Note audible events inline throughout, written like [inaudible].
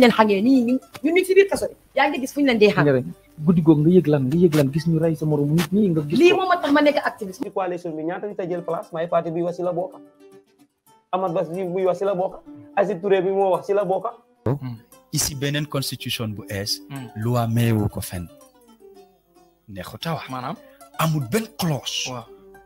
lañ leen xamee nii ñun ñun ñu ci biir kaso bi yaa ngi gis fu ñu dee xam guddi googu nga yëg lan nga yëg lan gis ñu rey sa morom nit ñi nga gis lii moom a tax ma nekk activiste coalition bi ñaata nit a jël place may parti bi wax si la bokka Amad Bass bi muy wax si la bokka Aziz bi moo wax si la bokka ici beneen constitution bu ees hmm. loi mayewu ko fenn neexuta wax maanaam amul benn clause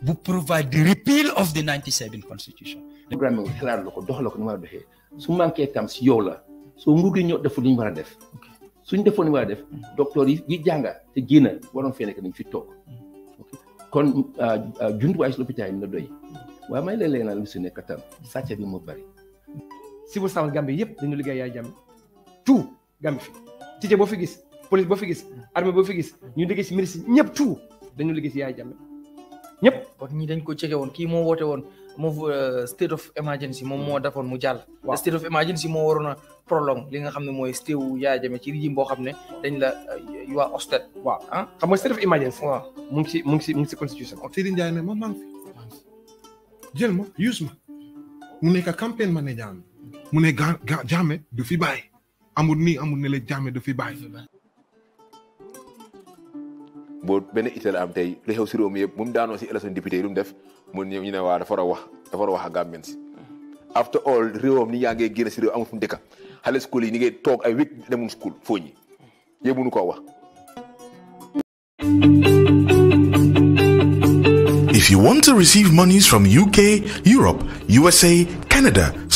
bu provide the repeal of the 97 constitution programme xalaat la ko dox la ni war doxee su manqué tam si yow la soo nguur gi ñoo deful lu ñu war a def suñ defoon lu war a def mm. docteur yi yi jànga te génna waroon fee nekk nañ fi toog mm. kon euh, euh, jumtuwaay si lopitaan yi na doy mm. waaye may léeg-léeg naa lu si nekk tam sàcc bi mu bari si bu sawal Gambie yëpp dañu liggéey yaay jàmm tout Gambie fi tijje boo fi gis police ba fi gis armée boo fi gis ñu liggéey si ministre ñëpp tout dañu liggéey si yaay jàmm ñëpp kon ñi dañ ko cege woon kii moo woote woon moo euh, state of moom moo defoon mu jàll. state of emergency moo waroon a prolong li nga xam ne mooy state wu Yaya Jammeh ci régime boo xam ne dañ la euh, you are ousted. waaw ah xam nga state of emergency. mu ngi si mu ngi si mu ngi si constitution. Sidi Ndiaye ne ma maa ngi fi jël mu nekk campagne manager ne ga ga du fi bàyyi amul nii amul ne la Jammeh du fi bàyyi. boo benn itteel am tey lu xew si réew mi yëpp mu daanoo si élection député yi lu mu def. mu ñu ne waa dafa a wax dafa war wax ak Gambian si after all réewam ni yaa ngee génn si réew amul fu mu dëkka school yi ni ngay toog ay week demun school foo ñi yéen mënu koo wax If you want to receive monies from UK, Europe, USA, Canada,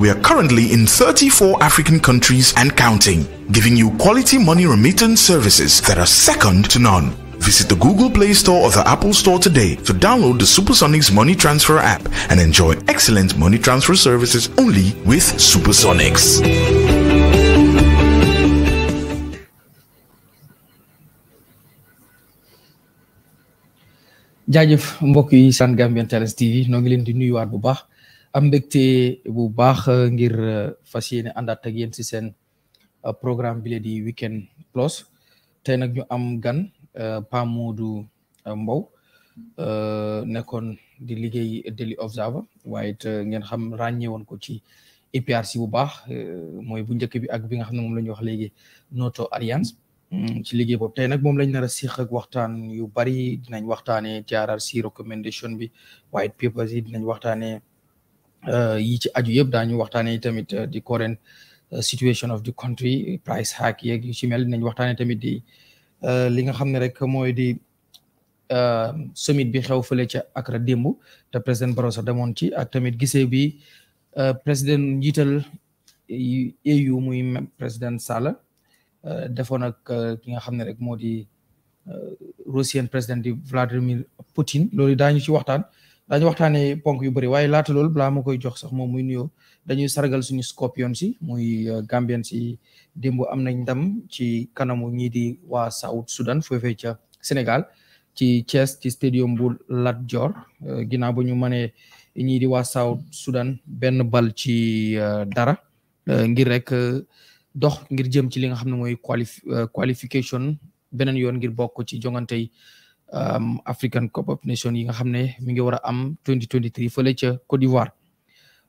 We are currently in 34 African countries and counting, giving you quality money remittance services that are second to none. Visit the Google Play Store or the Apple Store today to download the Supersonics Money Transfer app and enjoy excellent money transfer services only with Supersonics. mbokk yi saan Gambian Talents TV noo ngi leen di nuyuwaat bu baax am mbégte bu baax euh, ngir euh, fas yéene àndaat ak yéen si seen euh, programme bile di weekend plus tey nag ñu am gan Pa Modou Mbowe nekkoon di liggéey Daily Observer waaye it ngeen xam ràññee woon ko ci APRC bu baax mooy bu njëkk bi ak bi nga xam ne moom la ñu wax léegi Noto Alliance hmm, liggéey boobu tey nag moom lañ nar a siix ak waxtaan yu bari dinañ waxtaanee TRRC recommendation bi white papers yi dinañ waxtaanee. Euh, yi ci aju yëpp daañu waxtaanee tamit euh, di current euh, situation of the country price hack yeeg yu ci mel nañ waxtaanee tamit di li nga xam ne rek mooy di summit bi xew fële ca Accra démb te président Barroso demoon ci ak tamit gisee bi président njiital EU muy président Sall defoon ak ki nga xam ne rek moo di Russian président di Vladimir Poutine loolu daañu ci waxtaan. daañu waxtaanee ponk yu bari waaye laata loolu balaa ma koy jox sax moom muy nuyoo dañuy sargal suñu scorpion si muy euh, Gambien si démb am nañ ndam ci kanamu ñii di waa South Sudan foofee ca Sénégal ci Thiès ci stadium bu Lat Dior euh, ginnaaw ba ñu mënee ñii di waa South Sudan benn bal ci euh, dara ngir rek dox ngir jëm ci li nga xam ne mooy qualification beneen yoon ngir bokk ci jongante yi Um, African Cup of Nations yi nga xam ne mi ngi war a am 2023 fële ca Côte d'Ivoire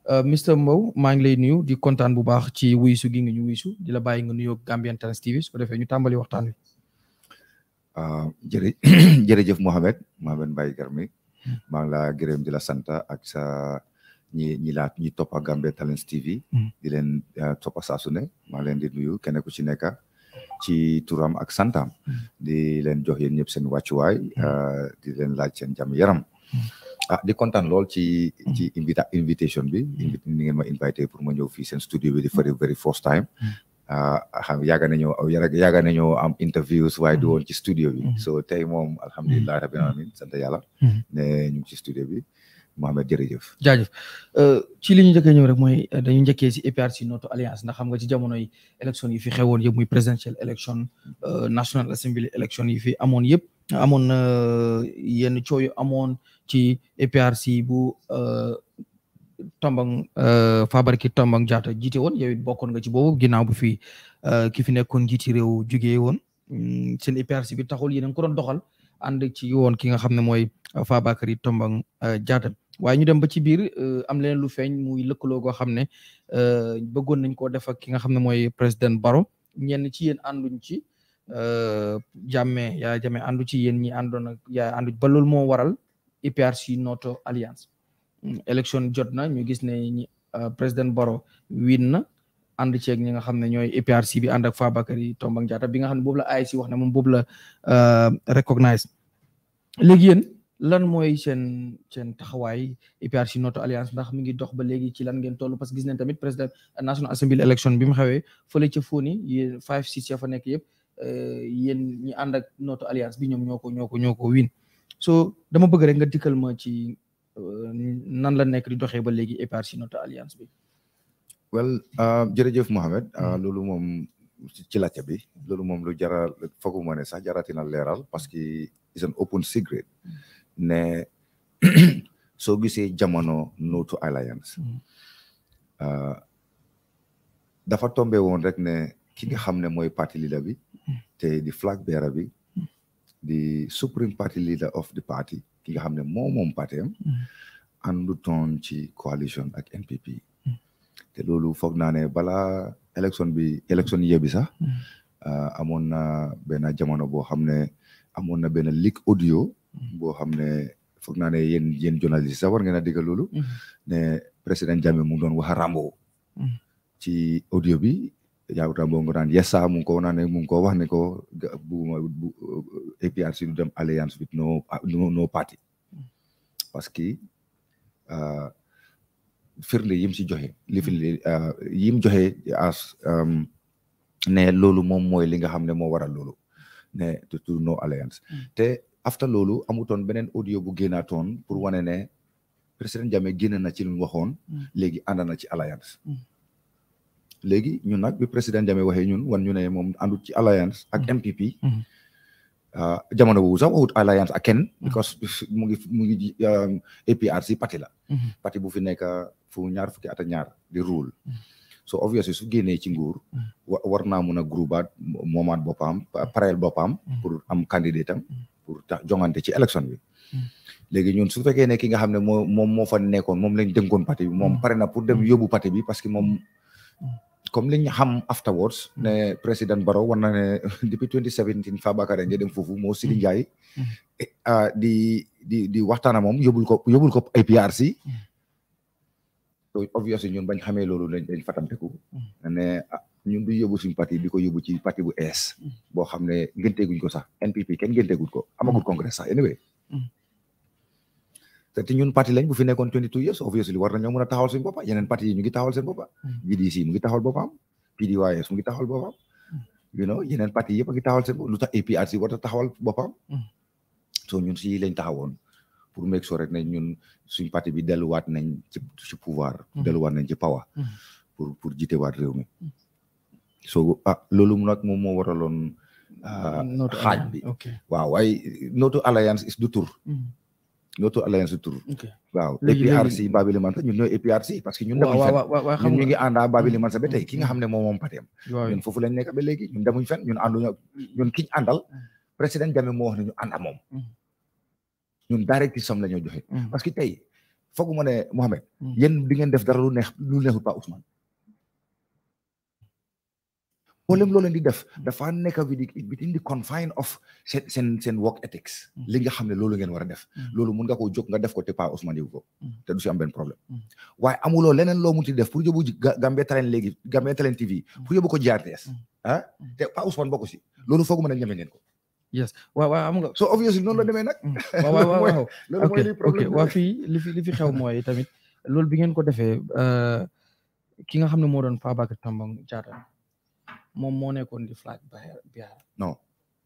uh, Mister Mbow maa ngi lay nuyu di kontaan bu baax ci wuysu gi nga ñu wuysu di la bàyyi nga nuyoo Gambian Talents TV su ko defee ñu tàmbali waxtaan wi. Uh, jërëjëf [coughs] jërëjëf Mohamed Mohamed Mbaye Garmi hmm. maa ngi laa gërëm di la sant ak sa ñi ñi laa ñi toppa Gambian Talents TV. Hmm. di leen uh, toppa saa su ne maa leen di nuyu kenn ku ci nekk. ci turam ak santam di leen jox yéen ñëpp seen wàccuwaay hmm. ah, di leen laaj seen jam yaram hmm. ah di kontaan lool ci hmm. ci invita invitation bi invité ni ngeen ma invité pour ma ñëw fii seen studio bi di very very first time ah, xam yàgg nañoo yàgg nañoo am interviews waaye du woon ci studio bi so tey moom alhamdulilah rabbil alamin sant yàlla ne ñu ci studio bi Mohamed jërëjëf. jaajëf euh, ci li ñu njëkkee ñëw rek mooy euh, dañu njëkkee si APRC e Notto Alliance ndax xam nga ci jamono yi élection yi fi xewoon yëpp muy presidential election euh, national assembly election yi fi amoon yëpp amoon na yenn coow yu amoon ci APRC e bu Tombang Fabakary Tombang Jatta jiite woon yow bokkoon nga ci boobu ginnaaw bu fi ki fi nekkoon jiiti réew jugee woon mm, seen APRC e bi taxul yéen a ko doon doxal ànd ci woon ki nga xam ne mooy Fabakary Tombang Jatta waaye ñu dem ba ci biir euh, am leen lu feeñ muy lëkkaloo goo xam ne euh, bëggoon nañ ko def ak ki nga xam ne mooy président Barrow ñenn ci yéen ànduñ ci euh, jàmme yaa jàmme àndu ci yéen ñi àndoon ak yaa àndu moo waral APRC e Noto Alliance hmm, élection jot na ñu gis ne ñi président Barrow win na ànd ceeg ñi nga xam ne ñooy APRC e bi ànd ak Fabakary Tombong Jatta bi nga xam ne boobu la si wax ne moom boobu la recognize léegi yéen lan mooy seen seen taxawaay APRC Noto Alliance ndax mi ngi dox ba léegi ci lan ngeen toll parce que gis nañ tamit président National Assembly election bi mu xewee fële ca Foni yéen five six ya fa nekk yëpp eh, yéen ñi ànd ak Noto Alliance bi ñoom ñoo ko ñoo ko ñoo ko win so dama bëgg rek nga dikkal ma ci eh, nan la nekk di doxee ba léegi APRC Noto Alliance bi. well uh, jërëjëf Mohamed uh, mm. lolu moom ci laajte bi loolu moom lu jara fooguma ne sax jaratina leeral parce que it's an open ne [clears throat] soo gisee jamono no to alliance hmm. euh, dafa tombe woon rek ne ki nga xam ne mooy parti leader bi hmm. te di flag bearer bi hmm. di supreme party leader of the party ki nga xam ne moo moom parti am àndutoon ci coalition ak NPP te loolu foog naa ne balaa élection bi élection yebi sax euh, amoon na benn jamono boo xam ne amoon na benn leak audio boo xam ne foog naa ne yéen yéen journaliste sax war ngeen a mm-hmm. ne président Jammeh mu doon wax Rambo. Mm-hmm. ci audio bi. yaaw tam boo daan yessa mu ngi ko naan mu ngi ko wax ne ko bu APRC du dem alliance with no no party mm-hmm. parce que euh, firnde yim si joxe li fi euh, yim joxe as euh, ne loolu moom mooy li nga xam ne moo waral loolu ne to no alliance te afta loolu amutoon beneen audio bu génnaatoon pour wane ne président Jammeh génn na ci lu mu waxoon. Mm. léegi ànd na ci alliance. Mm. léegi ñun nag bi président Jammeh waxee ñun wan ñu ne moom àndut ci alliance ak MPP. Mm. Ah, jamono boobu sax waxut alliance ak kenn. because mu ngi mu ngi um, APRC parti la. Mm-hmm. parti bu fi nekk fu ñaar fukki at ak ñaar di rule. so obviously su génnee ci nguur. war naa mun a groupaat moomaat boppam parel boppam. pour am candidat pour tax jongante ci élection bi. Hmm. léegi ñun su fekkee ne ki nga xam ne moo moom moo fa nekkoon moom lañ dénkoon parti bi moom hmm. pare na pour dem hmm. yóbbu parti bi parce que moom. comme liñ xam afterwards ne président Barrow war na ne [laughs] depuis 2017 Fabakary Njie dem foofu moo Sidi Ndiaye eh, ah, di di di waxtaana moom yobul ko yóbbul ko APRC so obviously ñun bañ xamee loolu lañ fatamteku ne ah, ñun du yóbbu suñu parti di ko yóbbu ci parti bu ees boo xam ne ngënteeguñ ko sax NPP kenn ngënteeguñ ko amagul congrès sax anyway mm. te te ñun parti lañ bu fi nekkoon 22 years obviously war nañoo mën a taxawal ñu ngi taxawal seen boppa mm. GDC mu ngi taxawal boppam PDYS mu mm. yeneen parti yëpp a ngi taxawal seen lu tax a so ñun si lañ taxawoon pour make sure ne ñun suñ parti bi delluwaat nañ ci pouvoir delluwaat power pour pour jiitewaat réew so ah loolu nag moom moo waraloon. Ah, ah, xaaj bi waaw waaye Noto Alliance is du tur. Mm-hmm. Noto Alliance du tur. waaw APRC Babili Mansa ñun ñooy APRC parce que ñun. waaw ñu ngi ànd ak Babili mm-hmm. mm-hmm. moom moom pateem. ñun foofu lañ nekk ba léegi ñun demuñ fen ñun ànduñu ñun kiñ àndal. président Jammeh moo wax ne ñu ànd ak ñun direct som la ñoo parce que tey fooguma ne Mohamed. yéen di ngeen dara lu neex lu neexut problème loo leen di def dafa nekk within the confine of seen seen seen work ethics mm. li nga xam ne loolu ngeen war a def mm. loolu mun nga koo jóg nga def ko te pas Ousmane Diop ko mm. te du si am benn problème waaye amuloo leneen loo munti def pour yóbbu Gambian Talents léegi Gambian Talents TV pour yóbbu ko GRTS ah a pas Ousmane bokk si loolu fooguma ne ñeme ngeen ko yes waaw waaw am nga so obviously noonu la demee nag waaw [laughs] waaw waaw loolu mooy li fii li fi xew mooy tamit loolu bi ngeen ko defee euh, ki nga xam ne moo doon Fabakary Tambang Jatta moom moo nekkoon di flag biara non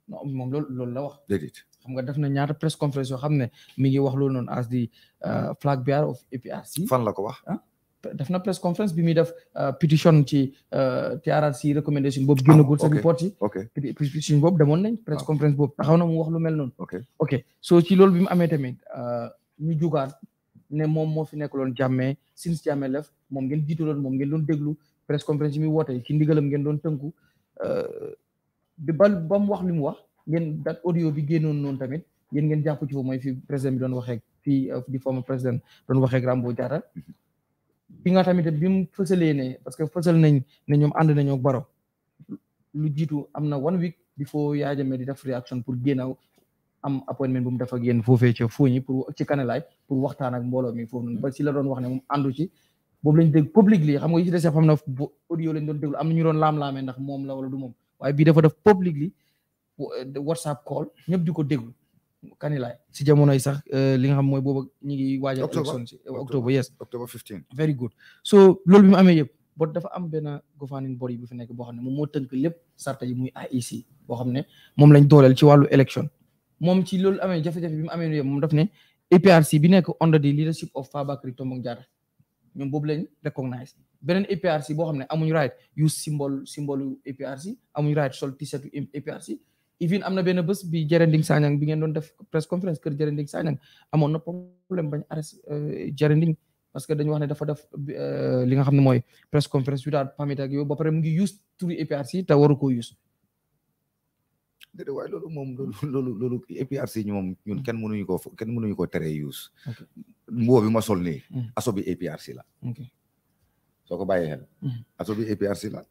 non moom loolu loolu la wax déedéet xam nga def na ñaata press conference yoo xam ne mi ngi wax loolu noonu as di euh, flag bearer of APRC fan la ko wax ah, def na press conference bi muy def euh, pétition ci euh, TRRC recommendation boobu ah, génnagul sa report yi pétition boob demoon nañ press ah. conference boobu taxaw na mu wax lu mel noonu ok soo ci loolu bi mu amee tamit ñu jugaat ne moom moo fi nekk loon jàmmee since jàmmee lef moom ngeen jiitaloon moom ngeen doon déglu presse conférence yi woote ci ndigalam ngeen doon tënku bi euh, ba ba mu wax li mu wax ngeen dat audio bi génnoon noonu tamit yéen ngeen jàpp ci foofu mooy fi président bi doon waxeeg fii euh, di former président doon waxeeg Rambo Diatta fi nga tamit bi mu fësalee ne parce que fësal nañ ne ñoom ànd nañoo baro lu jiitu am na one week before Yaya Jammeh di def réaction pour génnaaw am appointment bu defa def ak yéen foofee ca fooñi pour ci kanalaay pour waxtaan ak mbooloo mi foofu noonu ba si la doon wax ne moom àndu ci boobu lañ dégg public li xam nga yi ci des xam na audio lañ doon déglu am na ñu laam-laamee ndax moom la wala du moom waaye bii dafa def public eh, whatsapp call ñëpp di ko déglu kanilaay si jamonoy sax eh, li nga xam mooy booba ñu ngi waajal élection si eh, octobre yes octobre 15 very good so loolu bi mu amee yëpp bot dafa am benn governing body bu fi nekk boo xam ne moom moo tënk lépp sarta yi muy IEC boo xam ne moom lañ dooleel ci wàllu élection moom ci loolu amee jafe-jafe bi mu amee yëpp moom def ne APRC bi nekk under the leadership of Fabakary Tombong Jatta ñoom boobu lañ recognize beneen APRC boo xam ne amuñ right use symbole symbole APRC amuñ right sol t-shirt APRC even am na benn bés bi Jerending Sanyang bi ngeen doon def press conférence kër Jerending Sanyang amoon na problème bañ arrest euh, Jerending parce que dañu wax ne dafa def euh, li nga xam ne mooy press conférence without permit ak yow ba pare mu ngi use turu APRC te waru koo use déedéet waaye loolu moom loolu loolu APRC ñu moom ñun mm. kenn mënuñu koo kenn mënuñu koo teree use mboo bi ma sol nii mm. aso bi APRC la soo ko bàyyee xel mm. aso bi APRC la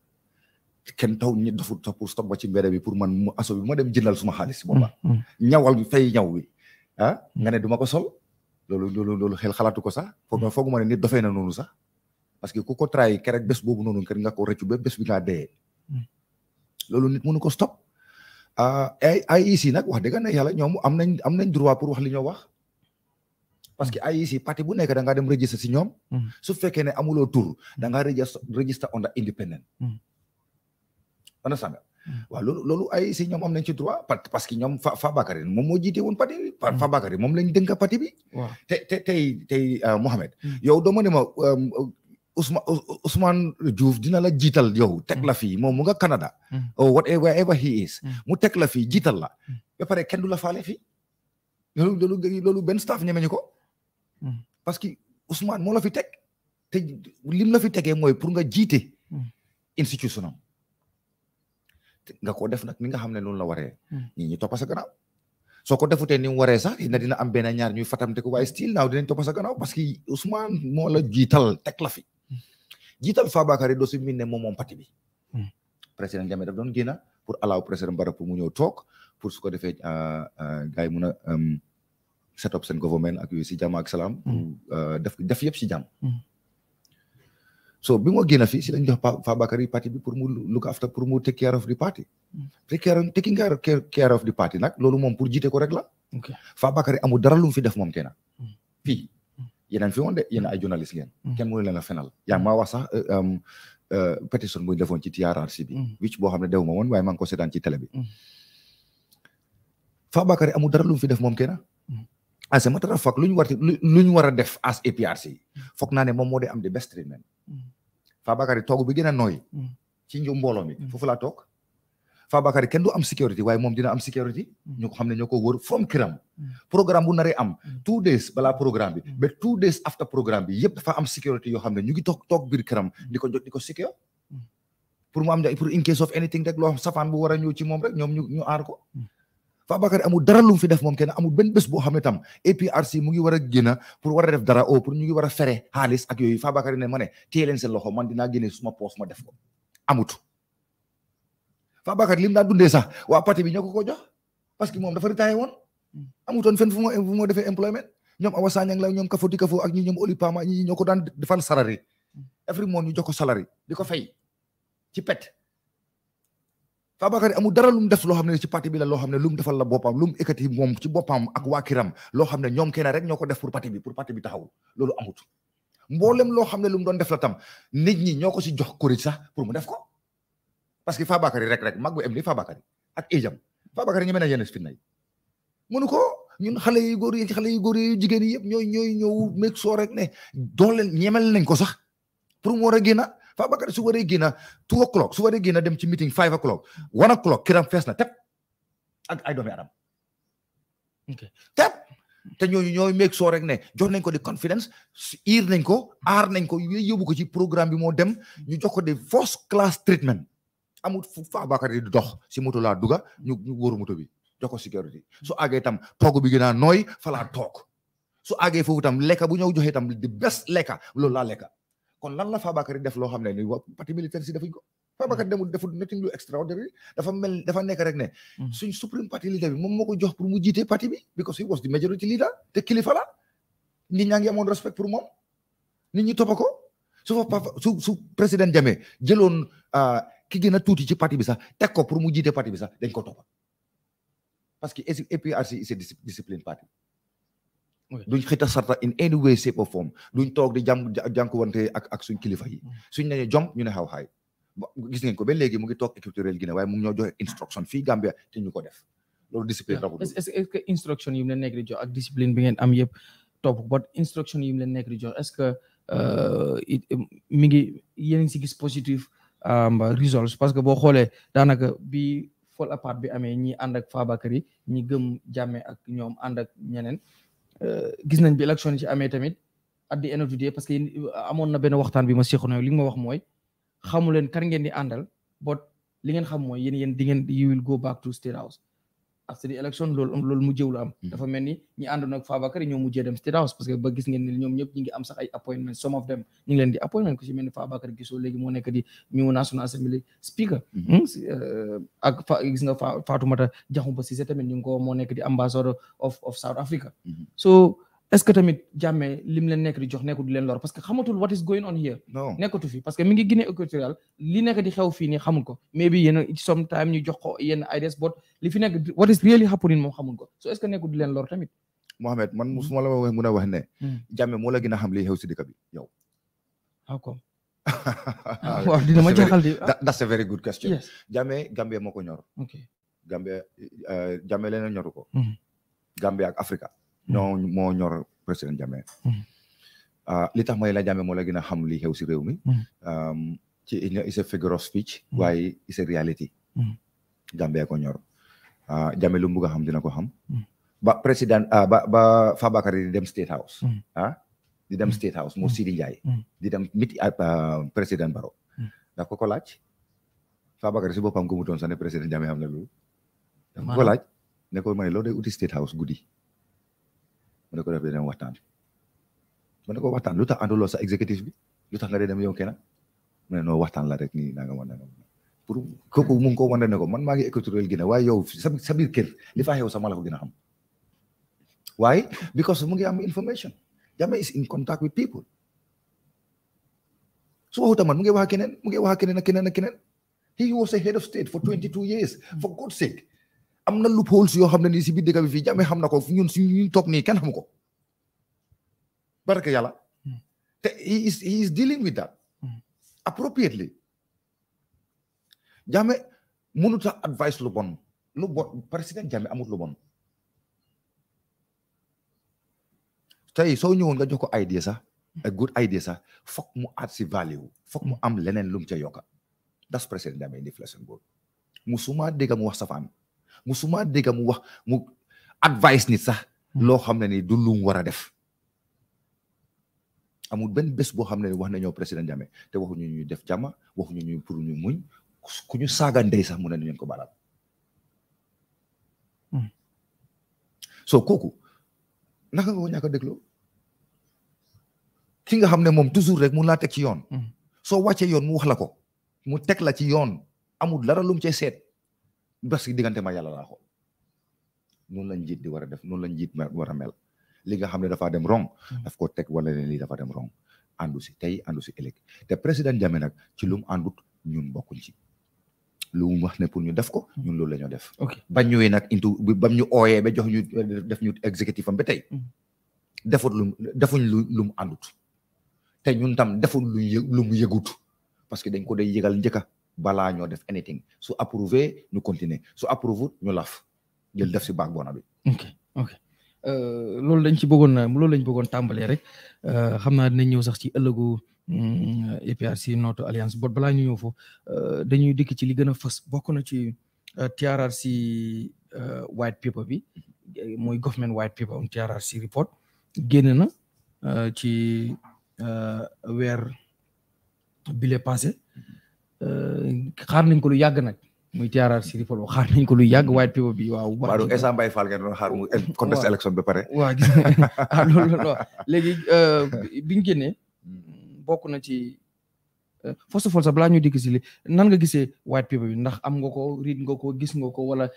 kenn taw ñi dafut sa pour stop ba ci mbedd bi pour man mu aso bi ma dem jëndal suma xaalis booba ñawal bi fay ñaw bi ah nga ne duma ko sol loolu loolu loolu xel xalaatu ko sax foog fooguma ne nit dafay na noonu sax parce que ku ko trahi kerek bés boobu noonu kenn nga ko rëccu ba bés bi ngaa dee loolu nit mënu ko stop AIC ah, eh, nag wax dëgg na yàlla ñoom am nañ am nañ droit pour wax li ñoo wax parce que AIC parti bu nekk da ngaa dem register si ñoom. Mm. su fekkee ne amuloo tur mm. da ngaa register register under independent. Mm. understand nga waaw loolu loolu AIC ñoom am nañ ci droit parce que ñoom Fa Bakary moom moo jiite woon parti bi. Fa Bakary moom lañ dénk parti bi. te te tey tey ah, Mohamed. yow doo ma um, Ousmane Ousmane Diouf dina la jiital yow teg la mm. fii moom mu nga Canada. Mm. or oh, wherever he is. Mm. mu teg la fii jiital la. ba pare kenn du la faale fi loolu benn staff ñemeñu ko. parce que Ousmane moo la fi teg. te lim la fi tegee mooy pour nga jiite. institution am. nga ko def nag mi nga xam ne loolu la waree. ñi ñi toppa sa gannaaw. soo ko defutee ni mu waree sax dina am benn ñaar ñuy fatamte ko waaye still naaw dinañ toppa sa gannaaw parce que Ousmane moo la jiital teg la fi. jiital Fabakary Dossou mi ne moom moom parti bi. Hmm. président Jammeh daf doon génna pour alaaw président Barrow pour mu ñëw pour su defee euh, euh, gars yi mun a euh, set up seen government ak yooyu si jàmm ak salaam. Hmm. def def si jàmm. Hmm. so bi o génna fi si lañ jox Fabakary parti bi pour mu look after pour mu take care of the party. take care taking care of the party nag loolu moom pour jiite ko rek la. Fabakary amul dara lu fi def moom tey yéen fi woon de yéen mm. ay journaliste ngeen. Mm. kenn mënu leen a fenal yaa ngi maa wax sax euh, euh, euh, pétition bu ñu ci TRRC bi. Mm. which boo xam ne dew ma woon waaye maa ngi ko seetaan ci télé bi. Fabakary amul dara lu fi def moom kenn. as a matter of fact lu ñu war lu ñu war a def as APRC foog naa ne moom moo di am the best treatment. Fabakary toog bi gën a nooy. ci nju mbooloo mi foofu laa Fabakary kenn du am sécurité waaye moom dina am sécurité mm. ñu ko xam ne ñoo ko wër from kiram mm. programme bu naree am mm. two days balaa programme bi ba two days after programme bi yëpp dafa am sécurité yoo xam ne ñu ngi toog toog biir kiram di ko jot di ko secure loo xam safaan bu war a ñëw ci moom rek ñoom ñu ñu aar ko Fabakary amul dara lu fi def moom kenn amul ben bés boo xam ne tam APRC mu ngi war a génn pour war a def dara o pour ñu ngi war a fere xaalis ak yooyu Fabakary ne ma ne seen loxo man dinaa génne suma poos ma def ko amut Fabakary li mu daan dundee sax waa parti bi ñoo ko ko jox parce que moom dafa ritaay woon hmm. amutoon fenn fu mu fu mu defee employment ñoom Awa Sagnang la ñoom Kafouti Kafou ak ñi ñoom Oli Pama ñi ñoo ko daan defal salari hmm. every mois ñu jox ko salari di ko fay ci pet Fabakary amul dara lu mu def loo xam ne ci parti bi la loo xam ne lu mu defal la boppam lu mu ekkati moom ci boppam ak waa kiram loo xam ne ñoom kenn rek ñoo ko def pour parti bi pour parti bi taxawul loolu amut mboolem loo xam ne lu mu doon def la tam nit ñi ñoo ko si jox kuréel sax pour mu def ko. parce que Fabakary rek rek mag bu em li Fabakary ak Ijam Fabakary ñeme na yenn fitna yi mënu ko ñun xale yu góor yi xale yu góor yi jigéen yi yëpp ñooy ñooy ñëw meeg rek ne doole ñemal nañ ko sax pour mu war a génn Fabakary su waree génn two o'clock su waree génn dem ci meeting five o'clock one o'clock kiram fees na tep ak ay doomi adam tep te ñooñu ñooy meeg rek ne jot nañ ko di confidence ir nañ ko aar nañ ko yóbbu ko ci programme bi moo dem ñu jox ko di first class treatment amul fu Fabakary di dox si moto laa duga ñu ñu wóoru moto bi jox ko sécurité su àggee itam toog bi gën a nooy fa toog su àggee foofu itam lekka bu ñëw joxe itam di bes lekka loolu laa lekka kon lan la Fabakary def loo xam ne ni waa parti militaire si defuñ ko Fabakary demul deful nothing lu extraordinary dafa mel dafa nekk rek ne mm. suñ supreme parti leader bi moom moo ko jox pour mu jiite parti bi because he was the majority leader te kilifa la nit ñaa ngi amoon respect pour moom nit ñi toppa ko su fa su su président Jammeh jëloon euh, ki gën a tuuti ci parti bi sax teg pour mu jiite parti bi sax dañ ko toppa parce que APRC is a discipline party duñ xita sarta in any way shape or duñ toog di jàm jànkuwante ak ak suñ kilifa yi mm. suñ nañu jom ñu ne xaw xaay gis ngeen ko ba léegi mu ngi toog écriturel Guinée waaye mu ngi ñoo joxe instruction fii Gambia te ñu ko def loolu discipline rabu est yi mu leen nekk di jox am yëpp topp but instruction yi mu jox est que euh, mi ngi yéen ngi si gis positif results parce que boo xoolee daanaka bi fall apart bi amee ñi ànd ak Fabakary ñi gëm jàmme ak ñoom ànd ak ñeneen euh, gis nañ bi élection yi ci amee tamit at the end of parce que euh, amoon na bene waxtaan bi ma seqoon li nga ma wax mooy xamu leen kan ngeen di àndal bot li ngeen xam mooy yéen yéen di ngeen you will go back to state house after the election loolu am loolu mujjëw la am hmm. dafa mel ni ñi àndoon ak Fabakary ñoo mujjee dem State House parce que ba gis ngeen ne ñoom ñi ngi am ay appointment some of them ñu leen di appointment ku ci mel ni Fabakary gisoo léegi moo nekk di ñu National Assembly speaker hmm. Hmm, eh, ak gis nga Fatoumata Diakhoumpa Cissé tamit ñu ngi ko moo nekk di ambassador of of South Africa est-ce que tamit jàmme lim leen nekk di jox nekkul di leen lor parce que xamatul what is going on here. non nekkatu fi parce que mi ngi Guinée équatoriale li nekk di xew fii nii xamul ko mais bi yéen some time ñu jox ko yenn ideas but li fi nekk what is really happening moom xamul ko so est-ce que nekkul di leen lor tamit. Mohamed man hmm. musuma la wax mun a wax ne. Hmm. jàmme moo la gën a xam li xew si dëkk bi yow. [laughs] [laughs] dina ma jaaxal di. [laughs] that's a very good question. yes jàmme Gambie ñor. Eh, ñoo mm-hmm. moo ñor président Jammeh mm-hmm. ah, li tax mooy la Jammeh moo la gën xam li xew si réew mi mm-hmm. um, ci it's a figure of speech waaye it's a reality Gambia ko ñor ah, Jammeh xam dina ko xam ba président ah, ba ba Fabakary di dem State House ah di dem State moo Sidi Ndiaye di dem mit président Barrow daf ko ko laaj Fabakary si boppam ko mu sax ne président Jammeh xam na loolu daf laaj ne ko ma ne loo day uti State House guddi mu ne ko def dee dem waxtaan mu ne ko waxtaan lu tax ànduloo sa exécutif bi lu tax nga dee dem yow kenn mu ne noo waxtaan la rek nii naa nga mën na pour kooku mu ko wane ne ko man maa ngi équatorial Guinée waaye yow sa biir kër li fa xew sama la ko a xam waaye because mu ngi am information Jammeh is in contact with people su waxuta man mu ngi wax keneen mu ngi wax keneen a keneen ak keneen he was a head of state for 22 years for God's sake am na loopholes yoo xam ne nii si biir dëkk bi fii Jammeh xam na ko ñun suñu ñu toog nii kenn xamu ko barke yàlla hmm. te he is he is dealing with that hmm. appropriately Jammeh mënut advice lu bon lu bon président Jammeh amut lu bon tey soo ñëwoon nga jox ko idea sax a good idea sax foog mu add si value foog mu am leneen lu mu ca yokka that's président Jammeh inflation board musuma dégg mu wax safaan musuma dégg mu wax mu advice nit sax hmm. loo xam ne ni du lu mu war a def amul benn bés boo xam ne ni wax nañoo président Jammeh te waxuñu ñu def jàmma waxuñu ñuy pour ñu muñ ku ñu saaga ndey sax mu ne ni ñu ko baral hmm. so kooku naka nga ko ñàkk a dégloo ki nga xam ne moom toujours rek mu laa teg ci yoon hmm. soo wàccee yoon mu wax la ko mu teg la ci yoon amul dara lum cay seet parce que bas diggante ma yàlla laa xool noonu la njiit di war a def noonu la njiit war a mel li nga xam ne dafaa dem rong hmm. daf ko teg wala ne lii dafa dem rong àndu si tey àndu si ëllëg te président Jammeh nag ci lu mu àndut ñun bokkuñ ci lu wax ne pour ñu def ko hmm. ñun loolu la ñu def ba ñëwee nag intu bam ñu ooyee ba jox ñu def ñu exécutif am ba tey hmm. defut lu defuñ lu lu mu àndut te ñun tam defut lu lu mu yëgut parce que dañ ko day yëgal njëkka balaa ñoo def anything su approuvé ñu continuer su approuvé ñu laf jël def si baax boona bi ok ok euh, loolu lañ ci bëggoon loolu lañ bëggoon tàmbalee rek euh, xam naa dinañ ñëw sax ci ëllëgu mm, APRC notre alliance bot balaa ñu ñëw fo euh, dañuy dikk ci li gën a fës bokk na ci TRRC white paper bi mooy government white paper on TRRC report génn na ci weer bile passé Euh, xaar nañ ko lu yàgg nag muy TRRC di folo xaar nañ ko lu yàgg white bi waaw. waaw donc instant Mbaye Fall ngeen doon xaar mu contesté élection be ba pare. waaw gis nga [laughs] ah, loolu léegi euh, [laughs] biñ génnee bokk na ci. Euh, first of all ñu dikk si nan nga gisee white paper bi ndax am nga ko riid nga ko gis nga ko wala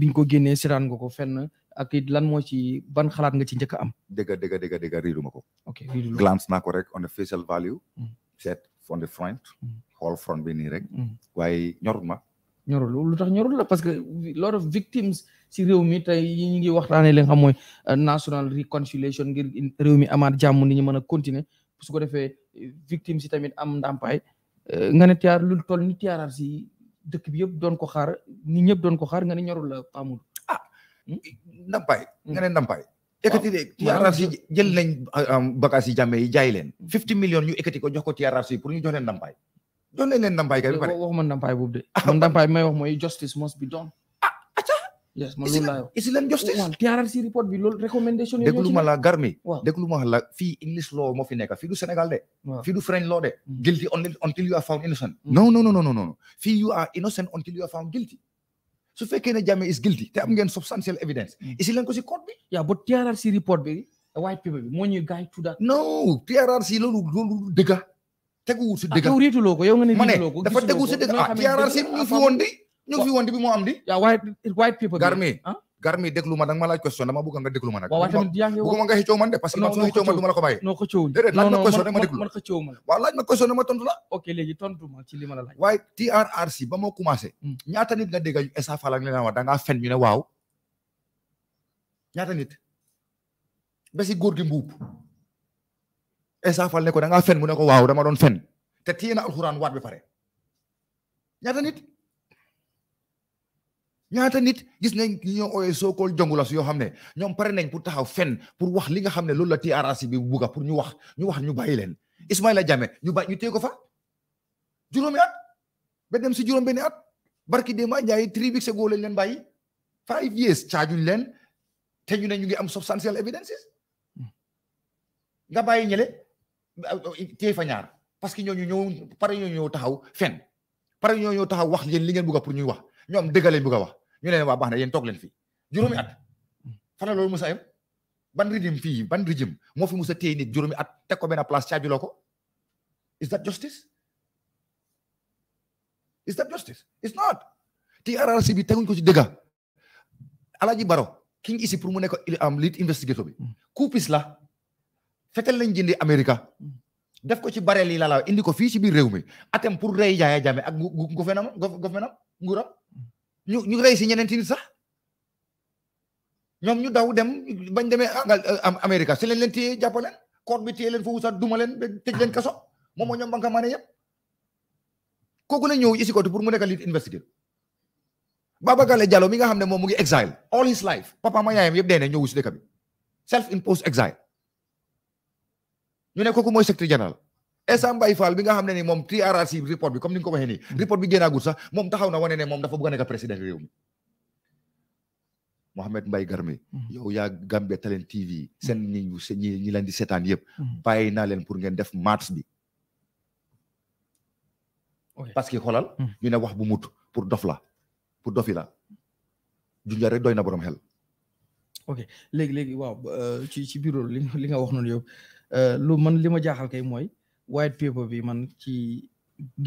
biñ ko génnee siraan nga ko fenn ak it lan moo ci ban xalaat nga ci njëkk am. dëgg dëgg dëgg dëgg riiduma ko. ok glance naa ko rek on the facial value. Mm. seet on the front. xool front bi nii rek. Hmm. waaye ñorul ma. ñorul lu tax ñorul la parce que lot of victims si réew mi tey yi ñu ngi waxtaanee li nga xam mooy euh, national reconciliation ngir réew mi amaat jàmm ni ñu mën a continuer su ko defee victimes yi tamit am ndàmpaay euh, nga ne tiyaar lu toll ni tiyaaraar si dëkk yëpp doon ko xaar ni ñëpp doon ko xaar nga ne ñorul la pamul ah hmm? ndàmpaay hmm. nga ne ndàmpaay ekati ah, de tiyaaraar yi jël nañ euh, bagage yi jàmme yi jaay leen fifty million ñu ekati ko jox ko tiyaaraar pour ñu jox leen ndàmpaay doon nañ leen ndàmpaay kay bi pare waxuma de man ndàmpaay may wax mooy justice must be done ah aca isi leen justice waaw TRRC report bi loolu recommendation yi déglu la garmi waaw déglu la fii English law moo fi nekk fii du Sénégal de fii du French law de mm. guilty until you are found innocent non mm. non you are innocent until you are found guilty su fekkee ne Jammeh is guilty te am ngeen substantial evidence mm. isi leen ko si court bi yaa ba TRRC report bi white paper bi teguwul si ah, dëgg. ah yow riituloo nga ne riituloo ko. TRRC ah, ñu fi fi woon bi moo am di. waaye people. garmi ah? garmi ma nag ma laaj question dama bëgg nga déglu ma nag. waaw waaye tamit yaa ngi nga xëccoo parce que ma xëccoo man du ma laaj ma question dama déglu ok léegi tontu ma ci li laaj. waaye TRRC ba moo commencé. Hmm. ñaata nit nga dégg Essa Faal ak leneen wax da fen ñu ne waaw. ñaata nit ba si mbuub Essa Fall ko da ngaa fen mu ne ko waaw dama doon fen te téye na alxuraan waat bi pare ñaata nit ñaata nit gis nañ ñoo ooyee sookool jongulas yoo xam ne ñoom pare nañ pour taxaw fen pour wax li nga xam ne loolu la TRRC bi buga pour ñu wax ñu wax ñu bàyyi leen Ismaila Jammeh ñu bàyyi ñu téye ko fa juróomi at ba dem si juróom benni at barki de ma njaay three weeks ago lañ leen bàyyi five years caajuñ leen te ñu ne ñu ngi am substantial evidences hmm. nga bàyyi ñële téye fa ñaar parce que ñooñu ñëw pare ñoo ñëw taxaw fen pare ñoo ñëw taxaw wax yéen li ngeen bëgg pour ñuy wax ñoom dëgg lañ bëgg wax ñu leen waa baax na yéen toog leen fii juróomi at fana loolu mos a yem ban régime fii ban régime moo fi mos a téye nit juróomi at teg ko benn place caabiloo ko is that justice is that justice it's not TRRC bi teguñ ko ci dëgga Alaaji Baro ki ngi isi pour mu nekk am lead investigator bi mm. coupis la fekkal lañ jindi Amérique def ko ci bareel yi la laaw indi ko fii ci biir réew mi atem pour rey Yaya Jammeh ak gouvernement gouvernement nguuram ñu ñu rey si ñeneen nit sax ñoom ñu daw dem bañ demee euh, am Amérique si leen leen téye jàpp leen koot bi téye leen foofu sax duma leen ba tëj leen kaso moom moo ñoom banque ko yëpp kooku la ñëw isi côté pour mu nekk lead investigator Baba Gale Jallow mi nga xam ne moom mu ngi exile all his life papa ma yaayam yëpp dee ne si dëkk bi self imposed exile. ñu ne kooku mooy secrétaire général a mbay Fall bi nga xam ne ni moom TRRC report bi comme ni nga ko waxee nii hmm. report bi génnaagul sax moom taxaw na wane ne dafa bëgg a nekk président réew mi Mohamed Mbaye Garmi hmm. yow yaa Gambia Talent hmm. leen di seetaan yëpp bàyyi naa leen pour ngeen def match bi parce que xolal ñu ne wax bu mut pour dof la pour dofi la junjar rek doy na borom xel léegi léegi waaw euh, ci ci biir li nga wax noonu yow Euh, lu man li ma jaaxal kay mooy white paper bi man ci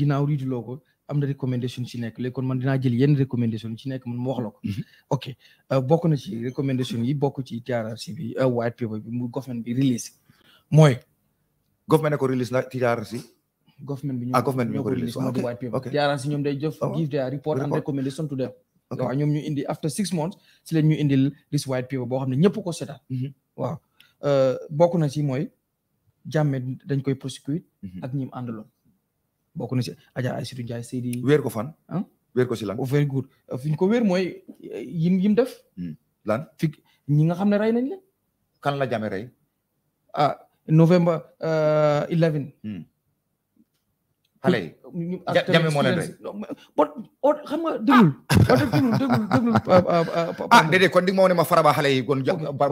ginnaaw riiduloo ko am na recommendation ci nekk léegi man dinaa jël yenn recommendation ci nekk man mu wax mhm. ok euh, bokk na ci recommendation yi bokk ci TRRC bi euh, white paper bi mu government mooy government ko release na TRRC ah, government bi ñoo ko release ñoo ko white paper TRRC ñoom day jëf give their report and ñu indi after six months si leen ñu indil this white paper boo xam ne ñëpp ko seetaan mhm. waaw bokk na ci mooy jàmme dañ koy prosecute mhm. ak ñim àndaloon bokk na si Adja Aïssatou Ndiaye Seydi wéer ko fan ah wéer ko si lan oh, very good euh, fi ñu ko wéer mooy euh, yim yim def hmm. lan fi ñi nga xam ne rey nañ leen kan la jàmme rey ah novembre euh, xale yi moo leen rey xam nga déglul déglul déglul a ah kon di nga moo ma faraba xale yi kon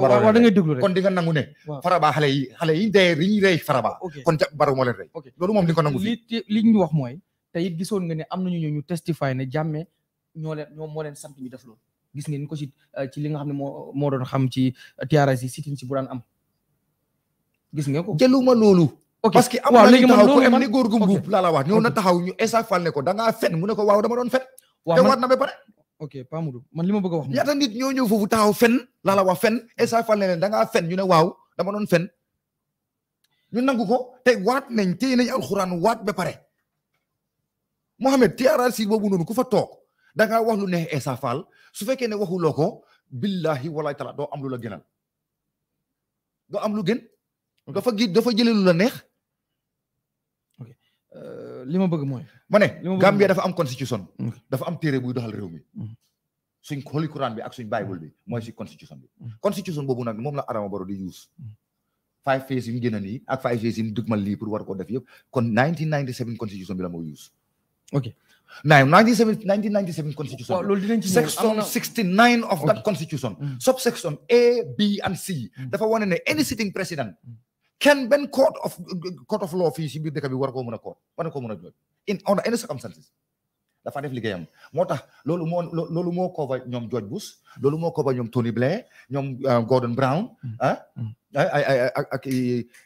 waaw da ngay déglu rek kon di nga nangu ne faraba xale yi xale yi dee riñu faraba kon ja baro moo leen rey loolu moom di nga ko nangu fii li ñu wax mooy te it gisoon nga ne am nañu ñu testify ne jàmme ñoo leen ñoo moo leen sant ñu def loolu gis ngeen ko ci euh, ci li nga xam ne moo moo doon xam ci euh, tiaras yi sitin si bu daan am gis ngeen ko jëluma loolu ok parce que am na ñu taxaw ko am ni góor gu mbuub laa la ñu Essa Faal ne ko da ngaa fen mu ne ko waaw dama doon fen te waat na pare ok Pa Modou man li ma bëgg wax ñaata nit ñoo ñëw foofu taxaw fen laa wax fen Essa Faal ne leen da ngaa fen ñu ne waaw dama doon fen ñu nangu ko te waat nañ téye nañ alxuraan waat ba pare Mohamed TRRC boobu noonu ku fa toog da ngaa wax lu neex Essa Faal su fekkee ne waxuloo ko billahi walaay tala doo am lu la gënal doo am lu gën dafa gi dafa jëlee la neex Euh, li ma bëgg mooy. ma ne Gambia dafa am constitution. dafa am téere buy doxal réew mi. Mm-hmm. suñ xooli Quran bi ak suñ Bible bi mooy si constitution bi. Mm-hmm. constitution boobu nag moom la Adama Barrow di use. Mm-hmm. five phase yi mu ni nii ak five phase yi mu dugmal lii pour war koo def yëpp kon 1997 constitution bi la moo use. ok naay 1997 1997 constitution. waaw loolu dinañ ci section 69 of that constitution. subsection A B and C. dafa wane ne any sitting president. kenn benn court of court law fii si biir dëkk bi war ko mën a court war ko koo mën a jooj in under any circumstances dafa def liggéeyam moo tax loolu moo loolu moo ko ñoom George Bush loolu moo ko ba ñoom Tony Blair ñoom uh, Gordon Brown mm. a ah, mm. ay ak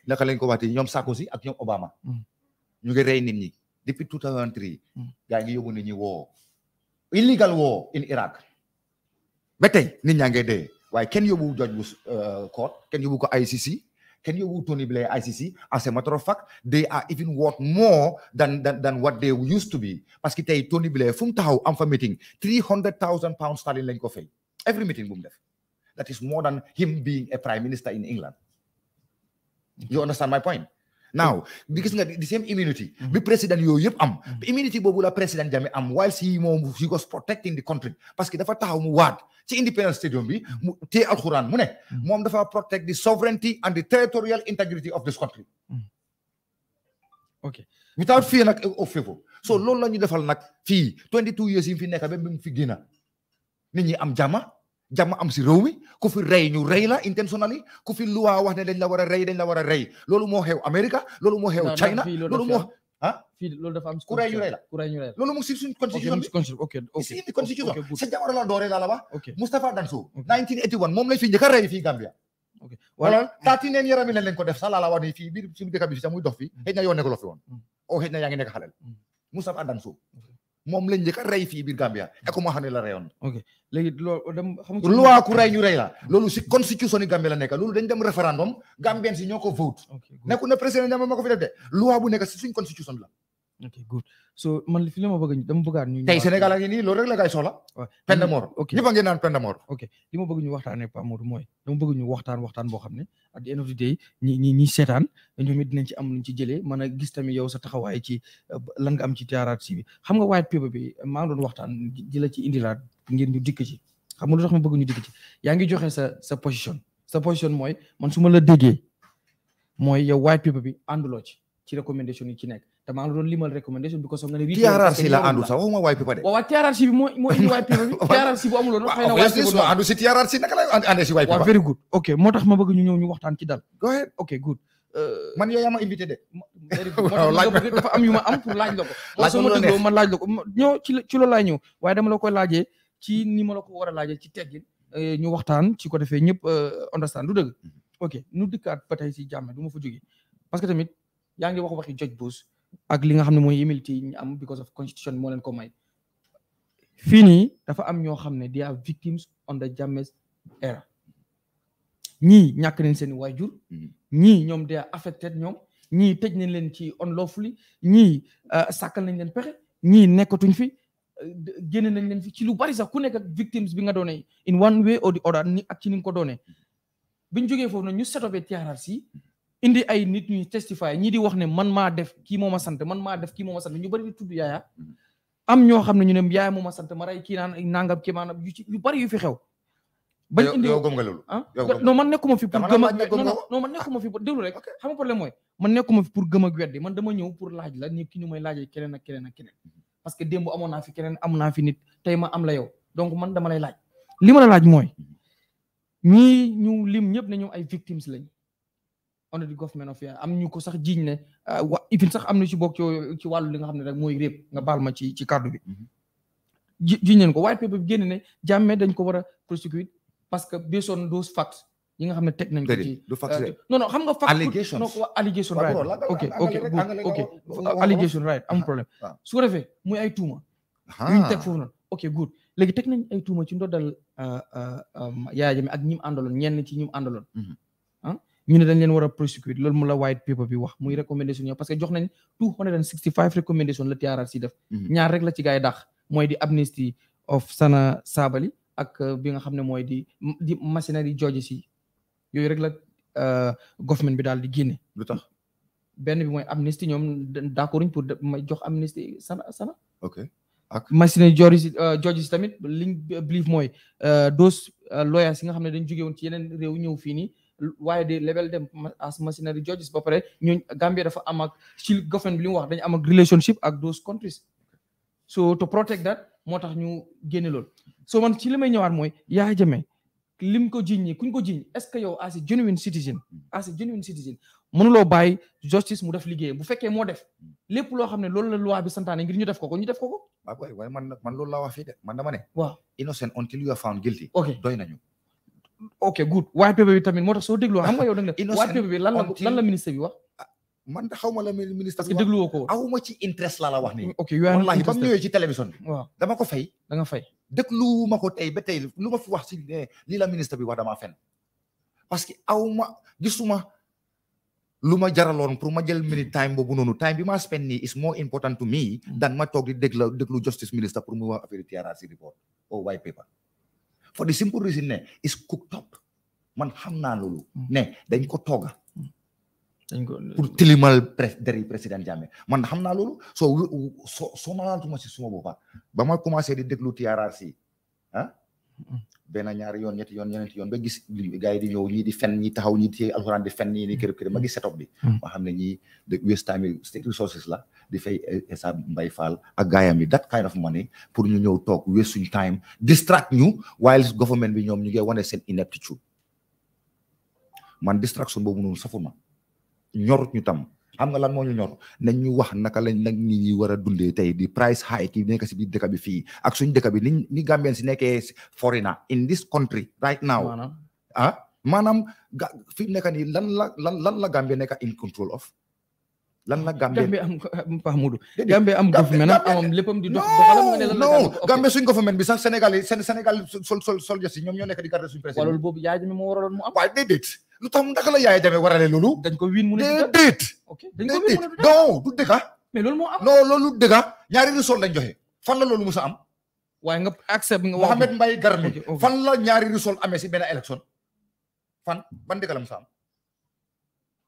naka lañ ko waxti ñoom Sarkozy ak ñoom Obama mm. ñu ngi rey nit ñi depuis 2003 gaa ngi yóbbu nit ñi woo illegal war in Iraq ba tey nit ñaa ngi dee kenn yóbbu George Bush uh, court kenn yóbbu ko ICC Kenya will Tony Blair ICC. As a matter of fact, they are even worth more than, what they used to be. Parce que tey Tony Blair fu mu taxaw am fa meeting three hundred thousand pounds sterling lañ ko fay every meeting bu mu def that is more than him being a prime minister in England. You understand my point. now mm. gis nga the same immunity mm. bi président yooyu yëpp am mm. immunity boobu la président Jammeh am while si moom he was protecting the country parce que dafa taxaw mu waat ci Independence Stadium bi mu téye alxuraan mu ne moom dafa protect the sovereignty and the territorial integrity of this country ok without fear nag of favour so loolu la ñu defal nag fii 22 years yi fi nekk ba mu fi génn ni ñi am jama jàmm am si réew mi ku fi rey ñu rey intentionally ku fi luwaa wax ne dañ la war a rey dañ la war a rey loolu moo xew America loolu moo xew China loolu moo ah fii loolu dafa am la ku la la dooree laa la wax Moustapha Danso 1981 moom lañ fi njëkk rey fii Gambia wala taati neen yaram yi leen ko def sax la wax ne fii muy dox fii mm. xëy na yoo fi woon mm. o oh, xëy na yaa ngi nekk xalel mm. Danso moom lañ njëkk a rey fii biir Gambia Eko Mahane la reyoon. ok léegi loolu nga. loi ku rey ñu rey la loolu si constitution yi Gambia la nekk loolu dañ dem référendum Gambien si ñoo ko vote. ok nekku na président Jammeh ma ko fi de loi bu nekk si suñ constitution la. ok good so man li fi la ma bëgg dama bëggaat ñu. tey Sénégal a ngi ok a ngi naan Penda Mor. ok li ma bëgg ñu waxtaanee mooy dama bëgg ñu waxtaan waxtaan boo xam ne a the end of the day ñi ñi seetaan ñoom it dinañ ci am luñ ci jëlee man a gis tamit yow sa taxawaay ci euh, lan nga am ci tiaraat si bi xam nga white paper bi maa ngi doon waxtaan di ci indilaat ngir ñu dikk ci xam nga lu tax ma bëgg ñu dikk ci yaa ngi joxe sa sa position sa position mooy man su ma la déggee mooy yow white paper bi ànduloo ci ci recommendation yi ci nekk te maa ngi doon limal recommendation bi ko soog la àndu sax waxuma YPP de. waaw TRRC bi moo moo indi YPP bi [laughs] TRRC si TRRC naka lay àndee si YPP. waaw very good ok moo tax ma bëgg ñu ñëw ñu waxtaan ci dal. go ok good. Euh, ma [laughs] laaj ma dafa am yu ma am laaj la ko. [laughs] laaj ma loo neex man la ko ñëw ci ci loolu la koy laajee ci ni ma la ko war a laajee ci teggin euh, ñu waxtaan ci ko defee ñëpp euh, understand du dëgg mhm. ok ñu dikkaat ba tey si jàmm du ma fa jógee parce que tamit yaa ngi wax waxi joj boos ak li nga xam ne mooy humilité yi ñu am because of constitution moo leen ko may fii nii dafa am ñoo xam ne they are victims on the Jammeh era ñii ñàkk nañ seen jur mm-hmm. ñii ñoom de are affected ñoom ñii tëj nañ leen ci unlawfully ñii uh, sàkkal nañ leen pexe ñii nekkatuñ fi génne nañ leen fi ci lu bari sax ku nekk ak victims bi nga doonee in one way or ni ak ci ni nga ko doonee biñ jógee foofu nag ñu setopee TRRC indi ay nit ñuy testify ñii di wax ne man maa def kii moom a sant man maa def ki moo ma sant ñu bari tudd yaaya mm-hmm. am ñoo xam ne ñu ne yaaya moo ma sant ma rey kii naan nangam kii maanaam yu ci yu yu fi xew. bañ indi yow gëm nga loolu ah non man nekkuma fi pour gëm ak non man nekkuma fi pour déglu rek xam nga problème mooy man nekkuma fi pour gëm ak weddi man dama ñëw pour laaj la ni ki ñu may laaj keneen ak keneen ak keneen mm-hmm. parce que démb amoon naa fi keneen am naa nit tey ma am la yow donc man dama lay laaj li ma la laaj mooy mm-hmm. ñii ñu lim ñëpp ne ñoom ay victimes lañ under the am ñu ko sax jiiñ ne ah, wa ifin sax am na ci bokk ci wàllu li nga xam ne rek mooy réeb nga baal ma ci ci kàddu bi mm-hmm. jiiñ leen ko white paper bi génn ne jàmme dañ ko war a prosecute parce que based on those facts yi nga xam teg nañ ko ci euh, non non xam nga fact non allegation right ok ok ok allegation right am problème ah. su ko defee muy ay tuuma yuñ teg foofu ok good léegi teg nañ ay ci ndoddal euh, euh, um, Yaya Jammeh ak ñim àndaloon ñenn ci ñim àndaloon mm-hmm. ñu ne dañ leen war a prosecute loolu mu la white paper bi wax muy recommendation ñoo parce que jox nañ two hundred and recommendation la TRRC def mhm. ñaar rek la ci gaay dax mooy di amnesty of Sana Sabally ak euh, bi nga xam ne mooy di di machinery judges yi yooyu rek la euh, government bi daal di génne lu tax benn bi mooy amnesty ñoom d'accord pour ma jox amnesty Sana Sana ok ak machine judges euh, judges tamit liñ believe mooy those lawyers yi nga xam ne dañ jóge woon ci yeneen réew ñëw fii nii waaye de lebel dem as machinery judges ba pare ñooñ Gambia dafa am ak ci government bi li mu wax dañu am ak relationship ak those countries so to protect that moo tax ñu génne lool so man ci li may ñëwaat mooy yaa jëmee lim ko jiñ ñi kuñ ko jiñ est ce que yow as a genuine citizen as a genuine citizen mënuloo bàyyi justice mu def liggéeyam bu fekkee moo def lépp loo xam ne loolu la loi bi santaane ngir ñu def ko ko ñu def ko ko. waaw waaye man man loolu laa wax de man dama ne. waaw innocent until you are found guilty. ok doy nañu. ok good white paper bi tamit moo tax soo dégloo xam nga yow danga [laughs] ne white la lan la ministre bi wax ah, man da xaw ma la ministre parce que dégluwoo ko aw ma ci interest la la wax nii ok wallaahi ba mu a ci dama ko fay da nga fay déglu ma ko tey ba tey lu ma fi wax si ne la ministre bi wax damaa fen parce que aw ma gisuma lu ma jaraloon pour ma jël minute time boobu noonu time bi ma spend nii is more important to dan hmm. ma toog di déglu déglu justice minister pour mu wax affaire TRRC report or oh, white paper fo the simple reason ne is cooked up man xam naa loolu. ne dañ ko tooga. dañ ko pour tilimal pres deri président Jammeh man xam naa loolu soo soo soo ma laal tuma si suma boppam ba ma commencé di déglu si ah. benn ñaari yoon ñetti yoon ñeneenti yoon ba gis gars yi di ñëw ñii di fen ñi taxaw ñi téye alxuraan di fen ñii di ma gis setup bi ma xam ne ñii de waste time state resources la di fay sa mbay faal ak gaayam yi that kind of money pour ñu ñëw toog waste suñu time distract ñu while government bi ñoom ñu ngi wane seen ineptitude man distraction boobu noonu safuma ñorut ñu tam am nga lan moo ñu ñor nañ ñu wax naka lañ nag nit ñi war a dundee tey di price hike yi nekk si biir dëkk bi fii ak suñ dëkk bi ni ni si nekkee foreigner in this country right now ah maanaam ga fi nekk nii lan la lan lan la in control of lan la Gambie Gambie am suñ government bi sax Sénégal yi Sénégal sol ñoom ñoo nekk di garder suñ président wala boobu mi moo waraloon mu am waaye déedéet lu tax naka la yaay jame warale loolu. dañ ko win mu ne déet ok dañ ko win mu ne non du dëgg ah. mais loolu moo am non loolu dëgg ah. ñaari resort lañ joxe fan la loolu mos a am. waaye nga accept nga wax Mohamed Mbaye Garmi fan la ñaari resort amee si benn élection fan ban dëgg la mos a am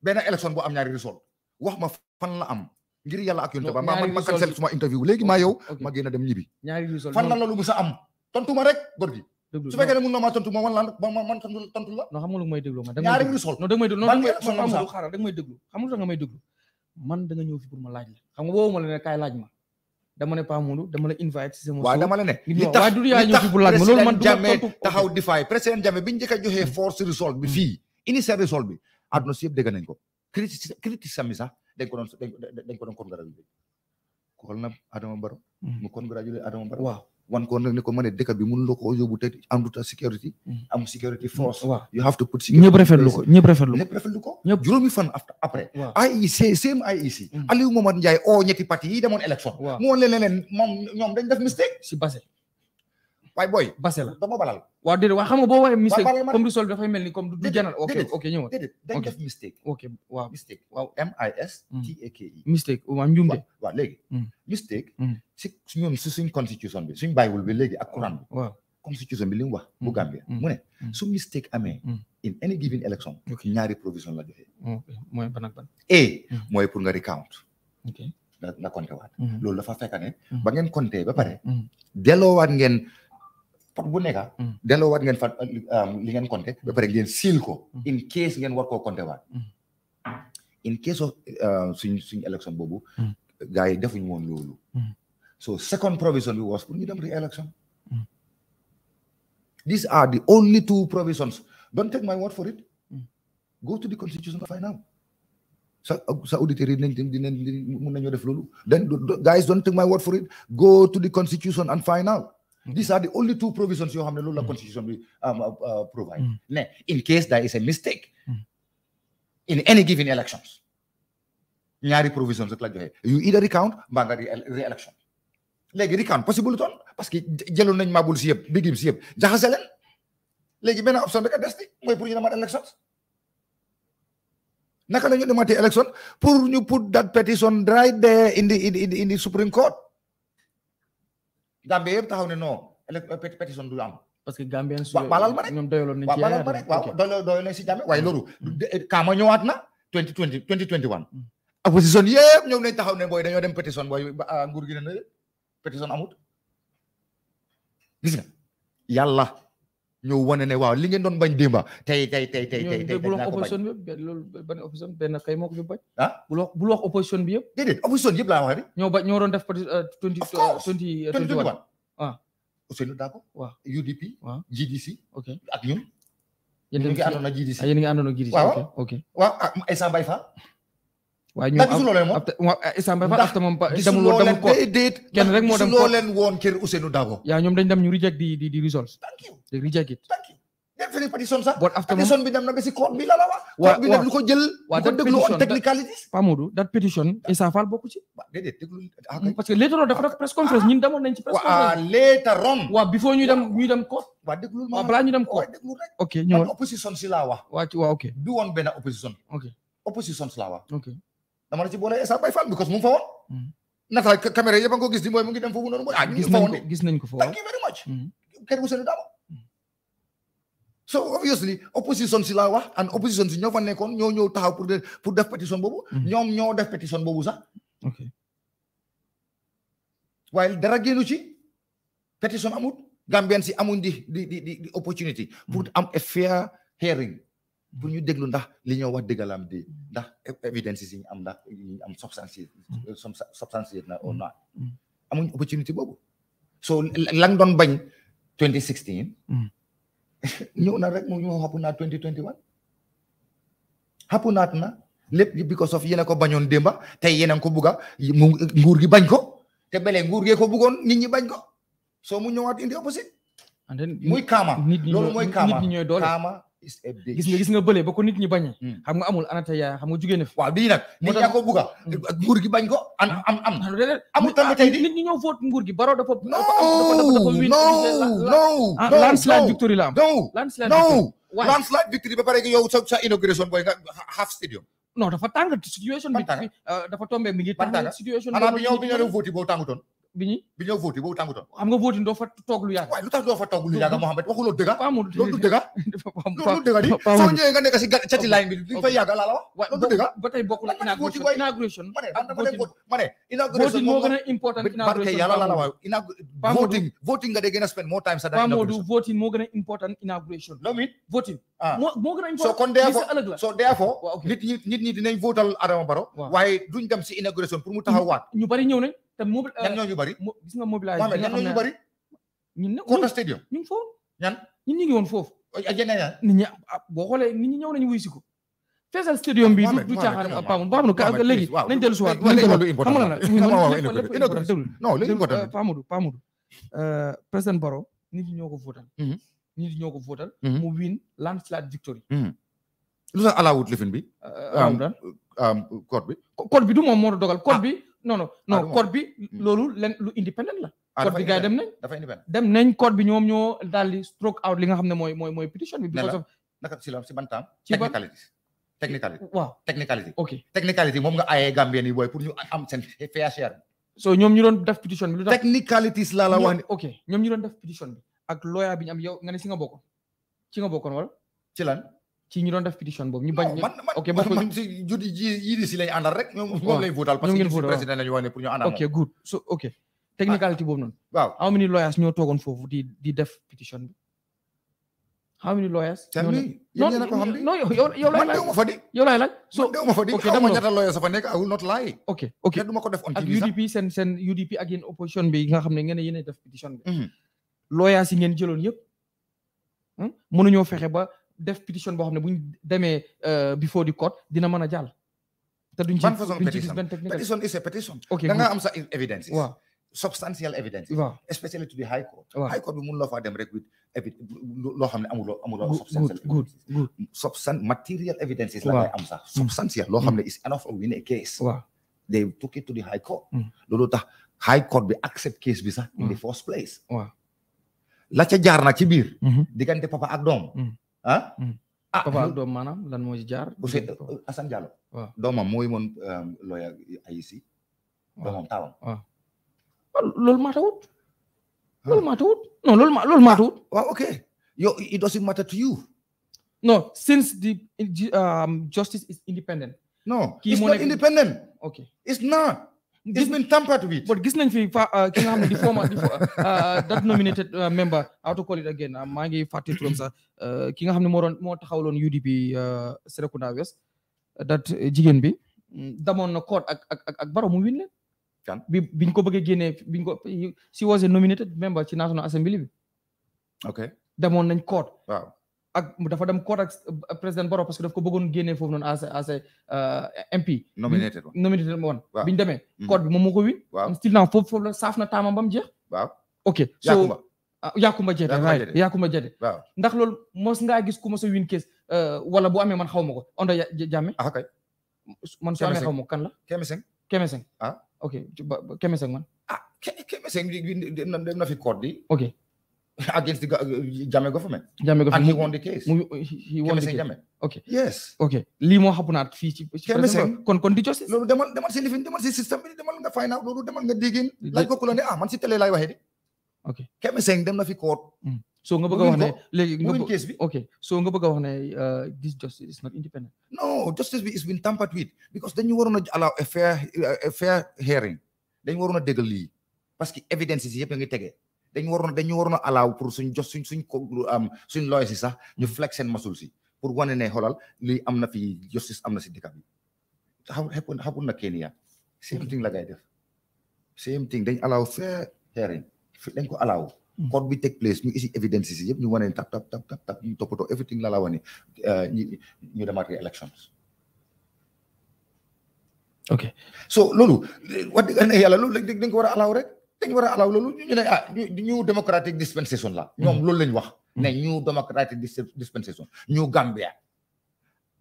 benn élection bu am ñaari resort wax ma fan la am. ngir yala ak yonte ba ma man ma cancel suma interview léegi maa yow ma génn dem ñibbi. ñaari fan la loolu mos a am tontuma rek góor gi. déglu su fekkee ne mën na maa tontu ma man lan ma man tontu tontu la. non xam nga lu may déglu man da nga may sol non da nga may déglu man xaaral ñëw fi pour laaj la xam nga woowu ma la ne laaj ma dama ne Paa dama la invite si sama. waaw dama la ne taxaw di président Jammeh bi ñu njëkk a mm. force risol bi mm. fii initiative risol bi àdduna si yëpp dégg nañ ko sami sax dañ ko doon dañ ko doon congratulé. xool na Adama Barrow mm. mu congratulé Adama Barrow wan ko nag ne ko ma ne dëkk bi mënuloo ko yóbbu te àndut sécurité hmm. am sécurité hmm. force you have to put ñëpp rafetlu ko ñëpp rafetlu ko ñëpp rafetlu ko ñëpp juróomi fan après IEC same IEC hmm. Aliou Momad oh, yi demoon élection mu woon leen leen moom ñoom dañ def mistake si base waaye booy base la dama balal waaw déedéet waaw xam nga boo waxee mistake comme du sol bi dafay mel ni comme du janal ok ok ñëw déedéet dañ def mistake ok waaw mistake waaw m i s t a k e mm. mistake waaw njuumte waaw léegi mm. mistake mm. si ñun si suñ constitution bi suñ bible bi léegi ak Quran bi waaw constitution bi li mu wax bu Gambia mu ne su mistake amee in any given election ñaari provision la joxe mooy ban ak ban a mooy pour nga recount nga nga compté waat mm-hmm. loolu dafa fekk ne mm-hmm. ba ngeen compté ba pare mm-hmm. delloowaat ngeen pot bu nekka mm. delloo waat ngeen fa euh, li ngeen ba pare ngeen siil ko mm. in case ngeen war koo compté waat mm. in case of euh, suñ suñ élection boobu gars yi woon loolu so second provision bi was pour ñu dem re-election these are the only two provisions don't take my word for it go to the constitution find yi nañ dinañ mën nañoo def loolu then guys don't take my word for it go to the constitution and find These are the only two provisions you have in the constitution we um, uh, uh, provide. Mm. In case there is a mistake mm. in any given elections, ñaari provisions rek la joxe you either recount mbaa re-election léegi recount possible toon parce que jëloon nañ maabul si yëpp bigim si yëpp jaxase leen léegi benn option rek a des di mooy pour ñu demaat élection naka ñu pour ñu put that petition right there in the in the in the Supreme Court Gambie yëpp taxaw ne non pétition du am. parce que Gambien su balal ma rek ñoom doyaloon nañ ci balal ma rek waaw doyaloon si jàmm waaye loolu mm. kaama ñëwaat na 2020 2021 mm. opposition yëpp ñëw nañ taxaw ne booy dañoo dem pétition booy ah, nguur gi ne na pétition amut gis nga yàlla ñëw wane ne waaw li ngeen doon bañ démba tey tey tey tey tey tey bul wax opposition bi yëpp loolu ban opposition benn kay moo ko fi bañ ah bul wax bul wax opposition bi yëpp déedéet opposition yëpp laa waxee ñoo ba ñoo doon def peut être twenty twenty euh, twenty one ah. waaw Ousseynou Dako waaw UDP waaw GDC ok ak ñun yéen ah, ngi àndoon ak GDC yéen ngi àndoon ak GDC waaw ok waaw ak ah, Aïssa Mbaye Fall waaye ñu gisuloo leen moom eh, Issa Mbaye Fall afta moom demul woon demul ko kenn rek moo dem ko gisuloo leen woon kër jël lu ko déglu on technicalities Pa Modou that Issa Fall bokku ah, parce que later on dafa def press conference ci press conference waaw later before ñu dem ñuy dem balaa ñu dem court ok ñëwal opposition si laa dama la ci boole Essa Baye Fall because mu ngi fa woon. Hmm. nataal caméra ko gis di mooy mu ngi dem foofu noonu mooy. Ah, gis nañ ko fa thank you very much. Hmm. kenn ku seen daama. Hmm. so obviously opposition si laa wax and opposition si ñoo fa nekkoon ñoo ñëw taxaw pour de pour def pétition boobu. ñoom ñoo def pétition boobu sax. ok dara génnu ci pétition amut Gambien si amuñ di di di di opportunity. pour am a fair hearing. bu ñu déglu ndax li ñoo wax dëggalaam di mm. ndax évidence yi ñu am ndax ñu am substance mm. euh, substance na or not amuñ opportunité boobu so lang doon bañ 2016 mm. [laughs] ñëw na rek mu ñëw xapu naa 2021 xapu naat na lépp because of yéen a ko bañoon démba tey yéen a ko bugga nguur gi bañ ko te bele nguur gee ko buggoon nit ñi bañ ko soo mu ñëwaat indi opposite muy kaama loolu mooy kaama kaama is a bitch gis nga gis nga bële ba ko nit ñi bañee hmm. xam nga amul anata yaaya xam nga jugee na fi waaw bii nag nit ñaa ko bugga nguur gi bañ ko am am am ah, amul ah, nit ñi ñëw vote nguur gi baro dafa dafa dafa win no ah, no landslide victory la am no landslide no victory ba pare yow sa sa inauguration booy nga half stadium non dafa tàng situation bi dafa tombé mi ngi tàng situation bi ñëw bi ñu bi ñoo voté boobu tàngutoon nga voté doo fa toog lu yàgg lu tax doo fa toog lu yàgg Mohamed waxuloo dëgg loolu dëgg ah. loolu ba tey bokkul inauguration ma ne inauguration moo voting voting nga dee spend more time sa daan voting moo gën a important inauguration loolu it voting ah. moo gën a important so so therefore nit ñi ñi dinañ votal Adama Barrow waaye duñ dem si inauguration pour mu taxawaat ñu te mobil. Euh, ñan ñoo ñu bari. gis nga mobilisation bi nga xam ne ñan ñoo ñu bari. ñun ne Kota stadium ñu ngi foofu. ñan ñun ñu ngi woon foofu. ak yeneen ñaan nit ñi ah, boo xoolee nit ñi ñëw nañu wuy si ko. feesal stadium bi du caaxaan Paa Modou Paa Modou ka léegi nañ dellu si waat. xam nga la non léegi important euh, Paa Modou Paa Modou euh, président Barrow nit ñi ñoo ko votal. Mm-hmm. nit ñi ñoo ko votal. Mm-hmm. mu win landslide victory. Mm-hmm. lu tax alaawut lifin bi. Um, um, code bi. code bi du moom moo dogal code ah. bi. non non ah, non bi mm. loolu len lu indépendant la ah, code bi gars yi dem nañ dafa dem nañ code bi ñoom ñoo daal di stroke out li nga xam ne mooy mooy mooy pétition bi because of naka si la si ban temps technicality technicality waaw technicality ok technicality moom nga ayee Gambien yi booy pour ñu am seen ñu doon def pétition bi lu tax technicalities laa la wax ni ok ñoom ñu doon def pétition bi ak lawyer bi ñu am yow nga ne si nga bokkoon ci nga bokkoon wala ci lan ci ñu doon def pétition boobu ñu bañ. ok man man si lay lay so ñoo toogoon foofu di di def pétition bi. how many lawyers. ñoo ne non non yow yow fa di. yow laay laaj so ok dama ñaata lawyers ko def on ak UDP seen seen UDP ak yéen opposition bi nga xam ne ngeen yéen def pétition bi. Mhm. lawyers yi ngeen jëloon yëpp. Hmm? mënuñoo fexe ba. def pétition boo xam ne bu ñu demee euh, before the court dina mën a jàll. te duñ ci duñ ci gis benn technique pétition is a pétition. ok da ngaa am sa evidence. waaw substantial evidence. waaw especially to the high court. waaw high court mun loo faa dem rek with loo xam ne amuloo amuloo. substantial good good substan material evidences la ngay am sax. Mm. substantial loo xam ne mm. is enough to win a case. waaw they took it to the high court. Mm. loolu tax high court bi accept case bi sax. in the first place. waaw la ca jaar na ci biir. Mm-hmm. diggante papa ak doom. ah. Hmm. ah Papa doom euh, euh, ah, loolu maa tawut. Ah. loolu maa tawut loolu maa loolu ah, ok it doesn't matter to you. no since the um, justice is independent. no it's not independent. ok it's not. gis nañ tampered with but gis nañ fi fa euh, ki nga xam ne di former di that euh, euh, nominated member how to call again maa ngi fàtte sax ki nga xam ne moo doon moo taxawloon UDP na West that jigéen bi damoon na court ak ak ak baro mu win leen bi biñ ko bëggee génnee biñ ko she was a nominated member ci National Assembly bi ok damoon nañ court ak dafa dem court ak euh, président Barrow parce que daf ko bëggoon génnee foofu noonu as as euh, MP. nominated woon nominated woon. demee. Hmm. court bi moom moo ko win. waaw still now foofu foofu la saaf na taamam ba jeex. Yakumba ah, Yakumba Jede waaw ndax mos ngaa gis ku mos a win euh, wala bu amee man xaw ma ko Ondo Jammeh. ah kay man su amee xaw ma ko kan la. Kemeseng Kemeseng ke ah. ok Kemeseng man. a ah, Kemeseng dem na fi court bi. against the Jammeh government. Jammeh government and he won the lii moo xamu naat fii ci. KMSN kon kon di justice. loolu demal demal si lifin demal si système bi demal nga find loolu demal nga diggin. laaj ko ah man si télé laay de. ok KMSN dem na fi court. so nga bëgg a wax ne léegi nga bëgg nga bëgg a wax ne this justice is not independent. no justice bi is been tampered with because dañu waroon a allow a fair a fair hearing dañu waroon a déglu parce que evidence yi yëpp a tege. dañ waroon dañu waroon a alaaw pour suñ jox suñ suñ ko am suñ looy si sax ñu flex seen masul si pour wane ne xoolal lii am na fi justice am na si dëkk bi xamul xamul na Kenya same thing la ngay def same thing dañ alaaw fair hearing dañ ko alaaw hmm. code bi take place ñu isi evidence si yëpp ñu wane tap tap tap tap tap ñu toppatoo everything la la wane ñu euh, ñu demaat elections ok so loolu eh, wax dëgg yàlla loolu dañ ko war a alaaw rek dañ war a alaw loolu ñu ne ah ñu démocratique dispensation la mm-hmm. ñoom loolu lañ wax ne ñu démocratique dispensation ñu Gambia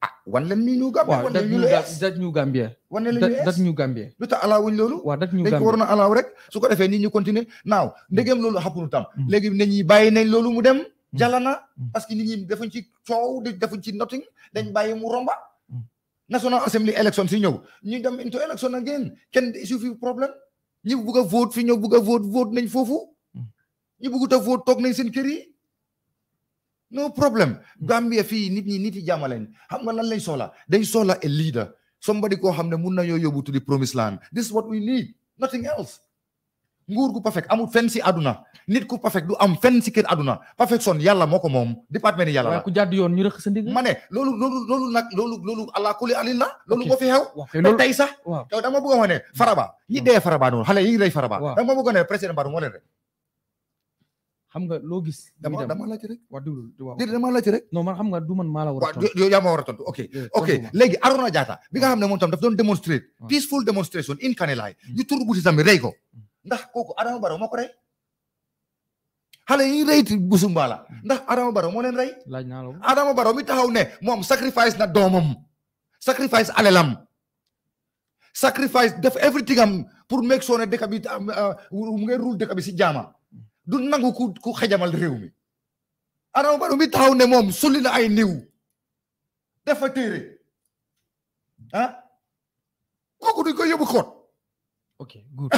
ah wan leen ni ñu Gambia waaw ñu Gambia wan leen ñu ñu Gambia lu tax alaawuñ ñu Gambia dañ ko waroon a rek su ko defee nit ñu continuer naaw mm-hmm. ndegem loolu xappunu tam mm-hmm. léegi nit ñi bàyyi nañ loolu mu dem jàllana parce que nit ñi defuñ ci coow defuñ ci nothing dañ bàyyi mu romba National Assembly élection si ñëw ñu dem into élection again kenn su fi problème ñi bugg a vote fi ñoo bugg a vote vote nañ foofu hmm. ñi buggut a vote toog nañ seen kër yi no problème hmm. Gambia fii nit ñi nit yi jàmm lañ xam nga lan lañ soxla dañ soxla a liida somebody koo xam ne mun na yóbbu to the promised land this is what we need nothing else nguur gu parfait amul fenn si àdduna nit ku parfait du am fenn si kër àdduna perfection yàlla moo moom département ni yàlla la ku jàdd yoon ñu rëq sa ndig ma ne loolu loolu loolu nag loolu loolu allah kulli alil la loolu moo fi xew te tey sax dama bëgg a wax ne faraba ñi mm. dee faraba noonu xale yi rey faraba dama bëgg a ne président Barrow moo leen rek xam nga loo gis dama dama laaj rek waaw xam nga du man maa war a tontu yow ma war a tontu ok eh, ok léegi Arona Diatta bi nga xam ne moom tam daf doon démonstrer peaceful demonstration in Kanilai mm. ñu tur bu si sami rey ko mm. ndax kooku Adama Barrow moo ko rey xale yi rey ti Busumbala ndax Adama Barrow moo leen rey. naa la Adama Barrow mi taxaw ne moom sacrifice na doomam sacrifice alelam sacrifice def everything am pour make sure ne dëkk bi uh, mu ngay rule dëkk bi si jaama du nangu ku ku xajamal réew mi Adama Barrow mi taxaw ne moom sulli na ay niw dafa téere ah kooku duñ ko yóbbu koot ok good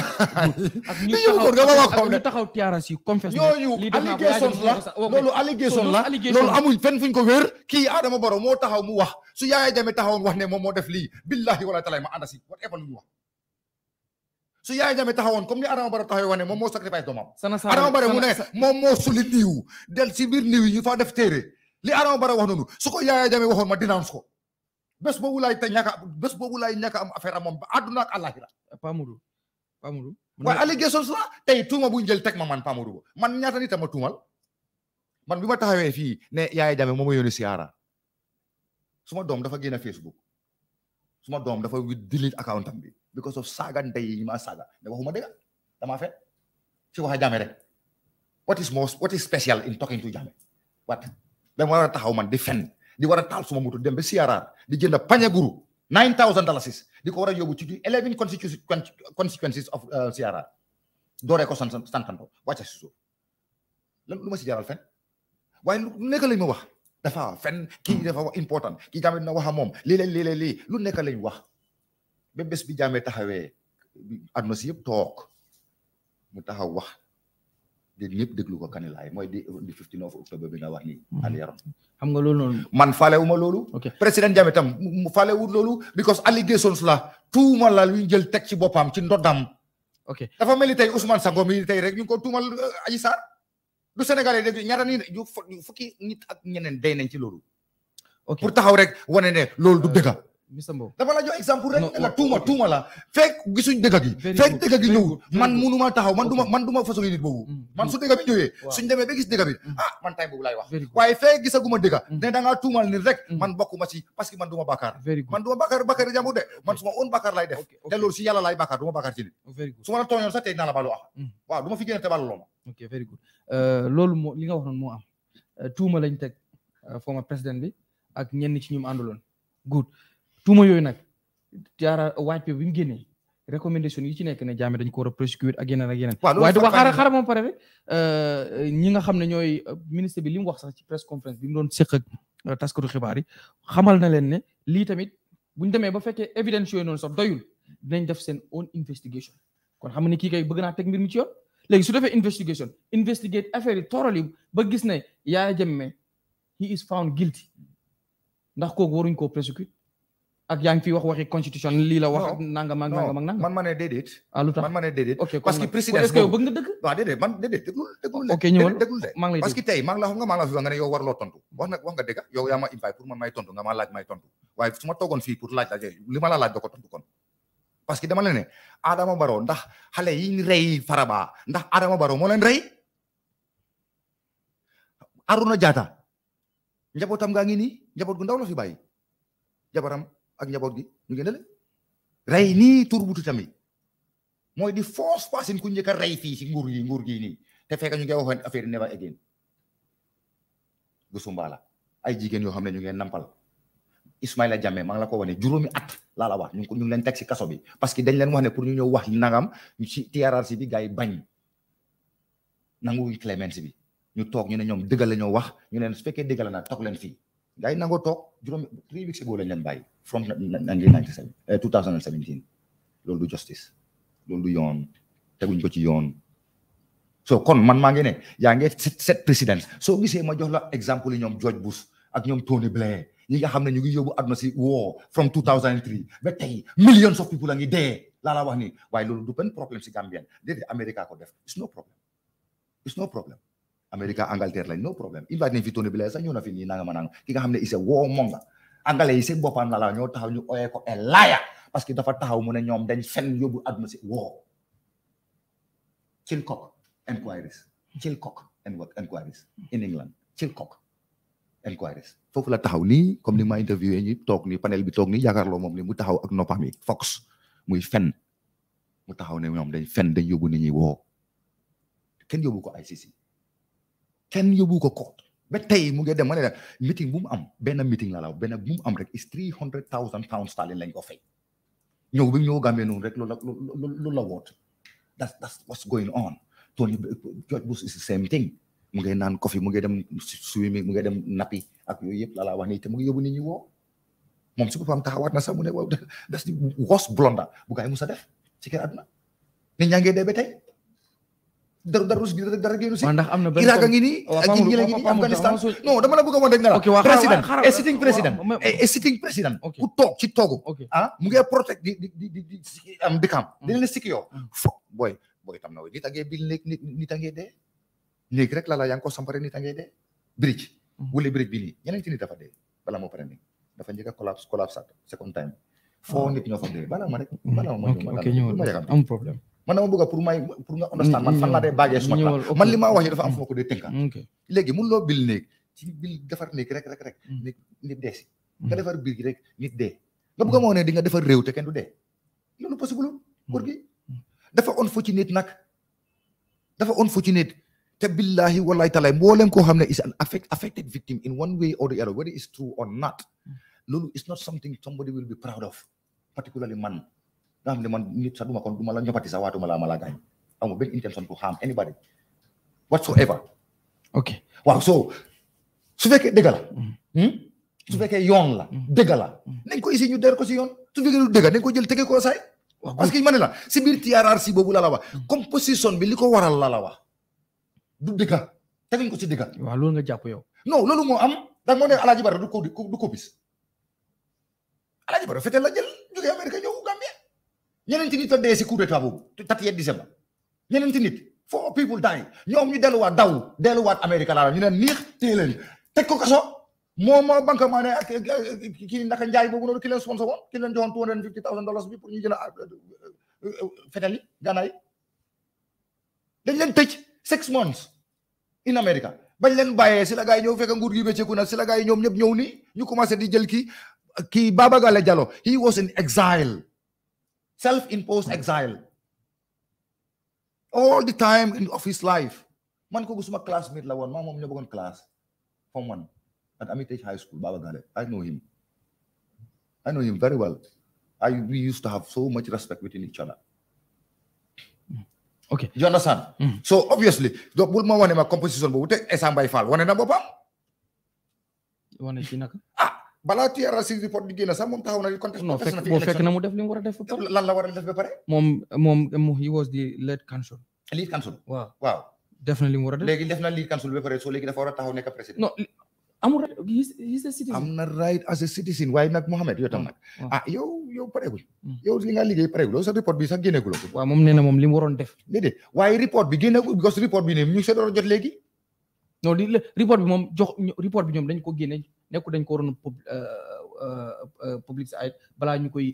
li [laughs] ñu ko nga wax xam ne ñu taxaw tiaras yi confesse yooyu allégation la loolu allégation la loolu amul fenn fuñ ko wér kii Adama Barrow moo taxaw mu wax su Yaya Jammeh taxawoon wax ne moom moo def lii billahi wala talaay ma ànd si whatever lu ñu wax su Yaya taxawoon comme ni Adama Barrow taxawee wax ne moom moo sacrifice doomam Adama Barrow mu ne moom moo suli niiw del si biir niiw yi ñu fa def téere li Adama Barrow wax noonu su ko Yaya waxoon ma dénonce ko bés boobu laay te ñàkk a bés boobu laay ñàkk am affaire am moom ba àdduna ak àllaaxira Pamadou. waaye allégations la tey tuuma bu ñu jël teg ma man Pamadou Ba man ñaata nit tuumal man bi ma taxawee fii ne Yaya Jammeh moo ma yónni siyaara suma doom dafa génn Facebook suma doom dafa delete account am bi because of saaga ndey ma saaga ne waxuma dëgg damaa fen fi waxa Jammeh rek what is most what is special in talking to Jammeh what dama war taxaw man di fen di war a taal suma moto dem ba siyaara di jënd pañe guru nine thousand dalasis di ko war a yóbbu ci di eleven consequences of uh, siara dooree ko san santanto wàcca si suuf lan lu ma si jaral fen waaye lu nekk lañ ma wax dafa fen kii dafa wax important kii jaamee dina wax a moom lii leen lii leen lii lu nekk lañ wax ba bés bi jaamee taxawee àdduna si yëpp toog mu taxaw wax di ñëpp déglu ko Kanilaay mooy di di 15 octobre bi nga wax ni mm-hmm. Ali Yaron xam nga loolu noonu man faale wu loolu président Jammeh tam mu faale wut loolu because allegations la tuuma la lu ñu jël teg ci boppam ci ndoddam ok dafa mel ni tey Ousmane Sango mi tey rek ñu ngi ko tuumal euh, Aji Sarr du Sénégalais dégg ñaata ni ñu fukki nit ak ñeneen day nañ ci loolu pour taxaw rek wane ne loolu du dëgga euh, Mr Mbow dafa la jox exemple rek tuuma tuuma la fekk gisuñ dëgg gi fekk dëgg gi ñëwul man mënuma taxaw man duma man duma façon yi nit boobu mm-hmm. man su dëgg bi ñëwee suñ demee ba gis dëgg bi mm-hmm. ah man tay boobu laay wax waaye fekk gisaguma dëgg mm-hmm. ne da tuumal nit rek man bokkuma ci parce que man duma bàkkaar man duma bàkkaar bàkkaar jàmbur de man suma oon bàkkaar laay def te loolu si yàlla laay bàkkaar duma bàkkaar ci nit oh, su ma tooñoon sax tey naa la baalu ah waaw duma fi te tuuma yooyu nag jaara waaj bi mu génnee yi ci nekk ne jaame dañ ko war a prosécuer ak yeneen waaye du wax xaaral xaaral moom pare rek euh, ñi nga xam ne ñooy euh, ministre bi li mu wax sax ci press conférence bi mu doon séq ak euh, taskatu xibaar yi xamal leen ne lii tamit bu ñu demee ba fekkee évidence yooyu noonu sax doyul dinañ def seen own investigation kon xam nga ne kii kay bëgg naa teg mbir mi ci yoon léegi su defee investigation investigate affaire yi tooral yi ba ak yaa ngi fi wax waxi constitution lii la wax. nangam ak nangam ak nangam man ma ne déedéet. ah lu tax man ma ne déedéet. ok parce que président est-ce que yow bëgg nga dëgg. waaw déedéet man déedéet déglu déglu leen. ok ñëwal maa ngi lay parce que tey maa ngi la xam nga maa ngi la fi wax nga ne yow warloo tontu wax na wax nga dëgg yow yaa ma invite pour man may tontu nga ma laaj may tontu waaye su ma toogoon fii pour laaj la li ma la laaj doo ko tontu kon. parce que dama leen ne Adama Barrow ndax xale yi rey Faraba ndax Adama Barrow moo leen rey Aruna Jaata njabootam gaa ngi nii njaboot gu ndaw la fi bàyyi jabaram ak njaboot gi ñu ngi ne la rey nii tur butu tamit mooy di force fasin ku njëkk a rey fii si nguur gi nguur gi nii te fekk ñu ngi waxoon affaire yi never again Gusumbala ay jigéen yoo xam ne ñu ngi nampal Ismaila Jammeh maa ngi la ko wane juróomi at laa la wax ñu ngi leen teg si kaso bi parce que dañ leen wax ne pour ñu ñëw wax nangam si TRRC bi gars yi bañ nanguwuñ clémence bi ñu toog ñu ne ñoom dëgg la ñoo wax ñu leen su fekkee dëgg la toog leen fi gars yi nangoo toog juróomi three weeks ago lañ leen bàyyi from 1997 2017 eh, loolu du justice loolu du yoon teguñ ko ci yoon so kon man maa ngi ne yaa ngi set président soo gisee ma jox la exemple yi ñoom George Bush ak ñoom Tony Blair ñi nga xam ne ñu ngi yóbbu àdduna si war from 2003 ba tey millions of people la ngi dee laa wax ni waaye lool du benn problème si Gambien déedéet Amérique ko def it's no problem it's no problem Amérique Angleterre lañ no problème invite nañ fi Tony Blair sax ñëw na fi nii nanga ma a warmonger angale yi seen boppam la ñoo taxaw ñu ooyee ko un liar parce que dafa taxaw mu ne ñoom dañ fen yóbbu àdduna si woo Chilcock inquiries Chilcock inquiries in England Chilcock inquiries foofu la taxaw nii comme ni ma interviewé ñi toog nii panel bi toog nii yaakaarloo moom ni mu taxaw ak noppam yi Fox muy fen mu taxaw ne ñoom dañ fen dañ yóbbu ni ñi woo kenn yóbbu ko ICC kenn yóbbu ko ko ba tey mu ngi dem ma ne la meeting bu mu am benn meeting la la benn bu mu am rek is three hundred thousand pounds sterling lañ ko fay ñëw bi ñëw gàmmee noonu rek loolu la loolu la woot that's that's what's going on Tony George Bush is the same thing mu ngi naan coffee mu ngi dem swimming mu ngi dem nappi ak yooyu yëpp la la wax nii te mu ngi yóbbu nit ñi woo moom si boppam taxawaat na sax mu ne waaw [laughs] that's the worst blunder bu gaa yi musa def ci kër àdduna nit ñaa dee ba tey dara dara rus gi dara génn si. ndax am na benn Irak a ngi nii. ak yi ñu ngi nii Afghanistan non dama la bëgg a wax dëgg nga la. ok waa président et sitting président et eh, sitting président. ku toog ci toogu. ah mu ngi protect di di di di am dëkkam. Mm. dina la sikki yow. Mm. fo booy booy tam na nit a ngee bil léegi nit a ngee dee. léegi rek la la yaa ngi ko sampare nit a ngee dee. bridge. Mm. wala bridge bi nii ñeneen nit dafa dee bala moo pare nii dafa njëkk a collapse collapse second time. foo ah. nit ñoo fa dee bala ma rek. bala ma ma ma am problème man dama bëgg pour may pour nga understand man fan de dee bàggee suma man li maa wax ni dafa am fu ma ko dee mun loo bil néeg ci bil defar néeg rek rek rek nit hmm. nit dee si hmm. nga defar biir gi moo ne di nga defar réew te kenn du dee loolu possible pour hmm. gi dafa unfortunate nag dafa unfortunate te billahi wallahi taala mboolem koo xam ne is an affect affected victim in one way or the other whether it's true or not loolu is not something somebody will be proud of particularly man nga xam ne man nit sax duma kon duma la ñopati sax waa ma la gaañ amul benn intention to harm anybody whatsoever ok waaw so su fekkee dëgg la mm-hmm. hmm? su fekkee yoon la mm-hmm. dëgg la mm-hmm. nañ ko isi ñu der ko si yoon su fekkee du dëgg nañ ko jël tege ko saay parce que ma ne la si biir TRRC boobu la la wax composition bi li ko waral la la wax du dëgg teguñ ko si dëgg loolu nga jàpp yow no loolu moo am da moo ne Alaaji Bara du ko du ko Alaaji Bara fete la yeneen nit ta dee si coup d'état boobu 31 décembre yeneen nit four people dying ñoom ñu delluwaat daw delluwaat Amérique laa ñu ne niix téye leen teg ko kaso moom moo banque maa ne kii naka njaay boobu noonu ki leen sponsor woon ki leen joxoon two hundred and fifty thousand dollars bi pour ñu jël euh, euh, euh, fetel yi dañ leen tëj six months in America bañ leen bàyyee si la gars yi ñëw fekk nguur gi bécceeku na si la gars yi ñoom ñëpp ñëw nii ñu commencé di jël kii kii Baba Gale Jallow he was self-imposed exile all the time of his life man kooku suma classmate la woon maa moom ñoo bokkoon classe form one at Armitage High School Baba Gale I know him I know him very well we used to have so much respect within each other you understand mm. so obviously do ma wane ma composition boobu te Essa Mbaye Fall wane na boppam wane ci naka ah, balaa TRRC report di génn sax moom taxaw na contesté na fekk na mu def li mu war def léegi def na lead counsel ba pare soo léegi dafa war a taxaw nekk président. non amul he's a citizen. am na right as a nag Mohamed yow tam nag. Mm, ah yow yow pareegul. Mm. yow liggéey pareegul sa report bi sax waaw moom nee na moom li mu waroon def. déedéet waaye report bi génneegul because report bi ne ñu ngi a jot léegi. non li report bi moom jox report bi ñoom dañ ko génne nekku dañ ko waroon euh, euh, euh, public side ñu koy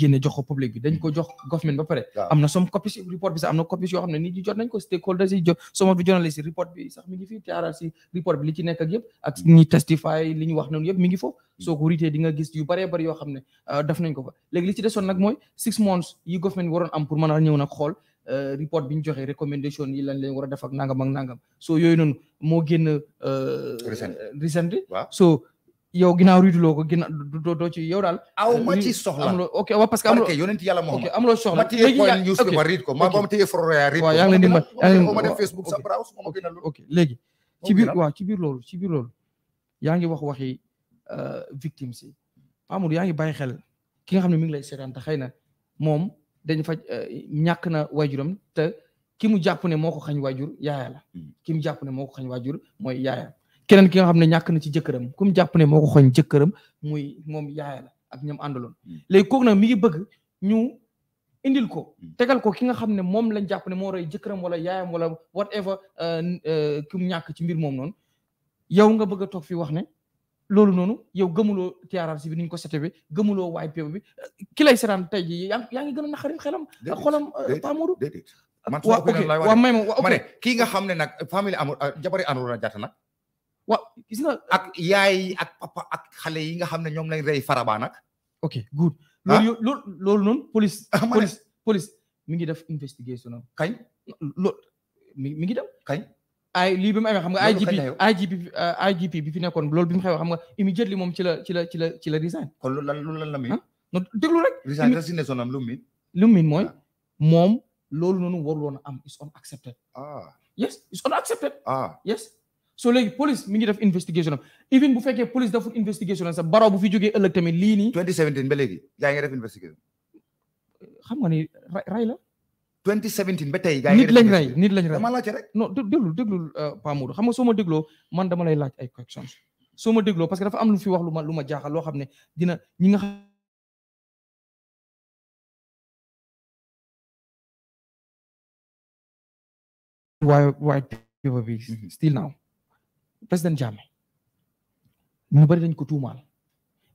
génne jox ko public bi ko hmm. jox government ba pare am na some copies report bi sax am na copies yoo xam ne nit ñi jot nañ ko stakeholders yi jot some of the journalists report bi sax mi ngi fii taaral si report bi li ci nekk ak yëpp ak hmm. ñi testify li ñu wax noonu yëpp mi ngi foofu hmm. soo ko ritee di nga gis yu baree bari yoo xam ne def nañ ko fa léegi li nag mooy six months yi government bi waroon am pour mën a ñëw nag xool report bi a def ak nangam ak nangam so yooyu noonu moo yow ginnaaw riiduloo ko ginnaaw doo doo ci yow daal. aw euh, ma ci parce que amuloo. parce yàlla moom ok amuloo soxla. léegi yaa ok ma téye ma riid ko ma ko. waaw yaa ngi ci biir waaw ci biir loolu ci biir yaa ngi wax waxi euh, victimes yi Amadou yaa ngi bàyyi xel ki nga xam ne mi ngi lay seetaan xëy na moom dañ fa euh, ñàkk na waajuram te ki mu jàpp ne moo ko xañ waajur yaaya la hmm. ki mu jàpp ne moo ko xañ waajur mooy yaaya keneen ki nga xam ne ñàkk na ci jëkkëram ku mu jàpp ne moo ko xoñ jëkkëram muy moom yaaya la ak ñoom àndaloon mm. léegi kooku nag mi ngi bëgg ñu indil ko mm. tegal ko ki nga xam ne moom lañ jàpp ne moo rey jëkkëram wala yaayam wala whatever euh, euh, ki mu ñàkk ci mbir moom noonu yow nga bëgg a toog fi wax ne loolu noonu yow gëmuloo tiyaaraar si bi ni ñu ko sete bi gëmuloo waay péb bi euh, ki lay seetaan tey ji yaa yaa ngi gën a naqari xelam ak xolam Pamoudou ah, man waaw may ma waaw ok kii nga xam ne nag famille amul jabari anul na jàtt nag wa gis nga ak yaay ak papa ak xale yi nga xam ne ñoom lañ rey Faraba nag. ok good loolu loolu loolu noonu police. Ah, police police mi ngi def investigation am kañ. loolu mi ngi dem kañ. ay lii bi mu amee xam nga IGP IGP IGP bi fi nekkoon loolu bi mu xew xam nga immediately moom ci la ci la ci la la resign. kon loolu lan la muy. Ah, non déglu rek. resign resignation am lu mu miin. lu mu mooy ah. moom loolu noonu waruloon a am is unaccepted. ah yes is unaccepted. ah soo léegi police mi ngi def investigation am even bu fekkee police deful investigation am sax baraw bu fi jógee ëllëg tamit lii nii. 2017 ba léegi yaa ngi def investigation. xam nga ni ray la. 2017 ba tey. gaa nit lañ ray nit lañ ray dama laajte rek. non déglul déglul euh, Pa Modou xam nga soo ma dégloo man dama lay laaj ay questions soo ma dégloo parce que dafa am lu fi wax lu ma lu ma jaaxal xam ne dina ñi nga xam. waaye président Jammeh ñu bari dañ ko tuumaal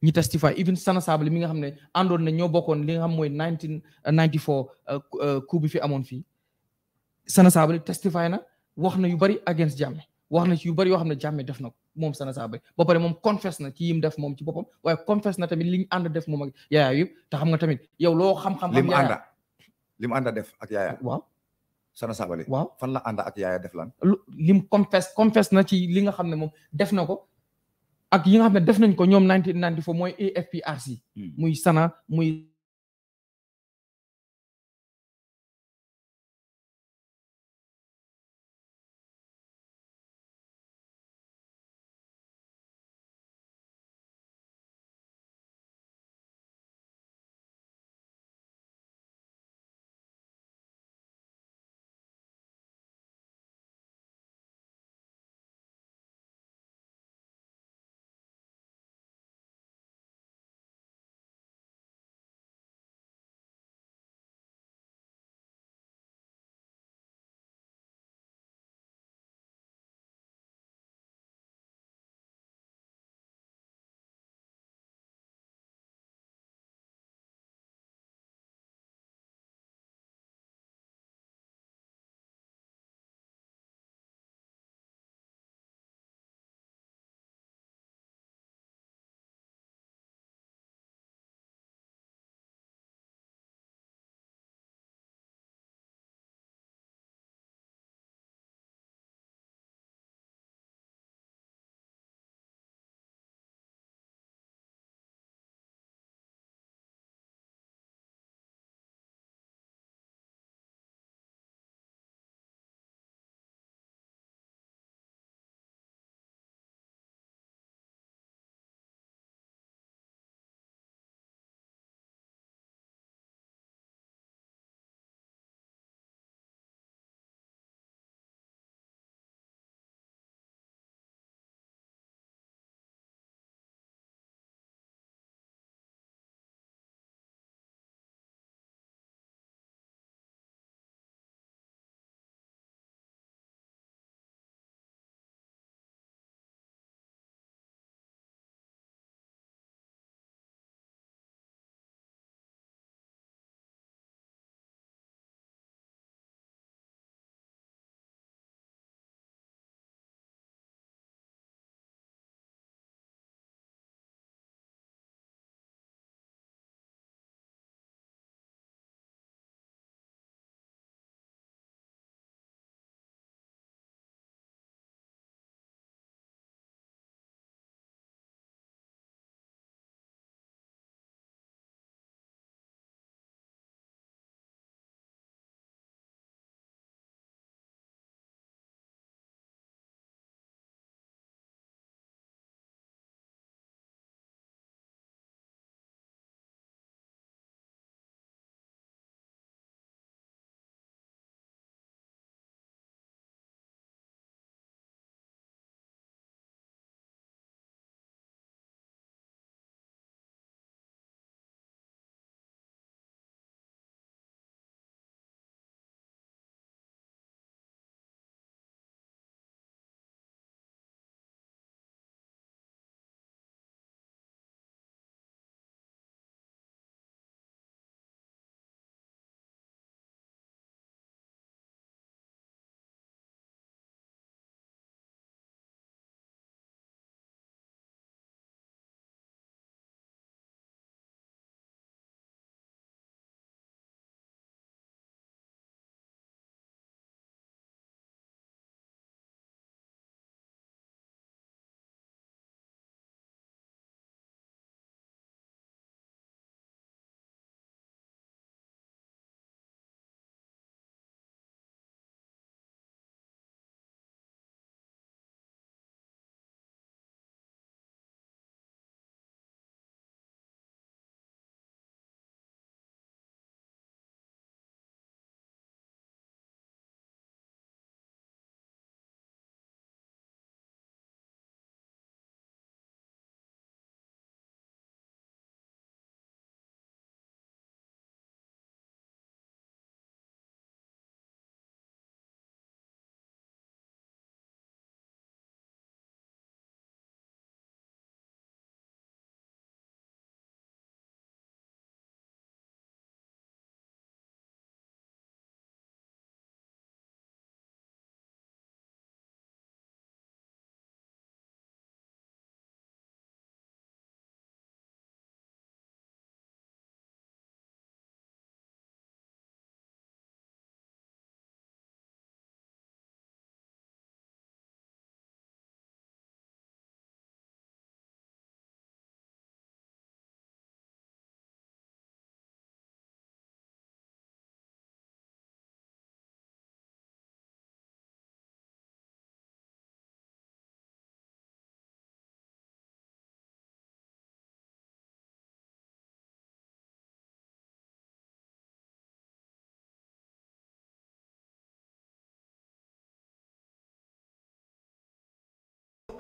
ñi testify even Sana Sabally mi nga xam ne àndoon na ñoo bokkoon li nga xam mooy 1994 euh, coup bi fi amoon fii Sana Sabally testify na wax na yu bari against Jammeh wax na ci yu bari yoo xam ne Jammeh def na ko moom Sana Sabally ba pare moom confess na ci yim def moom ci boppam waaye confess na tamit li ñu ànd def moom ak yaaya yëpp te xam nga tamit yow loo xam-xam. li mu ànda def ak yaaya Sana Sabali waaw fan la ànd ak yaaya def lan. lu lim confesse confesse na ci li nga xam ne moom def na ko ak yi nga xam ne def nañ ko ñoom 1994 mooy AFPRC. Hmm. muy Sana muy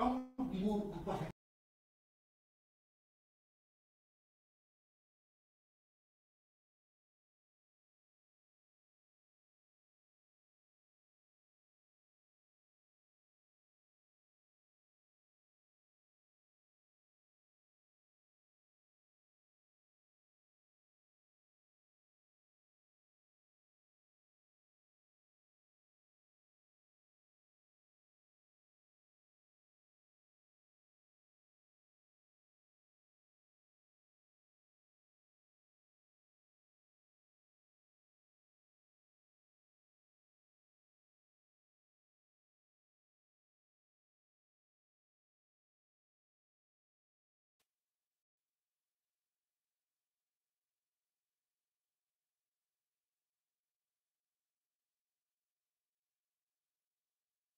am nguur bu doxe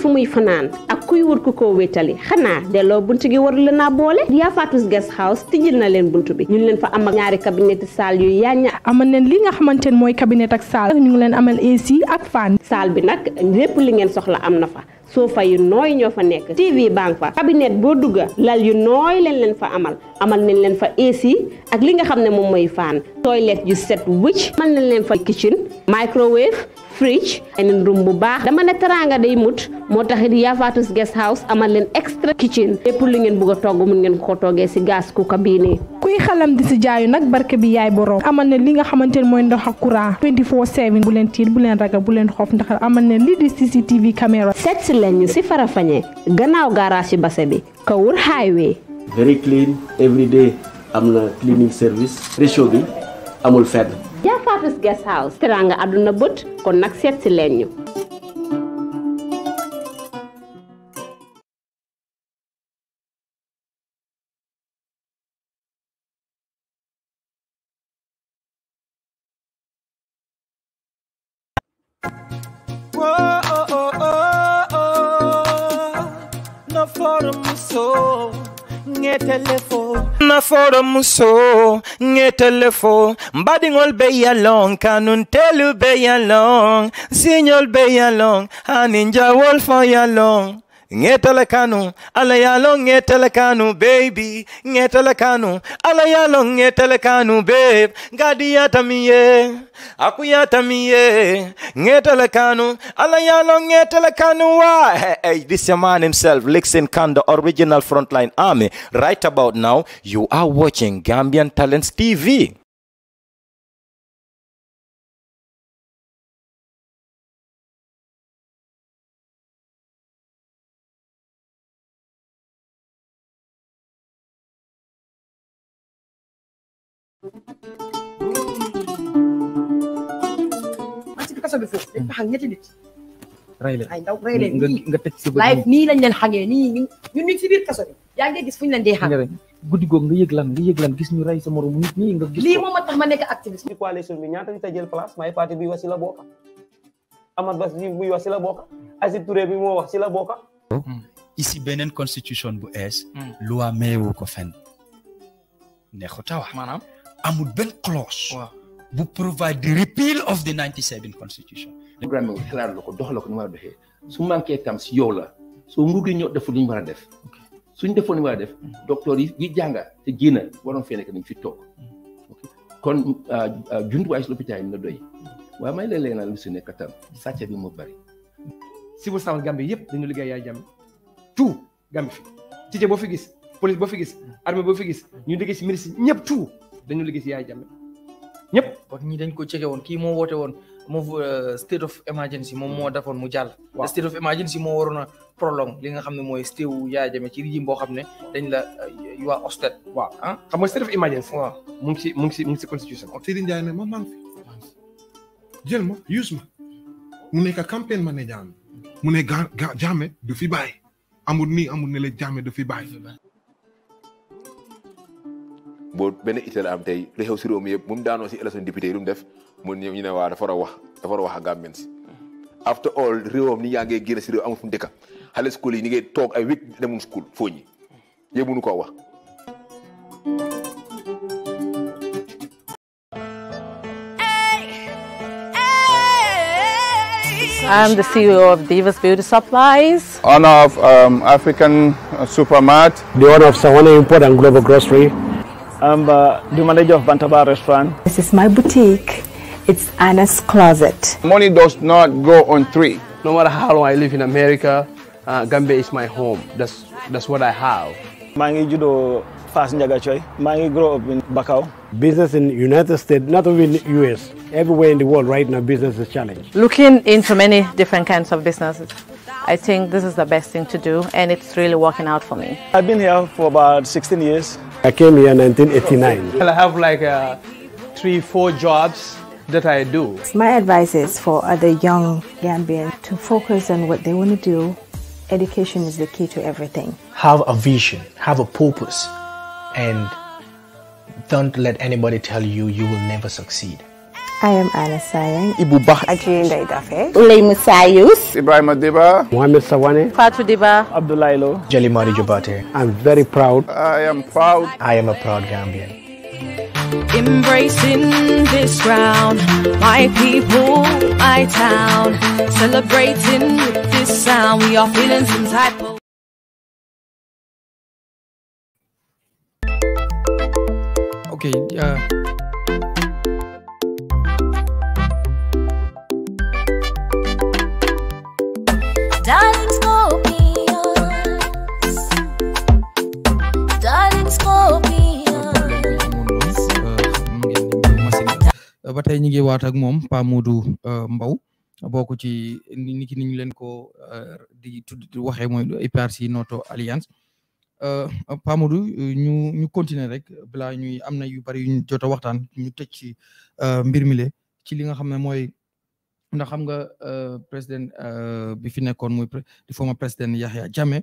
fu muy fanaan ak kuy wut ku ko wéetali xanaa delloo bunt gi war naa boole Dia Fatus Guest House tijjil na leen bunt bi ñu ngi leen fa am ak ñaari cabinet salle yu yaañña amal neen li nga xamante ne mooy cabinet ak salle ñu ngi leen amal AC ak fan salle bi nag lépp li ngeen soxla am na fa sofa yu nooy ñoo fa nekk TV banque fa boo dugga lal yu nooy leen leen fa amal amal nañ leen fa AC ak li nga xam ne moom mooy faan toilette yu set wëcc amal nañ leen fa kitchen microwave fridge beneen bu baax dama ne teraanga day mut moo tax it Yavaatous Guest House amal leen extra kitchen lépp lu ngeen bëgg a togg mun ngeen ko toggee si gaas ku ko bii nii kuy xalam di si jaayu nag barke bi yaay borom amal ne li nga xamante ne mooy ndox ak courant 24 bu leen tiit bu leen ragal bu leen xoof ndax amal ne lii di CCTV caméra seet si leen ñu si Farafenni gannaaw garage yi base bi Kawur highway very clean every day am na cleaning service réchaud bi amul Dia Fatou Guest House teraanga àdduna bët kon nag seet leen ñu oh, oh, oh, naforo muso ngetele fo mbadiŋol be yalong kanuntelu be yalong sinyol be yalong ani njawol fo yalong ngetala kanu ala yalo ngetala kanu baby ngetala kanu ala yalo ngetala kanu babe ngadi yatamiye akuyatamiye ngetala kanu ala yalo ngetala kanu wa hey, hey, this is a man himself Lixin Khan the original frontline army right about now you are watching Gambian Talents TV bi foofu dañ fa xam ñetti nit rey leen ay ndaw rey leen nga tëj sa bët nii lañ leen xangee nii bi yaa ngi gis fu ñu leen dee xam nga yëg gis ñu rey sa moromu nit ñi nga gis lii moom a tax ma nekk activiste ci coalition bi ñaata nit a jël place maay parti bi wax si la bokka Amad Bass bi wax si la bokka Asib Touré bi moo wax si la bokka hmm. ici beneen constitution bu ees hmm. loi mayewu ko fenn ne xutawa maanaam amul benn clause bu provide the repeal of the 97 constitution. programme bi xalaat la ko doxal ko ni war a doxee su manqué tam si yow la soo nguur gi ñoo deful li ñu war a def suñ defoon li war a def docteur yi yi jànga te génna waroon fee nekk nañ fi toog kon euh, euh, jumtuwaay si lopitaan yi na doy waaye may leen leenaa lu si nekk tam sàcc bi moo bëri si bu sax Gambie yëpp dañu liggéey yaay Jammeh tout Gambie fi tije fi gis police boo fi gis armée boo fi gis ñu liggéey si ministre ñëpp tout dañu liggéey si yaay Jammeh ñëpp kon ñi dañ ko cekke woon kii moo woote woon moo euh, state of emergency moom moo hmm. defoon mu jàll state of emergency moo waroon a prolong li nga xam ne mooy state wu Yaya Jammeh ci régime boo xam ne dañ la you euh, are waaw ah xam nga state of emergency mu ngi si mu ngi si mu ngi si constitution oh, Sidi Ndiaye ne ma maa ngi fi jël ma use ma mu nekk campagne manager mu ne Jammeh du fi bàyyi amul nii amul ne la Jammeh du fi bàyyi boo benn itteel am tey li xew si réew mi yëpp bu mu daanoo si élection député def mu ñu ne waa dafa war a wax dafa war a wax ak Gambians after all réewam ni yaa ngee génn si réew amul fu yi ni ngay toog ay week demum school foo ñi yëpp mënu wax Um, do manager of Bantaba restaurant. This is my boutique. It's Anna's Closet. Money does not go on three. No matter how long I live in America, uh, Gambia is my home. That's, that's what I have. Mangi judo fast njagachoy. Mangi grow up in Bakau. Business in United States, not only in US, everywhere in the world right now, business is challenged. Looking into many different kinds of businesses. I think this is the best thing to do and it's really working out for me. I've been here for about 16 years. I came here in 1989. Well, I have like uh, three, four jobs that I do. My advice is for other young Gambians to focus on what they want to do. Education is the key to everything. Have a vision, have a purpose, and don't let anybody tell you you will never succeed. I am Anna Sayang. Ibu Bah. Adjie Ndeye Dafe. Ouleyma Sayous. Ibrahima Deba. Mohamed Sawane. Fatou Deba. Abdoulaye Lo. Jelimadi Jabate. I'm very proud. I am proud. I am a proud Gambian. Embracing this ground, my people, my town. Celebrating this sound, we are feeling some type of. Okay, yeah. ba tey ñu ngi waat ak moom Pa Modou euh, Mbow bokk ci ni ki ni ñu leen ko euh, di tudd waxee mooy APRC Noto Alliance euh, Pa Modou ñu ñu continuer rek balaa ñuy am na yu bari yu ñu jot a waxtaan ñu tëj ci mbir mi le ci li nga xam ne mooy ndax xam nga président bi fi nekkoon muy di former président Yahya Jammeh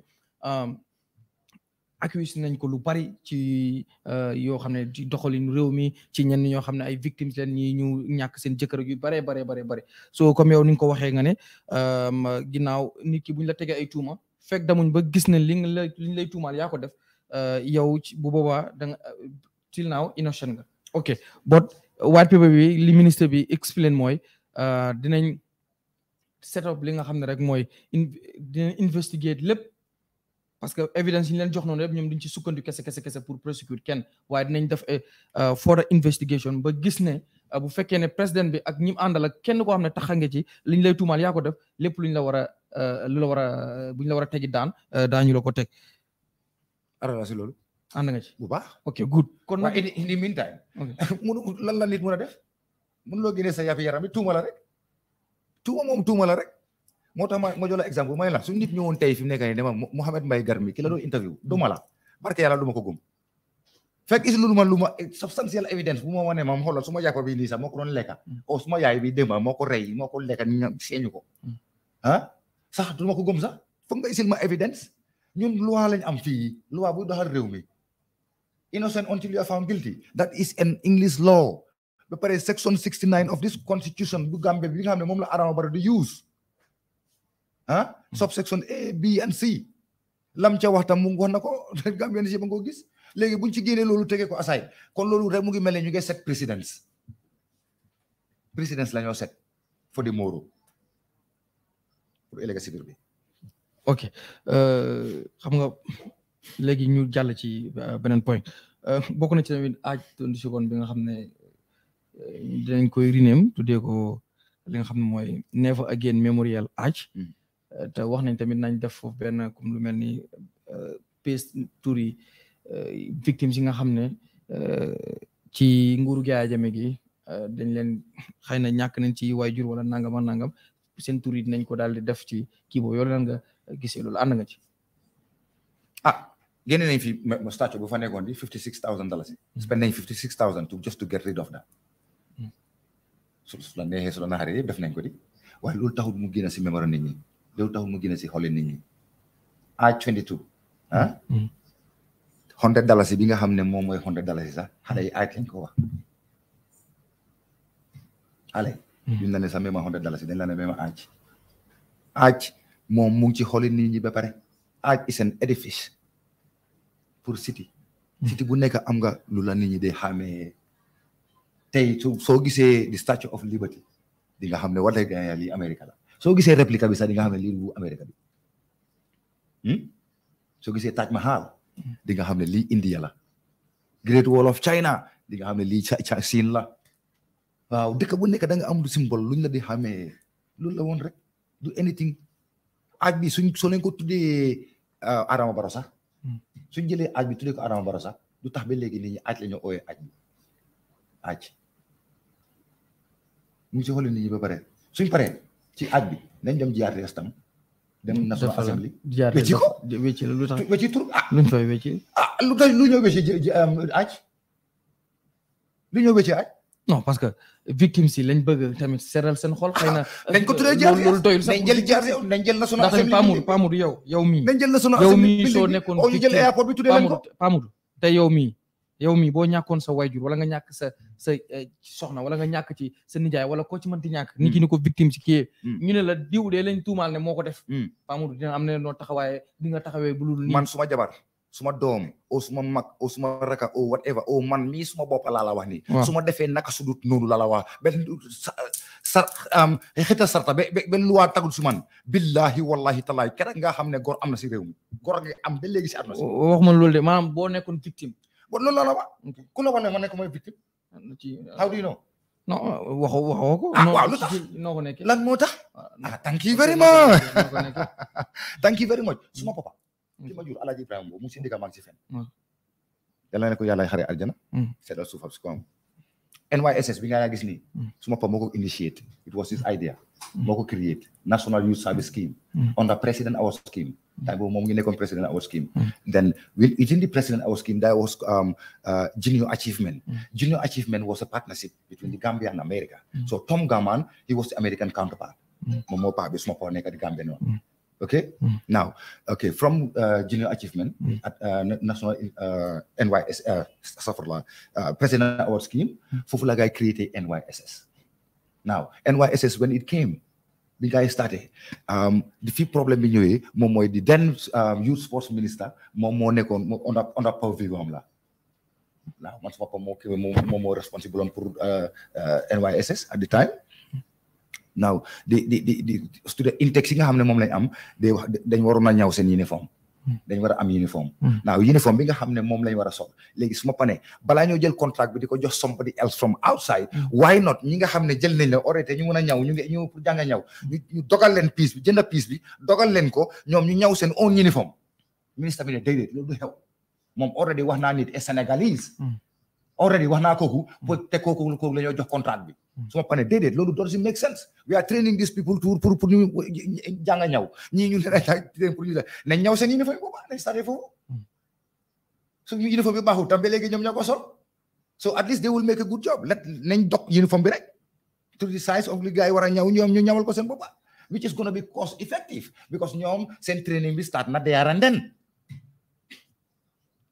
accusé nañ ko lu bari ci euh, yoo xam ne ci doxalin réew mi ci ñenn ñoo xam ne ay victimes leen ñi ñu ñàkk seen jëkkër yu bare bare bare bare so comme yow ni nga ko waxee nga ne euh, ginnaaw nit ki buñ la tegee ay tuuma fekk damuñ ba gis ne li nga la liñ lay tuumaal yaa ko def euh, yow bu boobaa da nga till now innocent nga ok but white paper bi li ministre bi explain mooy dinañ set up li nga xam ne rek mooy dinañ investigate lépp parce que évidence yi leen jox noonu yëpp ñoom duñ ci sukkandu kese kese kese pour prosecute kenn waaye dinañ def eh, euh, further investigation ba gis ne euh, bu fekkee ne président bi ak ñi mu ak kenn koo xam ne taxa nga ci liñ lay tuumaal yaa ko def lépp luñ la war a euh, lu la war a buñ la war a tegi daan daañu la ko teg. arala si loolu. ànd nga bu baax. ok good kon nag in the meantime. [laughs] munu lan la nit mën a def. mën loo génnee sa yaafi yaram bi tuuma la rek. tuuma moom rek. moo tax ma ma jox la exemple mooy la su nit ñëwoon tey fi mu nekk nii dama Mouhamed Mbaye Garmi ki la interview du ma barke yàlla du ma ko gëm fekk is lu ma lu ma substantial evidence bu ma wane ma xoolal su ma jàpp bi nii sax moo ko doon mm. oh, ma yaay bi moo ko rey moo ko lekka seeñu ko mm. ah sax du ko gëm sax foog nga isil ma evidence ñun loi lañ am fii loi buy doxal réew mi innocent until you are found guilty that is an English law ba pare section 69 of this constitution bu Gambie bi nga xam ne moom la Adama Barrow di use ah hmm. subsection A B and C lam ca waxtam mu wax na ko [laughs] Gambian si ba nga ko gis léegi buñ ci génnee loolu tege ko aside kon loolu rek mu ngi ne ñu ngi set présidence présidence la ñoo set for the morrow pour ëllëg si bi ok euh, xam nga léegi ñu jàll ci euh, beneen point euh, bokk na ci tamit aaj tondi sikoon bi nga xam ne dinañ koy rineem tuddee ko li nga xam ne mooy never again memorial aaj hmm. te wax nañ tamit nañ def foofu benn kom lu mel ni euh, pays tur yi euh, victimes yi nga xam ne euh, ci nguuru Yahya Jammeh gi dañ leen xëy na ñàkk nañ ci jur wala nangam ak nangam seen tur yi dinañ ko daal di def ci kii boobu yow lan nga gisee loolu ànd nga ci. ah génne nañ fi bu fa nekkoon di fifty six thousand dalasi. Hmm. spend nañ fifty six thousand hmm. su la neexee su la def nañ ko di waaye loolu taxul mu génn si mémoire nit ñi. loolu taxul mu génne si xoli nit ñi à 22 ah. hundred dalasi bi nga xam ne moom mooy hundred dalasi sax xale yi aaj lañ ko wax xale. duñ la ne sax même hundred dalasi dañ la ne même aaj. aaj moom mu ngi ci xoli nit ñi ba pare aaj is an edifice pour city. city bu nekk am nga lu la nit ñi day xàmmee tey soo gisee the statue of liberty di nga xam ne wala gaa yi Amérique la. soo gisee réplique bi sax di nga xam ne lii bu Amérique hmm? soo gisee Taj Mahal di nga xam ne lii India la Great wolof of China di nga xam ne lii siin la waaw dëkk bu nekk da nga am lu symbole luñ la di xamee loolu la woon rek du anything aaj bi suñ sole leen ko tuddee euh, Adama Barrow suñ jëlee aaj bi tuddee ko Adama du tax ba léegi nit ñi aaj ñu ooyee aaj bi aaj mu ngi si xooli ba pare suñ paree ci aj bi nañ dem jiyaat rees tam dem national assembly wecci ko wecci la lu tax wecci tur ah luñ fay wecci ah lu tax lu ñëw wecci aj lu ñëw wecci aj non parce que victimes yi lañ bëgg tamit seral seen xol xëy na ah, ah, dañ ko tuddee jaar loolu doyul sax nañ jël jaar nañ jël national assembly Pamour Pamour yow yow mii nañ jël national assembly yow mii soo nekkoon yow oh, ñu jël airport bi tuddee lañ ko Pamour te yow mii yow mii boo ñàkkoon sa wayjur wala nga ñàkk sa sa eh, soxna wala nga ñàkk ci sa nijaay wala koo ci mënti ñàkk nit ñi mm. ni ko victime si kii mm. ñu ne la diw de lañ tuumaal ne moo ko def mm. Pamour am ne noo taxawaaye di nga taxawee bu lul man suma jabar suma doom o suma mag o suma raka o whatever o man mii suma bopp laa la wax nii suma defee naka sudut noonu laa la wax ba sa xeta sarta ba ba luwaa tagul su man billahi wallahi talaay keroog nga xam ne gor am na si réew mi gor nga am ba léegi si àdduna si wax man loolu de maanaam boo nekkoon victime bon loolu la wax ku la ko ne ma nekk ah waaw lan moo tax. ah, ah [laughs] thank you very much. thank mm. suma papa. Mm. ki ma jur Alaaji Ibrahima boobu mu si ndigal maa ngi si fen. Mm. yàlla ne xare aljana. NYSS bi nga gis ni suma papa moo ko initiate it was his idea. moo ko create national youth service scheme. under president our scheme. That was moom hmm president our scheme. Mm-hmm. Then within the president our scheme, there was um, uh, junior achievement. Mm-hmm. Junior achievement was a partnership between the Gambia and America. Hmm. So Tom Gaman, he was the American counterpart. Hmm. Momo Pabi, Smopo Neka, the Gambian hmm. one. Okay. from uh, junior achievement at uh, uh, uh president award scheme, Fufulagai created NYSS. Now, NYSS, when it came, bi gars yi um, di fi problème bi ñëwee moom mooy di then um, youth sports minister moom moo nekkoon moom onda Paul Biya am la waaw man sama papa moo kii moom responsible woon pour uh, uh, NYSS at the time now di di di di student intake yi nga xam ne moom lañ am day wax dañ waroon a ñaw seen uniforme dañ war a am uniforme naaw hmm. uniforme bi nga xam ne moom lañ war a sol léegi suma ma panee balaa ñoo jël contract bi di ko jox somebody else from outside hmm. why not ñi nga xam ne jël nañ la arrêté ñu mun a ñaw ñu ngi ñu pour jàng ñaw ñu dogal leen piis bi jënd piis bi dogal leen ko ñoom ñu ñaw seen own uniforme ministre bi ne déedéet loolu du xew moom already wax naa nit et sénégalais hmm. already wax naa kooku mm. te kooku kooku la ñoo jox contrat bi mm. su ma ko ne déedéet loolu doesn't make sense we are training these people to pour pour ñu jàng ñaw ñii ñu ne pour ñu ne ñaw seen uniforme bu baax nañ staré foofu mm. su uniforme bi baaxul tam ba léegi ñoom ña ko sol so at least they will make a good job let nañ dog uniforme bi rek to the size of li gars yi war a ñaw ñoom ñu ñawal ko seen bopp which is gonna be cost effective because ñoom seen training bi start na deyaran den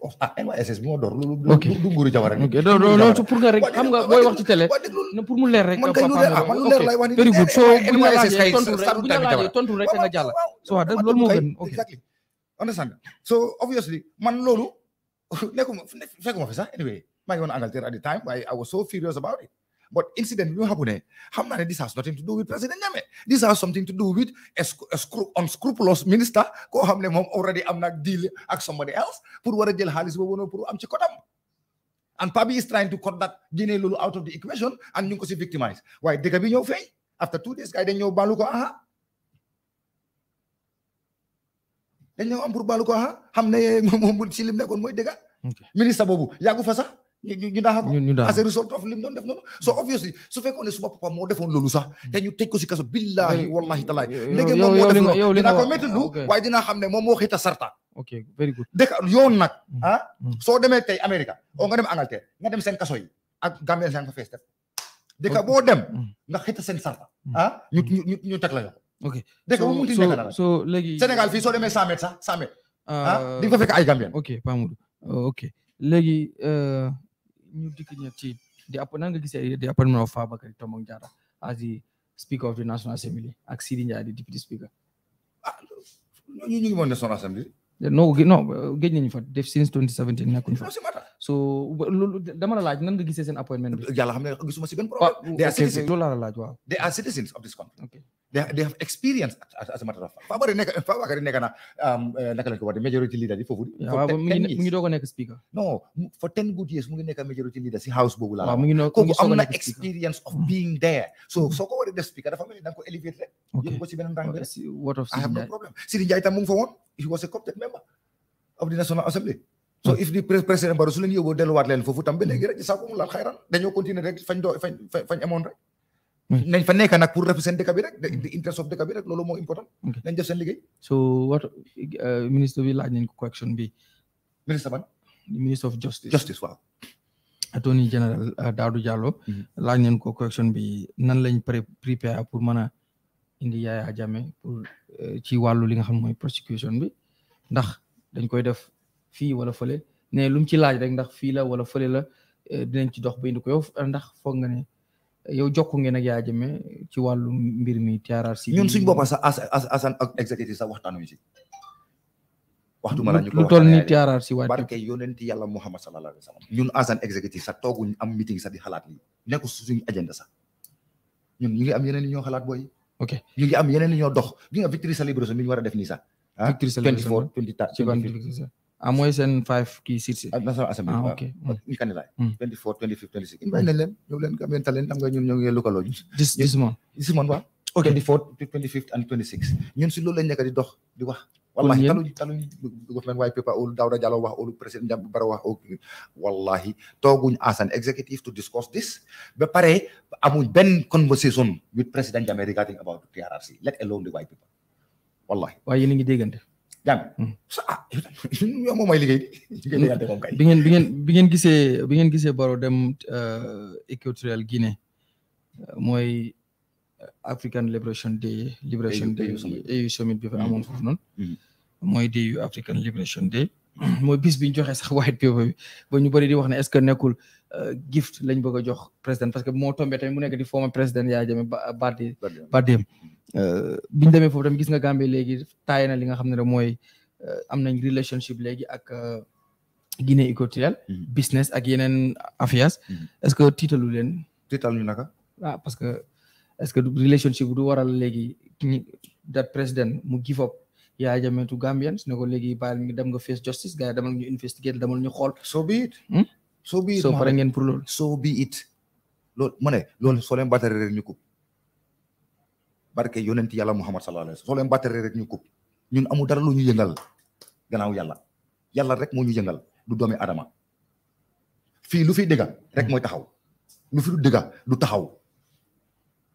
of oh, NYSS ah, eh, bi moo door loolu du nguuru Jawara rek loolu pour nga rek xam nga booy wax ci télé mu leer rek man lu leer lay wax very so bu ñu laajee tontu rek bu ñu laajee tontu nga jàll so waaw loolu moo gën ok exactly understand so obviously man loolu [laughs] nekkuma fekkuma fi sax anyway maa ngi woon Angleterre at the time waaye I was so furious about it But incident will happen. Eh? How many this has nothing to do with President Nyame. This has something to do with a, a minister ko xam ne moom already am na deal ak somebody else pour war a jël xaalis boobu noonu pour am ci kotam. And Pabi is trying to cut that Gine Lulu out of the equation and ñu ko si victimize waaye dëkk bi ñëw feeñ after two days kay dañ ñëw baalu ko aha dañ ñëw am pour baalu ko aha xam ne moom ci lim nekkoon mooy dëgg ministre boobu yàggu fa sax ñu daaxal ko as a result of li mu doon def noonu so obviously su fekkoon ne suma papa moo defoon loolu sax te ñu tëj ko si kaso billahi wallahi talaay léegi xam ne moom moo xiita sarta ok very good yoon nag hmm. ah hmm. soo demee tey Amérique o nga dem Angleterre nga dem seen kaso yi ak Gambien seen fees def dëkk boo dem hmm. nga xiita seen sarta ah ñu ñu ñu teg la yoon ok mu munti so léegi Sénégal fii soo demee cent mètres sax cent mètres ah euh, di fekk ay Gambien ok Pamoudou euh, ok léegi euh, new dignity, the Aponanga the appointment of Fabakari Tomong Jara as the Speaker of the National Assembly, acceding the Deputy Speaker. You didn't want the National Assembly? No, no, getting in so dama la laaj nan nga gisee seen appointment bi. yàlla xam ne gisuma si benn problème. Ah, they are citizens they, they have experience as, a matter of fact Fabakary nekk Fabakary nekk na um, eh, naka lañ ko majority leader foofu. Ah, waaw mu ngi mu nekk speaker. non for ten good years mu ngi nekk majority si house boobu la. mu ngi doog kooku am mm. so mm-hmm. ko war a speaker dafa mel ko elevate rek. si beneen rang I have no problem Sidi Ndiaye tam mu ngi fa woon he was a competent member of Assembly. so mm. if di président Barrow su leen yóbboo leen foofu tam ba léegi rek saako mu laal xayran dañoo continuer nañ fa nekk nag pour représenter dëkk bi rek the rek loolu moo important. nañ def seen liggéey. so what uh, ministre bi laaj nañ ko question bi. ministre ban. ministre of justice justice waaw. attorney general uh, Daouda Jallow. Mm-hmm. laaj nañ ko question bi nan lañ prepare pour mën a indi Yaya Jammeh pour uh, ci wàllu li nga xam mooy prosecution bi ndax dañ koy def fii wala fële ne lu ci laaj rek ndax fii la wala fële la dinañ ci dox ba indi ko yow ndax foog nga ne. yow jokku ngeen ak Yaya Jammeh ci wàllu mbir mi TRRC. ñun suñ boppam sax assan ak exécutif sax waxtaanuñu si. waxtu ma la ñu ko waxtaanee lu toll nii TRRC waat barke yonenti yàlla Muhammad sallallahu alayhi wa sallam ñun Assane exécutif sax tooguñ am meeting sax di xalaat lii nekk suñu agenda sax ñun ñu ngi am yeneen ñoo xalaat booy. ok ñu ngi am yeneen ñoo dox ñu nga victory celebration bi ñu a def nii sax. Ah, amoy seen five kii six national assembly ah, ah ok leen ñëw leen am yéen talent am this this month this month waaw ok 24 25 and 26 ñun si loolu lañ nekk di dox di wax wallahi taluñ taluñ government waaye paper olu Dawda Jallow wax olu président Jam Barrow wax wallahi tooguñ as an executive to discuss this ba pare amuñ benn conversation with président Jammeh regarding about TRRC let alone the white people wallahi waaye yéen a jàng hmm. ah yow [laughs] moom eh. hmm. uh, uh, mooy bi ngeen bi ngeen bi ngeen gisee bi ngeen gisee Barrow dem Équatorial Guinée mooy African Liberation Day Liberation Day AU Summit bi fa hmm. amoon foofu noonu mooy day yu African Liberation Day [clears throat] mooy bis biñ joxe sax white people bi ba ñu bëri di wax ne est-ce que nekkul Euh, gift lañ bëgg jox président parce que moo tombé mu nekk di former président Yaya Jammeh Bardé euh, Bardem euh, biñ demee foofu tamit gis nga Gambie léegi taay na li nga xam ne rek mooy am nañ relationship léegi ak Guinée équatoriale mhm. business ak yeneen affaires mhm. est-ce que tiitalu leen tiital ñu naka a ah, parce que est-ce que relationship du waral léegi dat président mu give up Yaya Jammeh to Gambians ne ko léegi baal ñu dem nga face justice gars yi demal ñu investigate demal ñu xool so soo bi it soo pare ngeen pour loolu soo bi it loolu ma ne loolu soo leen batare rek ñu kub barke yonent yàlla muhammad sallallahu alayhi wasallam soo rek ñu kub ñun amul dara lu ñu yëngal gannaaw yàlla yàlla rek moo ñu yëngal du doomi adama fii lu fi dëgga rek mooy taxaw lu fi du dëgga du taxaw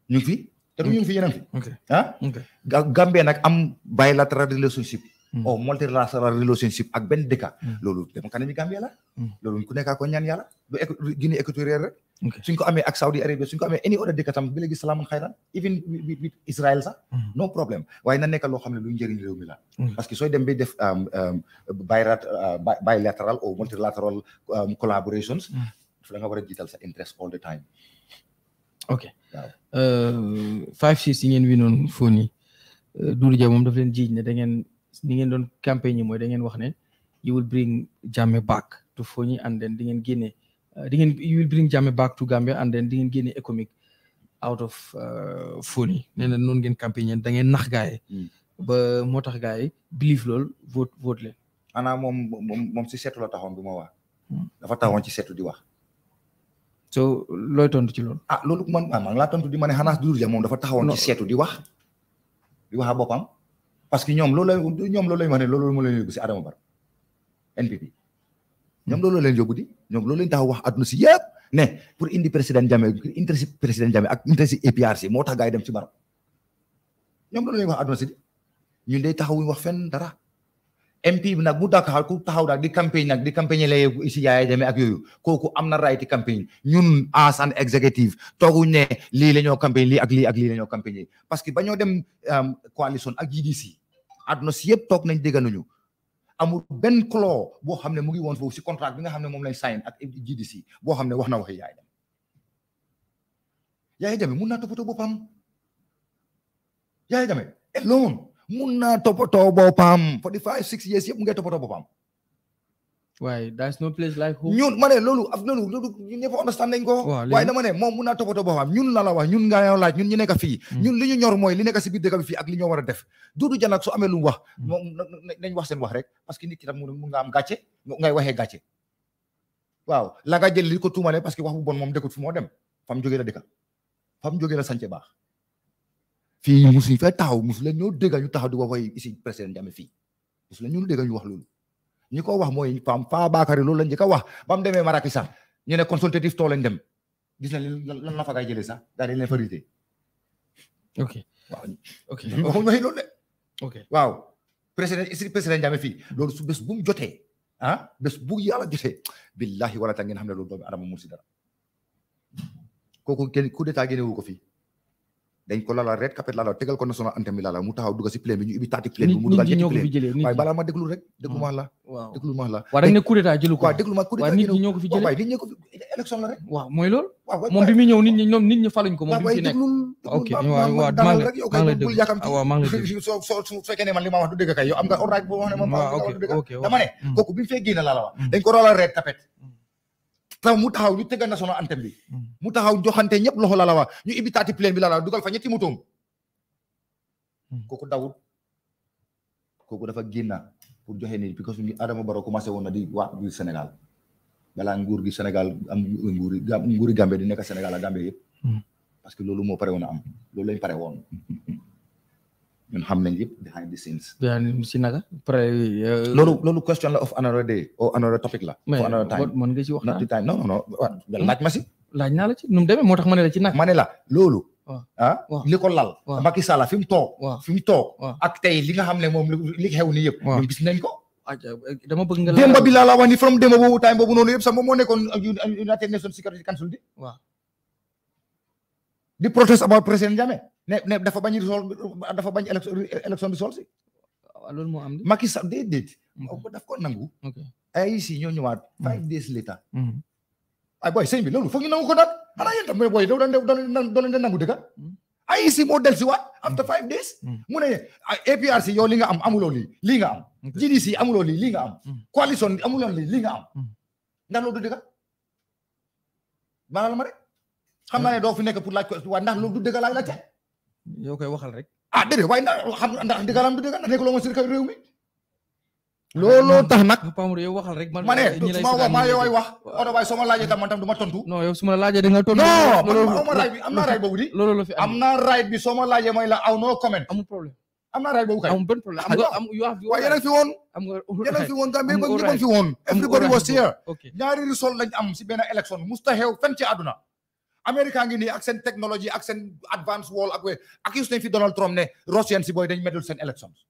ñu fi te du ñu fi yeneen fi ah Gambie nag am bilatéral relationship or oh, hmm. multilateral relationship ak benn dëkka hmm. loolu dem kanami Gambia la hmm. loolu ku nekkaa ko ñaan yàlla du Guinée rek suñ ko amee ak Saudi Arabia suñ ko amee any other dëkka tam bi léegi salaamun xayran even with Israel sax no problème waaye na nekk loo xam ne mi la parce que sooy dem um, um, bilateral uh, or multilateral um, collaborations fu nga war a jiital sa interest all the time ok euh, five six yi ngeen wi noonu fóon yi Dudu leen jiiñ ne da ni ngeen doon campagne mooy da ngeen wax ne you will bring Jammeh back to Foni and then di ngeen génne uh, di ngeen you will bring Jammeh back to Gambia and then di ngeen génne économique out of uh, Foni nee na noonu ngeen campagne yeen da nax gaay yi hmm. ba moo tax gaay yi believe loolu vote vote leen maanaam moom moom si seetu la taxoon bi wa wax hmm. dafa taxoon ci seetu di wax so looy ton ci loolu ah loolu man maa ngi laa tontu di ma xanaa Dudur moom dafa taxawoon ci seetu di wax di wax a boppam parce que ñoom loolu la ñoom loolu la ñu wax ne loolu leen yóbbu si ñoom loolu leen yóbbu di ñoom loolu leen tax wax adduna si yëpp ne pour indi président Jammeh intérêt si président Jammeh ak intérêt si APRC moo tax gars dem si Barrow ñoom loolu la ñu wax adduna si di ñun day taxawuñ wax fenn dara MP bi nag bu taxaw ku taxaw daal di campagne nag di campagne lay si Yaya Jammeh ak yooyu kooku am na right campagne ñun as an executive tooguñ ne lii la ñoo campagne lii ak lii ak lii la ñoo campagne parce que bañoo dem um, coalition ak àdduna si yëpp toog nañ dégganuñu amul benn clause boo xam ne mu ngi woon foofu si contrat bi nga xam ne moom lay sign ak GDC boo xam ne wax na waxi yaay dem yaay deme mun naa toppatoo boppam yaay deme alone mun naa toppatoo boppam for the five six years yëpp mu ngi toppatoo boppam waaye there's no place like home. ñun ma ne loolu loolu ñun ñëpp understand nañ ko. waaye dama ne moom mun naa toppatoo boppam ñun la la wax ñun nga yow laaj ñun ñu nekk fii. Mm. ñun li ñu ñor mooy li nekk si biir dëkk ak li ñoo war a def. Duudu Jaan nag su amee lu wax. Mm. moom wax seen wax rek parce que nit ki tam mun nga am gàcce ngay waxee gàcce. waaw la nga jël li ko tuumale parce que wax bu bon moom dëkkut fu moo dem fam jógee la dëkka fam jógee la sànce baax. fii musuñ fee taxaw musu leen ñoo dégg ñu taxaw di wax way si fii musu leen ñoo dégg ñu wax loolu ñi ko wax mooy faam faa Bakary loolu la njëkk a wax ba mu demee Marrakech sax ñu ne consultatif tool lañ dem gis na lan la fa kay jëlee sax daal di leen fa rité. ok waaw ok [laughs] waxuñ waaw président si président Jammeh fi lool su bés bu mu jotee ah bés bu yàlla jotee billahi wala ta ngeen xam ne loolu doomu adama mu si dara kooku kenn coup d'état génnewu ko fii. dañ ko lala red carpet lala tegal ko national anthem bi lala mu taxaw dugal si plaine bi ñu ubbi taati plaine bi mu dugal ñetti plaine waaye balaa ma déglu rek déglu ma ah. la waaw déglu ma la waaw dañ ne coup d'état jëlu ko nit ñi ñoo ko fi jëlee waaw nit ñi ko fi élection la rek waaw mooy loolu waaw moom bi muy ñëw nit ñi ñoom nit ñi faluñ ko ah, kay bul yàkkamti ah, waaw maa ngi lay [laughs] ne man li du dëgg kay yow am nga on mm. right boo ne man dama ne mm. kooku bi mu fee génn lala wax mm. taw mu taxaw ñu tëgga national anthem bi mm. mu taxaw joxante ñëpp loxo la la waa ñu ibi taati plane bi la la dugal fa ñetti motoom mm. kooku dawut kooku dafa génna pour joxe nit parce que Adama Barrow commencé woon a di waa biir Sénégal balaa nguur gi Sénégal am nguuri nguuri Gambie di nekk Sénégal a Gambie yëpp mm. parce que loolu moo pare woon am loolu lañ pare woon [laughs] ñun xam nañ yëpp behind the scenes. si naka après. Euh, loolu loolu question la of another day or another wax not the la ci nu moo tax ma ci naka. ma ne la loolu. ah li ko lal. waaw Macky fi mu toog. fi mu toog. ak tey li nga xam ne moom li xew ni yëpp. waaw ko. dama bëgg nga la démba bi from démba boobu time boobu noonu yëpp sax moom moo nekkoon United Nations Security Council di di protest about président Jammeh ne ne dafa bañ sol dafa bañ élection bi sol si. loolu moo am de. Macky Sall déedéet. daf ko nangu. ay si ñoo ñëwaat. five mm-hmm. days later. Mm-hmm. ay booy sëñ bi loolu foog ñu nangu ko nag xanaa yéen tam mooy booy doo leen doo leen nangu dëgg ay ah. si mm-hmm. moo del si waat after five days. mu ne APRC yow li nga am amuloo lii lii nga am. GDC amuloo lii lii nga am. coalition amuloo lii lii nga am. ndax loolu du dëgg. Ah. baal ma xam naa ne doo fi nekk pour laaj ko waaye ndax loolu du dëgg laay koy waxal rek. ah déedéet waaye ndax xam ndax dëggalam du dëgg ndax nekkuloo ma si kaw réew mi. looloo tax nag. Pamod yow waxal rek. man ma ne ma wax maa yow ay wax. oto waaye soo ma laajee tam man tam du tontu. non yow su ma la laajee da nga tontu. loolu non man bi am naa raay boobu di. loolu la fi am naa raay bi soo ma laajee mooy la aw noo comment. amul problème am naa raay boobu kay. amul benn problème am nga am yoo xam. waaye yeneen fi woon. am nga yeneen fi woon Gambie ba ñëpp fi woon. everybody was here. ñaari risol lañ am si benn élection musta ci àdduna Amérique ngi nii ak seen technologie ak seen advance wall ak we accuse nañ fi Donald Trump ne Russian si booy dañ medul seen elections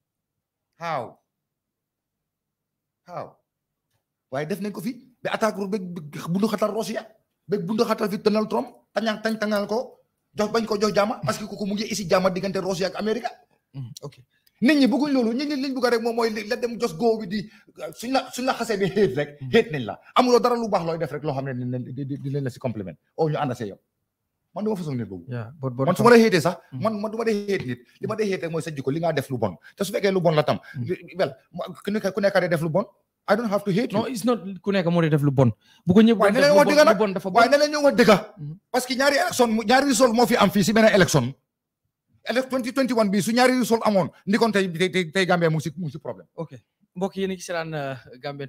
how how waaye def nañ ko fi ba attaque ru bëgg bundu xatal Russia bëgg bundu xatal fi Donald Trump tañaan tañ tañaan ko jox bañ ko jox jaama parce que kooku mu ngi isi jaama diggante Russia ak Amérique mm-hmm. ok nit ñi bëgguñ bëgg rek moom mooy la dem jos go bi di suñ la suñ la xasee bi xéet rek xéet nañ la amuloo dara lu baax looy def rek loo xam ne di leen la si compliment o oh, ñu ànd see yow man du ma nit boobu man su ma dee sax mm. man man dee xéet nit li ma dee xéet rek mooy sa jikko li nga def lu bon te su fekkee lu bon la tam mm. wel ku nekk dee def lu bon I don't have to hate no it's not ku moo dee def lu bon bu ko ñëpp waaye ne leen wax dëgg nag mm. parce que ñaari élection moo am fii si beneen élection elef 2021 bi su ñaari sol amoon ndi kon tey tey tey problème. ok mbokk yi yéen a ngi seetaan euh, Gambian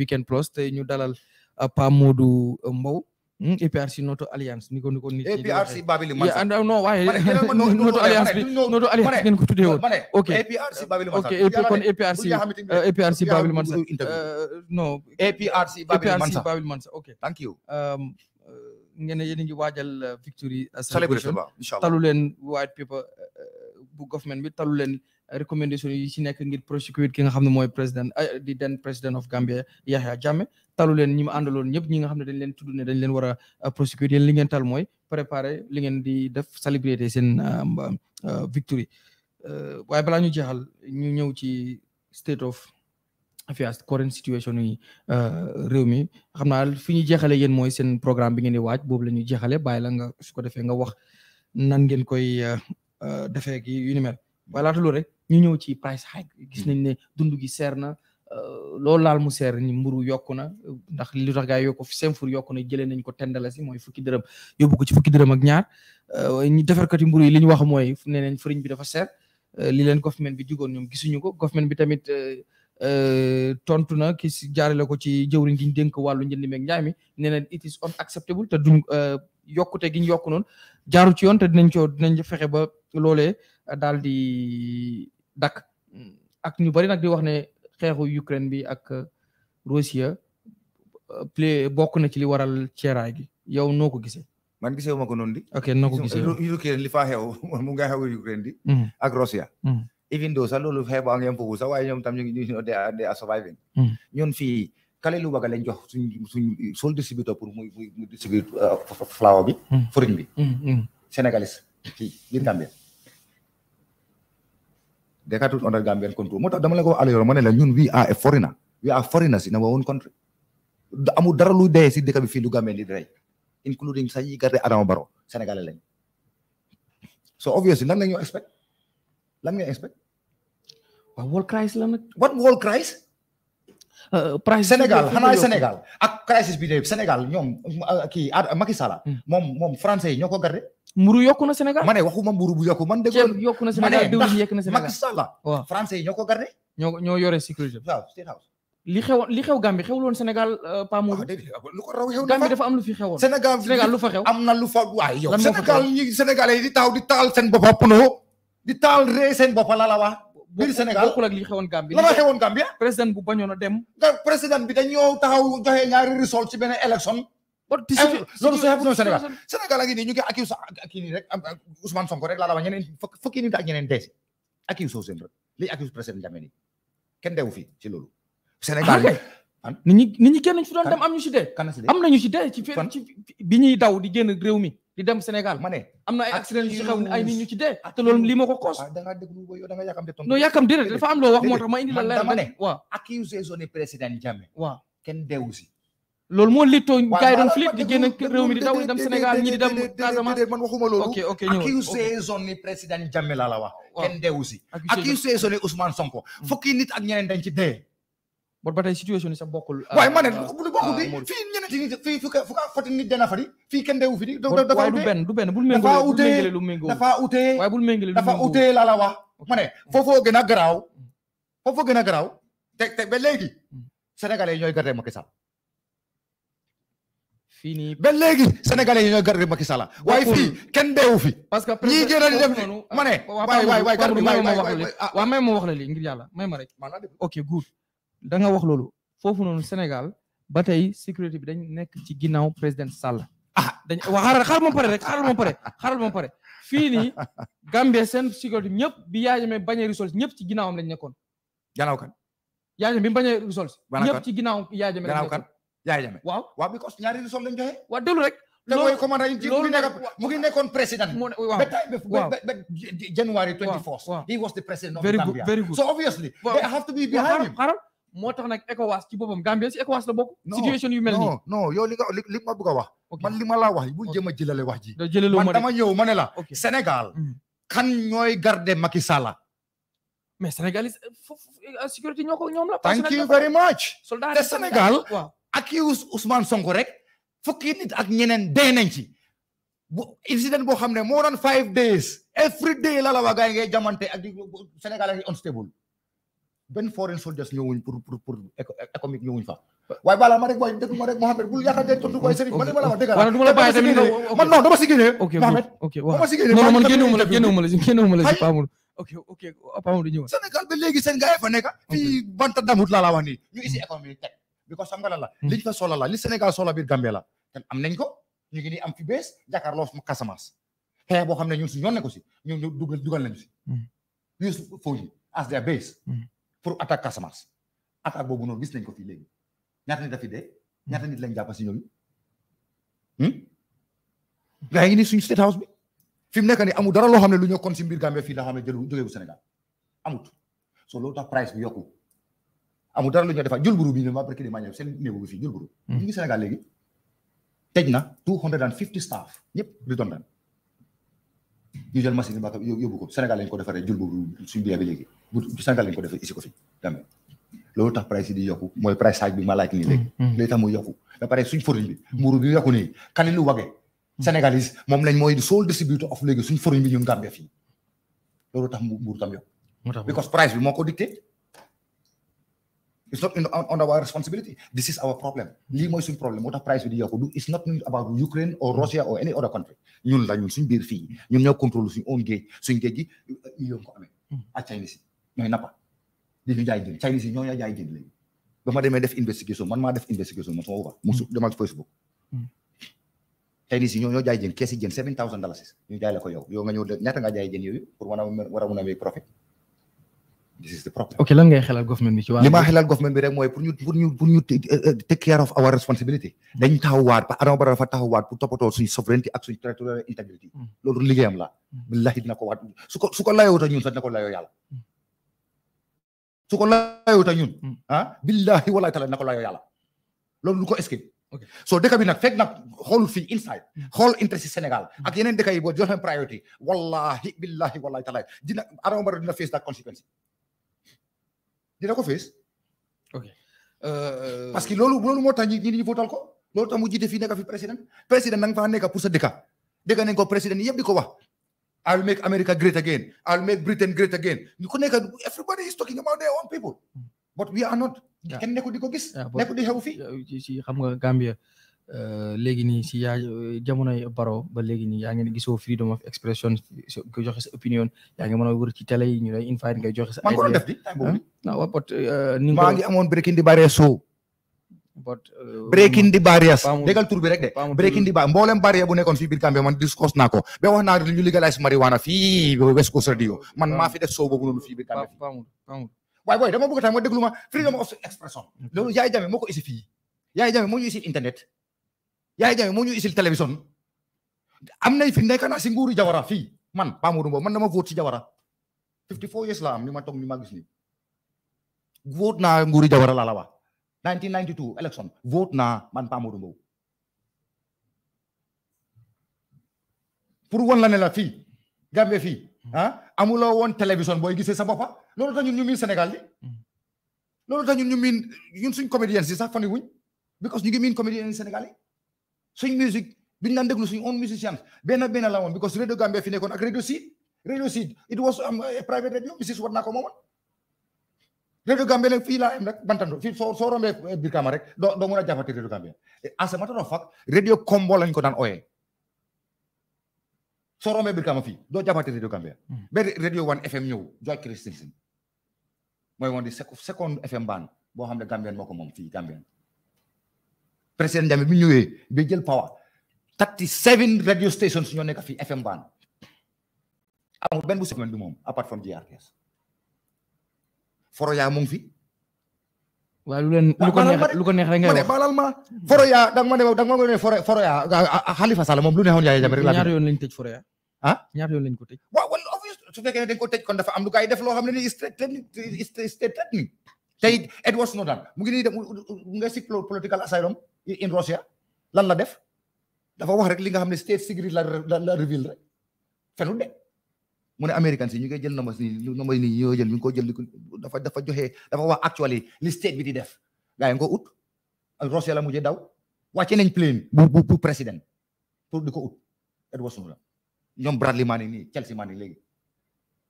Weekend Plus tey ñu dalal euh, Pa Modou euh, Mbowe. Hmm, APRC Noto Alliance ni ko ni ko Noto Alliance Noto Alliance ngeen ko ok APRC Babili Mansa ok kon APRC ok thank you ngeen yéen a ngi waajal euh, victoire euh, yi. celebration talu leen white paper euh, bu government bi talu leen recommendation yi ci nekk ngir prosecute ki nga xam ne mooy président di den président of Gambia Yahya Jammeh talu leen ñi mu àndaloon ñëpp ñi nga xam ne dañ leen tudd ne dañ leen war a prosecute yéen li ngeen tal mooy préparer li ngeen di def célébrité seen victoire yi waaye balaa ñu jeexal ñu ñëw ci state of. fi current situation yi euh, réew mi xam naa fi ñu jeexale yéen mooy seen programme bi ngeen waaj boobu la ñuy jeexale ko defee nga wax nan koy euh, euh, defee gi yu ni mel waaye laata rek ñu ñëw ci price hike gis nañ ne dund gi seer na loolu laal mu seer ni mburu yokku na ndax li tax gaay yokku seen fur yokku na jëlee nañ ko tendala si mooy fukki dërëm yóbbu ci fukki dërëm ak ñaar ñu defarkati mburu yi li ñu wax mooy nee nañ fëriñ bi dafa seer li leen bi digoon ñoom gisuñu bi tamit Euh, tontu na ki si jaarale ko ci jëwriñ gi ñu dénk wàllu njënd meeg njaay mi nee na it is unacceptable te duñ euh, yokkute gi ñu yokk noonu jaaru ci yoon te dinañ coo dinañ fexe ba loole daal di dakk ak ñu bari nag di wax ne xeexu Ukraine bi ak euh, Russia plé bokk na ci li waral ceeraay gi yow noo ko gisee. man gisee wu ko noonu di. ok noo ko Ukraine li faa xew [laughs] mu nga xew Ukraine di. Mm-hmm. ak even though a loolu xeeba ngeen foofu sax waaye ñoom tam ñu ngi ñu surviving ñun hmm. fii kale lu bëgg lañ jox sol distributeur pour mu distribuer euh, flour bi hmm. farine bi hmm, sénégalais fii biir Gambie they can't moo tax dama la ko wax ma ne la ñun we are a foreigner we are foreigners in our own country amul dara lu dee si dëkk bi fii lu Gambien di rey including sax yi garde Adama Barrow sénégalais so obviously lan la ñu expect lan ngay expect waaw wall crisis la nag what wall crisis uh, uh, Sénégal xanaa Sénégal ak crisis bi de Sénégal ñoom uh, kii Macky Sall hmm. moom moom français yi ñoo ko gardé mburu yokku na Sénégal ma ne waxuma mburu bu yokku man déggoon yokku na Sénégal diwlin yekk na Sénégal Macky Sall waaw français yi ñoo ko gardé ñoo yore sécurité waaw state house li xew li xew Gambie xew loon Sénégal euh, Pa Modou ah, ah, lu ko raw xew Gambie dafa am lu fi xewoon Sénégal Sénégal lu fa xew am na lu fa waay yow Sénégal ñi Sénégalais yi di taxaw di taal seen bopp di taal ree seen bopp la la wax. biir Sénégal bokkul xewoon Gambie. président bu bañoon a dem. président bi dañoo taxaw joxe ñaari result ci benn élection. loolu su Sénégal Sénégal a ngi nii ñu ngi ak ak nii rek Ousmane Sonko rek laa la wax ñeneen fukki nit ak ñeneen deesi ak soo seen rek li ak président Jammeh nii kenn deewu fii ci loolu. Sénégal ah nit ñi nit ñi kenn ñu fi dem am ñu si dee. am na ñu si dee ci bi ñuy daw di génn réew mi. di dem Sénégal ma ne am na ay accident yu ci xew ay ci dee te loolu lii ko cause ah, da nga déglu yow da am loo wax tax ma indi la leer dama ne waaw accusé zone président Jammeh waaw kenn deewu si moo littoo gars flit di génn réew mi di daw di dem Sénégal ñi di dem Casamance man waxuma loolu ok ok ñëw accusé zone président kenn deewu si accusé zone Ousmane Sonko hmm. fukki nit ak ñeneen dañ dee bon ba tey situation yi sax bokkul waaye euh, ma ne euh, bokkul bi euh, nit fii fu ka kenn dewu fi di dafa du benn bul méngale lu méngoo dafa utee waaye bul méngale lu méngoo dafa utee la la wax ma gën a garaaw mm. foofoo gën a garaaw te te ba léegi mm. sénégalais yi ñooy garde Macky Sall fii nii ba léegi sénégalais yi ñooy garde Macky Sall waaye kenn deewu fi parce que ñii gën a di def ma ne waay waay waay ma wax la li waaw may ma wax la li may ma rek ok good da nga wax loolu foofu noonu Sénégal ba tey sécurité bi dañ nekk ci ginnaaw président Sall. ah dañ waa moom pare rek xaaral moom pare xaaral moom pare fii Gambie seen sécurité bi ñëpp bi Yaya Jammeh bañee resource ñëpp ci ginnaawam lañ nekkoon. gannaaw kan. Yaya bi mu bañee resource. ci ginnaaw Yaya Jammeh lañ nekkoon Yaya Jammeh waaw waaw because ñaari resource lañ joxe. waa déglu rek. loolu loolu mu ngi nekkoon président. mu waaw ba January he was the president of Gambia. very good so obviously. they have to be behind moo tax nag ECOWAS ci boppam Gambia si ECOWAS la bokk. situation yu mel nii non non yow li nga li ma bëgg a wax. man li ma laa wax bu jéem a jëlale wax ji. man dama ñëw ma ne la. Sénégal. Hmm. kan ñooy garder Macky Sall. mais Sénégal euh, sécurité ko ñoom la. thank you very much. te Sénégal ak yi Ousmane Sonko rek fukki nit ak ñeneen dee nañ ci. bu incident boo xam ne moo doon five days every day la la waa yi ngay jamante ak di Sénégal ak unstable. benn foreign soldiers ñëwuñ pour pour pour économique ñëwuñ fa waaye balaa ma rek waaye dégg ma rek Mohamed bul yaakaar de tontu waaye ma la wax la du la bàyyi tamit man non dama si génnee Mohamed dama si génnee non man génnewuma la génnewuma la génnewuma la si Pamour ok ok Pamour ñëw Sénégal ba léegi seen gars yi fa nekk fii banta damut la wax nii ñu isi hmm. économie teg because xam nga la hmm. liñ li Sénégal soxla biir Gambie am nañ ñu ngi nii am fi bees jàkkaarloo Casamance xeex boo xam ne ñun suñu yoon ne ko si ñun pour attaque Casamance attaque boobu noonu gis nañ ko fi léegi ñaata nit dafi dee ñaata nit lañ jàpp si ñooñu hmm? gaa yi ni suñu bi fi mu nekk ni amul dara loo xam ne lu ñu kon si mbir Gambie fii la xam ne jël jógeegu Sénégal amut so loolu tax price bi yokku amul dara lu ñu defal julburu bi ñu ma barki di maa ñëw seen néew bi fii julburu hmm. ñu ngi Sénégal léegi tej na two hundred and fifty staff ñëpp redundant ñu jël machine bi mbaa yóbbu ko Sénégal lañ ko defaree julburu suñu biir bi léegi bu Sénégal lañ ko defee ici ko fi jamais loolu tax price yi di yokku mooy priçage bi ma laaj nii léegi mm, mm. léegi tax muy yokku ba pare suñ foruñ bi mburu bi yokku nii Kalilu Wage mm. Sénégalais moom lañ mooy sole distributeur of léegi suñ foruñ bi ñun a fii loolu tax mburu tam yokku because price bi moo ko dicté it's not on our responsibility this is our problem lii mooy suñ problème moo tax price bi di yokku du it's not about Ukraine or Russia or any other country ñun la ñun suñ biir fii ñun ñoo contrôle suñ own géej suñ géej gi ñoo uh, ko ñooy nappa di ñu jaay jën Chinese yi ñoo ñoo jaay jën léegi ba ma demee def investigation man maa def investigation man sama wuba musu demal Facebook hmm. Chinese yi ñoo ñoo jaay jën keesi jën seven thousand dollars ñu jaay la ko yow yow nga ñëw ñaata nga jaay jën yooyu pour war a war a a make profit this is the problem. ok lan ngay xelal government bi ci wàllu. li maa xelal government eh, eh, care of our responsibility. dañu taxawaat ba Adama Barrow dafa taxawaat pour toppatoo sovereignty ak suñu territorial integrity. Hmm. la. Hmm. billahi dina ko waat su ko su ko layoo ta su ko laayoo ta ñun hmm. ah billahi walaay taala na ko laayoo yàlla loolu du ko escape so dëkk bi nag fekk nag xool fii inside hmm. xool interest si Sénégal hmm. ak yeneen dëkk yi boo jox leen priorité wallahi billahi walaay taala dina Adama Barrow dina face nag conséquence dina ko face ok euh, parce que loolu moo tax ñi ñi ñu votal ko loolu tax mu jiite fii nekk fi président président na nga faa nekk pour sa dëkk dëkk nañ ko président yëpp di ko wax I'll make America great again. I'll make Britain great again. Everybody is talking about their own people. But we are not. kenn nekku di ko gis. nekku di xew fii. si xam nga Gambia euh, léegi nii si yaa euh, jamonoy baro ba léegi nii yaa ngeen gisoo freedom of expression ko joxe sa opinion yaa ngi mën a wër ci télé yi ñu lay invite ngay joxe sa. man ko di. ah waaw pot ni nga ko maa amoon breaking di bare soo. but uh, breaking the barriers déggal tur bi rek de breaking the barrier mboolem barrier bu nekkoon fii biir Gambia man discuss naa ko ba wax naa ñu legalize marijuana fii Radio man maa fi def soow boobu noonu fii biir Gambia dama bëgg tam nga déglu ma freedom of loolu yaay jame moo ko isi fii yaay jame moo ñu isil internet yaay jame moo ñu isil télévision am nañ fi nekk si nguuru jawara fii man Pamodou Mbow man dama vote si jawara fifty four years la ma toog ni ma gis ni vote 1992 élection vote naa man Pa Modou Mbow pour won la ne la fii Gambie fii ah amuloo woon télévision booy gisee sa boppa loolu ta ñun ñu miin Sénégal li loolu tax ñun ñu miin ñun suñ comédien si sax fan wuñ because ñu ngi miin comédien yi Sénégal yi suñ musique duñ daan déglu suñ own musician benn benn la woon because radio Gambie fi nekkoon ak radio Sud radio Sud it was um, private radio Mrs Wat naa ko moomoon Réew Gambie nag fii la am nag bantando fii soo soo rombee Brikama rek doo doo mën a jàppati Réew Gambie as a matter of fact Réew Kombo lañ ko daan ooyee soo rombee Brikama fii doo jàppati Réew Gambie ba Réew One FM ñëw George Christensen mooy woon di second FM baan boo xam ne Gambien moo ko moom fii Gambien président Jammeh bi ñëwee bi jël power thirty seven radio stations ñoo nekk fii FM baan amul benn bu segment bi moom apart from GRTS Foroyaa mu ngi fi. waaw lu leen lu ko neex lu ko neex rek ngay wax balal ma Foroyaa da nga ma ne da nga ma ne Foroyaa Halifa Sallah moom lu neexoon Yaya Jammeh rek la. ñaar yoon lañ tëj Foroyaa. ah ñaar yoon lañ ko tëj. waaw wala obvious su fekkee ne dañ ko tëj kon dafa am lu gars yi def loo xam ne ni straight straight technique tey Edward Snowden mu ngi nii dem nga seek political asylum in Russia lan la def dafa wax rek li nga xam ne state secret la la reveal rek fenul de. mu ne américain si ñu ngi jël nomba si nomba ni ñoo jël ñu ngi ko jël dafa dafa joxe dafa wax actually li state bi di def gars yi nga ko ut Russia la mujjee daw wàcce nañ plane bu bu président pour di ko ut Edward Snowden ñoom Bradley maa nii Chelsea maa léegi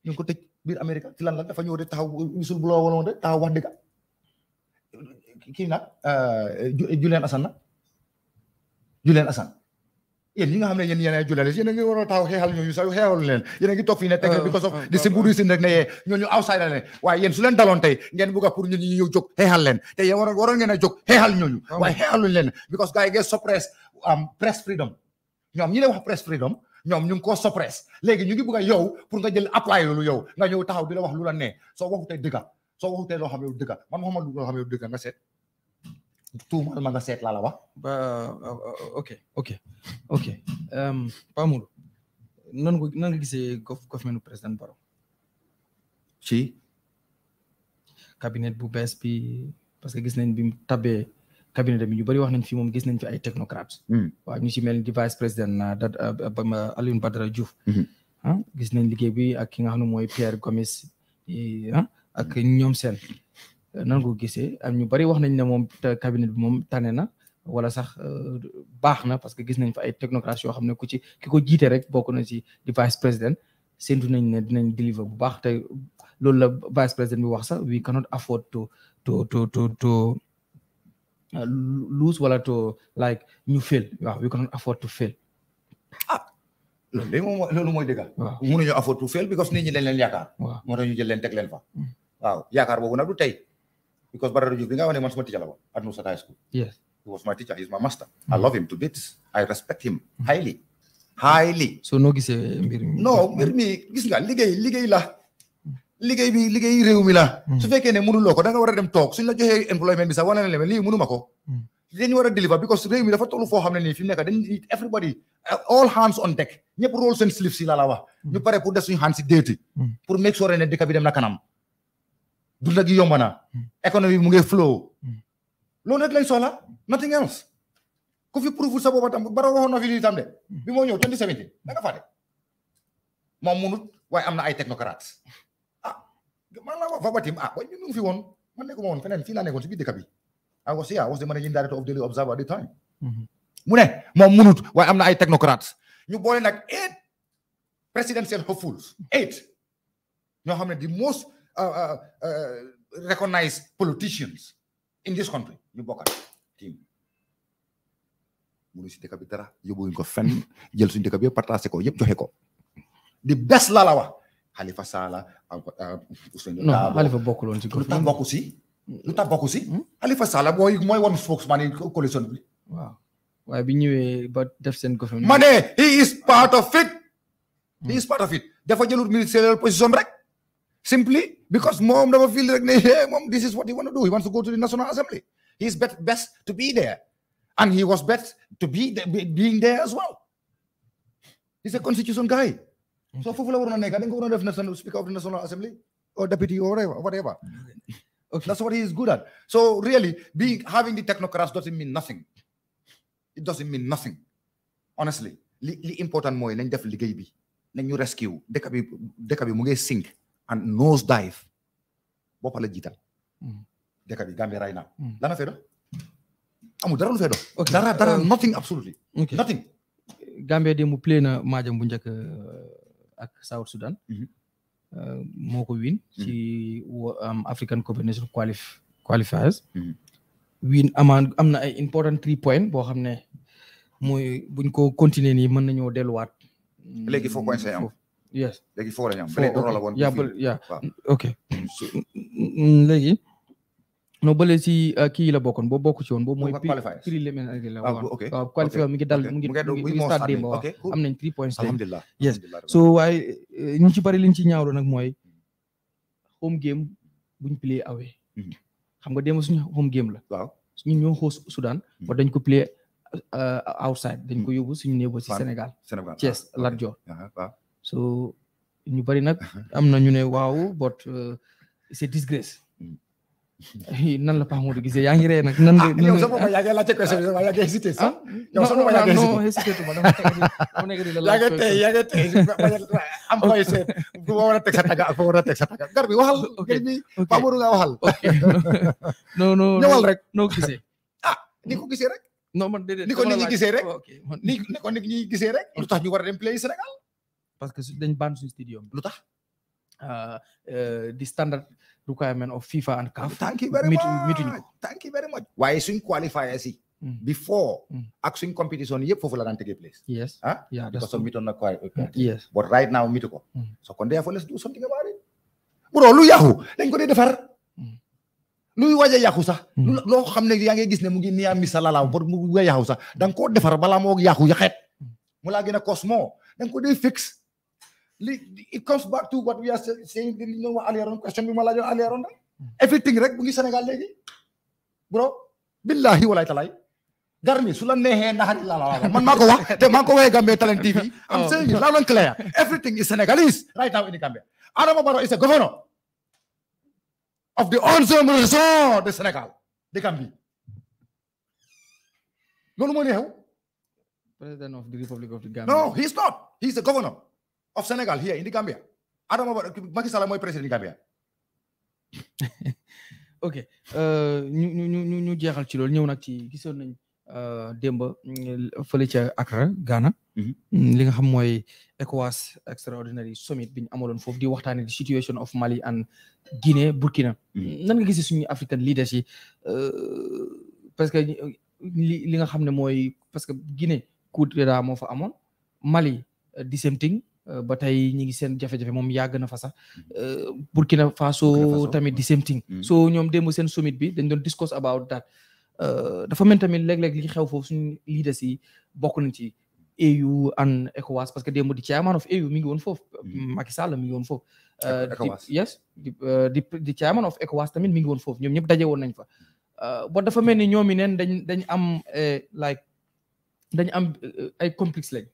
ñu ngi ko tëj biir Amérique ci lan la dafa ñëw de taxaw wisul bu loo waloon de taxaw wax dëgg kii nag euh, Julian na nag Julian Assange yéen ñi nga xam ne yéen yéen ay journaliste yéen a ngi war a taxaw xeexal ñooñu sax xeexalu leen yéen ah, ah, ah, leen waaye su leen daloon tey ngeen bëgg a ñu ñu ñëw xeexal leen te yéen waroon waroon ngeen a jóg xeexal ñooñu waaye xeexaluñ leen because gars yi ngeen um, press freedom ñoom ñi wax press freedom ñoom ñu ngi koo suppress léegi ñu ngi bëgg a yow pour nga jël apply loolu yow nga ñëw taxaw di la wax lu la ne soo waxutee dëgga soo waxutee loo xam ne dëgga man waxuma loo xam ne tuumal ma nga seet laa la wax. ba ok ok ok Pa Modou nan ko nan nga gisee gof gouvernement président Barrow. ci. cabinet bu bees bi parce que gis nañ bi mu tabee cabinet bi ñu bari wax nañ fi moom gis nañ fi ay technocrates. Mm. waaw ñu ci mel ni di vice président na Alioune Badara Diouf. Mm-hmm. ah gis nañ liggéey bi ak ki nga xam ne mooy Pierre Gomis ah e, ak ñoom seen. nan ko gisee am ñu bari wax nañ ne moom cabinet bi moom tane na wala sax euh, baax na parce que gis nañ fa ay technocrates yoo xam ne ku ci ki ko jiite rek bokk na ci di vice président séntu nañ ne dinañ deliver bu baax te loolu la vice président bi wax sax we cannot afford to to to to to euh, wala to like ñu fail waaw we cannot afford to fail ah loolu léegi moom loolu mooy dëgg waaw mënuñu afford to fail because nit ñi dañ leen yaakaar waaw moo tax ñu jël leen mm. tey because Barara Diouf bi nga ne man suma teacher la woon at Nusrat I love him so noo gisee eh, mbir mi. non mbir gis nga liggéey liggéey la. liggéey bi liggéey réew la. su mm. fekkee ne mënuloo ko da nga war dem toog suñ la joxee employment bi sax wane na leen lii mënuma ko. Mm. dañu war a deliver because réew mi dafa tollu foo xam ne nii fi mu nekk dañ need everybody eh, all hands on deck ñëpp roll seen sleeves si laa la wax. Mm. ñu pare pour def suñu hands si déeti. pour make sure ne dëkk bi dem na kanam. du gi yomb na hmm. économie bi mu ngi flow hmm. loolu rek lañ soxla nothing else ku fi prouve sa booba tam baro waxoon fi lii tam de hmm. bi moo ñëw 2017 da nga moom munut waaye am na ay technocrates ah man laa wax verbatim ah waaye ñu ngi fi woon man nekkuma woon feneen fii laa nekkoon si I was here I was the managing director of Daily Observer at the time mu ne moom munut waaye am na ay technocrates ñu boole nag eight presidential hopefuls eight ñoo xam ne di most Uh, uh, uh, recognize politicians in this country ñu bokkat team mënu si dëkk dara yóbbuwuñ ko fenn jël suñ dëkk bi yëpp partagé ko yëpp joxe ko di bes la la wax Halifa Sallah uh, Ousainou si lu tax bokku si lu tax bokku si hmm? Halifa mooy mooy woon spokesman yi coalition bi waaw waaye bi ñëwee ba def seen government ma ne he is part of it he hmm. is part of it dafa jëlul ministériel position rek simply because mom never feel like hey mom this is what he want to do he wants to go to the national assembly he's bet best to be there and he was best to be there, being there as well he's a constitution guy so fofu la warona nek dañ ko def national speaker of the national assembly or deputy or whatever that's what he is good at so really being having the technocrats doesn't mean nothing it doesn't mean nothing honestly li, li important moy nañ def liggéey bi nañ ñu rescue dëkk bi mu ngi and nose dive boppa la jiital hmm. dëkk bi Gambia right now lana fee do dara lu fee dara euh, nothing absolutely nothing Gambia de mu play na maajam bu njëkk euh, ak South Sudan mhm. euh, moo ko win mhm. African Combination qualifiers mhm. win amaan am na ay important three point boo xam ne mooy buñ ko continuer nii mën nañoo delluwaat léegi foo point say am yes léegi four lañ am bële doon la woon yeah eh, ok léegi non bële si kii la bokkoon boo bokku ci woon boobu mooy préliminaire la woon waaw mi ngi dal mu ngi mu ngi start démb waaw am nañ three points alhamdulillah yes so waaye ñu ci bari mooy home game buñ play nga démb suñu home game la waaw ñun ñoo xoos Soudan ba dañ ko play eh, outside dañ ko yóbu suñu néew ba si Sénégal Thiès Lat Dior so ñu bari nag am na ñu ne waaw but c'est uh, disgrace mm. [laughs] nan la Pape Modou gisee yaa ngi ree nag. nan la ah, yow sax moom ah yaa ngi laajte question bi yaa ngi hésité sax. Ah? yow sax moom yaa ngi hésité non non non hésité tu ma. yaa ngi tey yaa ngi tey am fooy seet bu ma war a teg sa tagga ak fa war a teg sa tagga gar bi waxal. [laughs] ok ok Pape Modou nga waxal. non [laughs] non ñëwal rek. noo gisee. ah ni ko gisee rek. non man déedéet ni ko nit ñi gisee rek. ni ko nit ñi gisee rek. lu tax ñu war a dem play Sénégal. parce que dañ ban suñu stadium lu tax ah, euh, di standard requirement of FIFA and CAF. thank you very much mituñu waaye suñ qualifier si hmm. before hmm. ak suñ competition yëpp foofu la daan tege place yes ah because na quoi hmm. yes right now mitu so kon therefore let's do something about it bro lu yàqu dañ ko dee defar luy waja yàqu sax loo xam ne yaa ngi gis ne mu ngi niyaa misalalaaw bor a cosmo ko dee fixe li it comes back to what we are saying li question bi ma laajoon Aliou Aron hmm. everything rek bu ngi Sénégal bro billahi walay talaay garmi su la neexee naxari man maa wax te maa ko Talent TV am saying loud clear everything is Senegalese right now in Gambia Adama Barrow is a governor of the onzième région de Sénégal de Gambie loolu moo neexew no he's not he's a governor of Senegal here in the Gambia. Adama Barrow, Macky mooy président Gambia. [laughs] ok euh, ñu ñu ñu ñu jeexal ci loolu ñëw nag ci gisoon nañ euh, démba fële ca Accra Ghana. Mm-hmm. li nga xam mooy ECOWAS extraordinary summit bi ñu amaloon foofu di waxtaanee di situation of Mali and Guinée Burkina. Mm-hmm. nan nga gisee suñu African leaders yi euh, parce que li nga xam ne mooy parce que Guinée coup d'état moo fa amoon Mali the same thing Euh, ba tey ñi ngi seen jafe-jafe moom yàgg na fa sax mm. euh, Burkina Faso tamit di same thing mm. so ñoom démb seen summit bi dañ doon discuss about that euh, dafa mel tamit léeg-léeg li xew foofu suñu leaders yi bokk nañ ci AU and ECOWAS parce que démb di chairman of AU mi ngi woon foofu mm. Macky Sall mi ngi woon foofu e-, yes di di chairman of ECOWAS tamit mi ngi woon foofu ñoom ñëpp daje woon nañ fa ba dafa mel ni ñoom i neen dañ dañ am eh, like dañ am eh, ay complexe lañ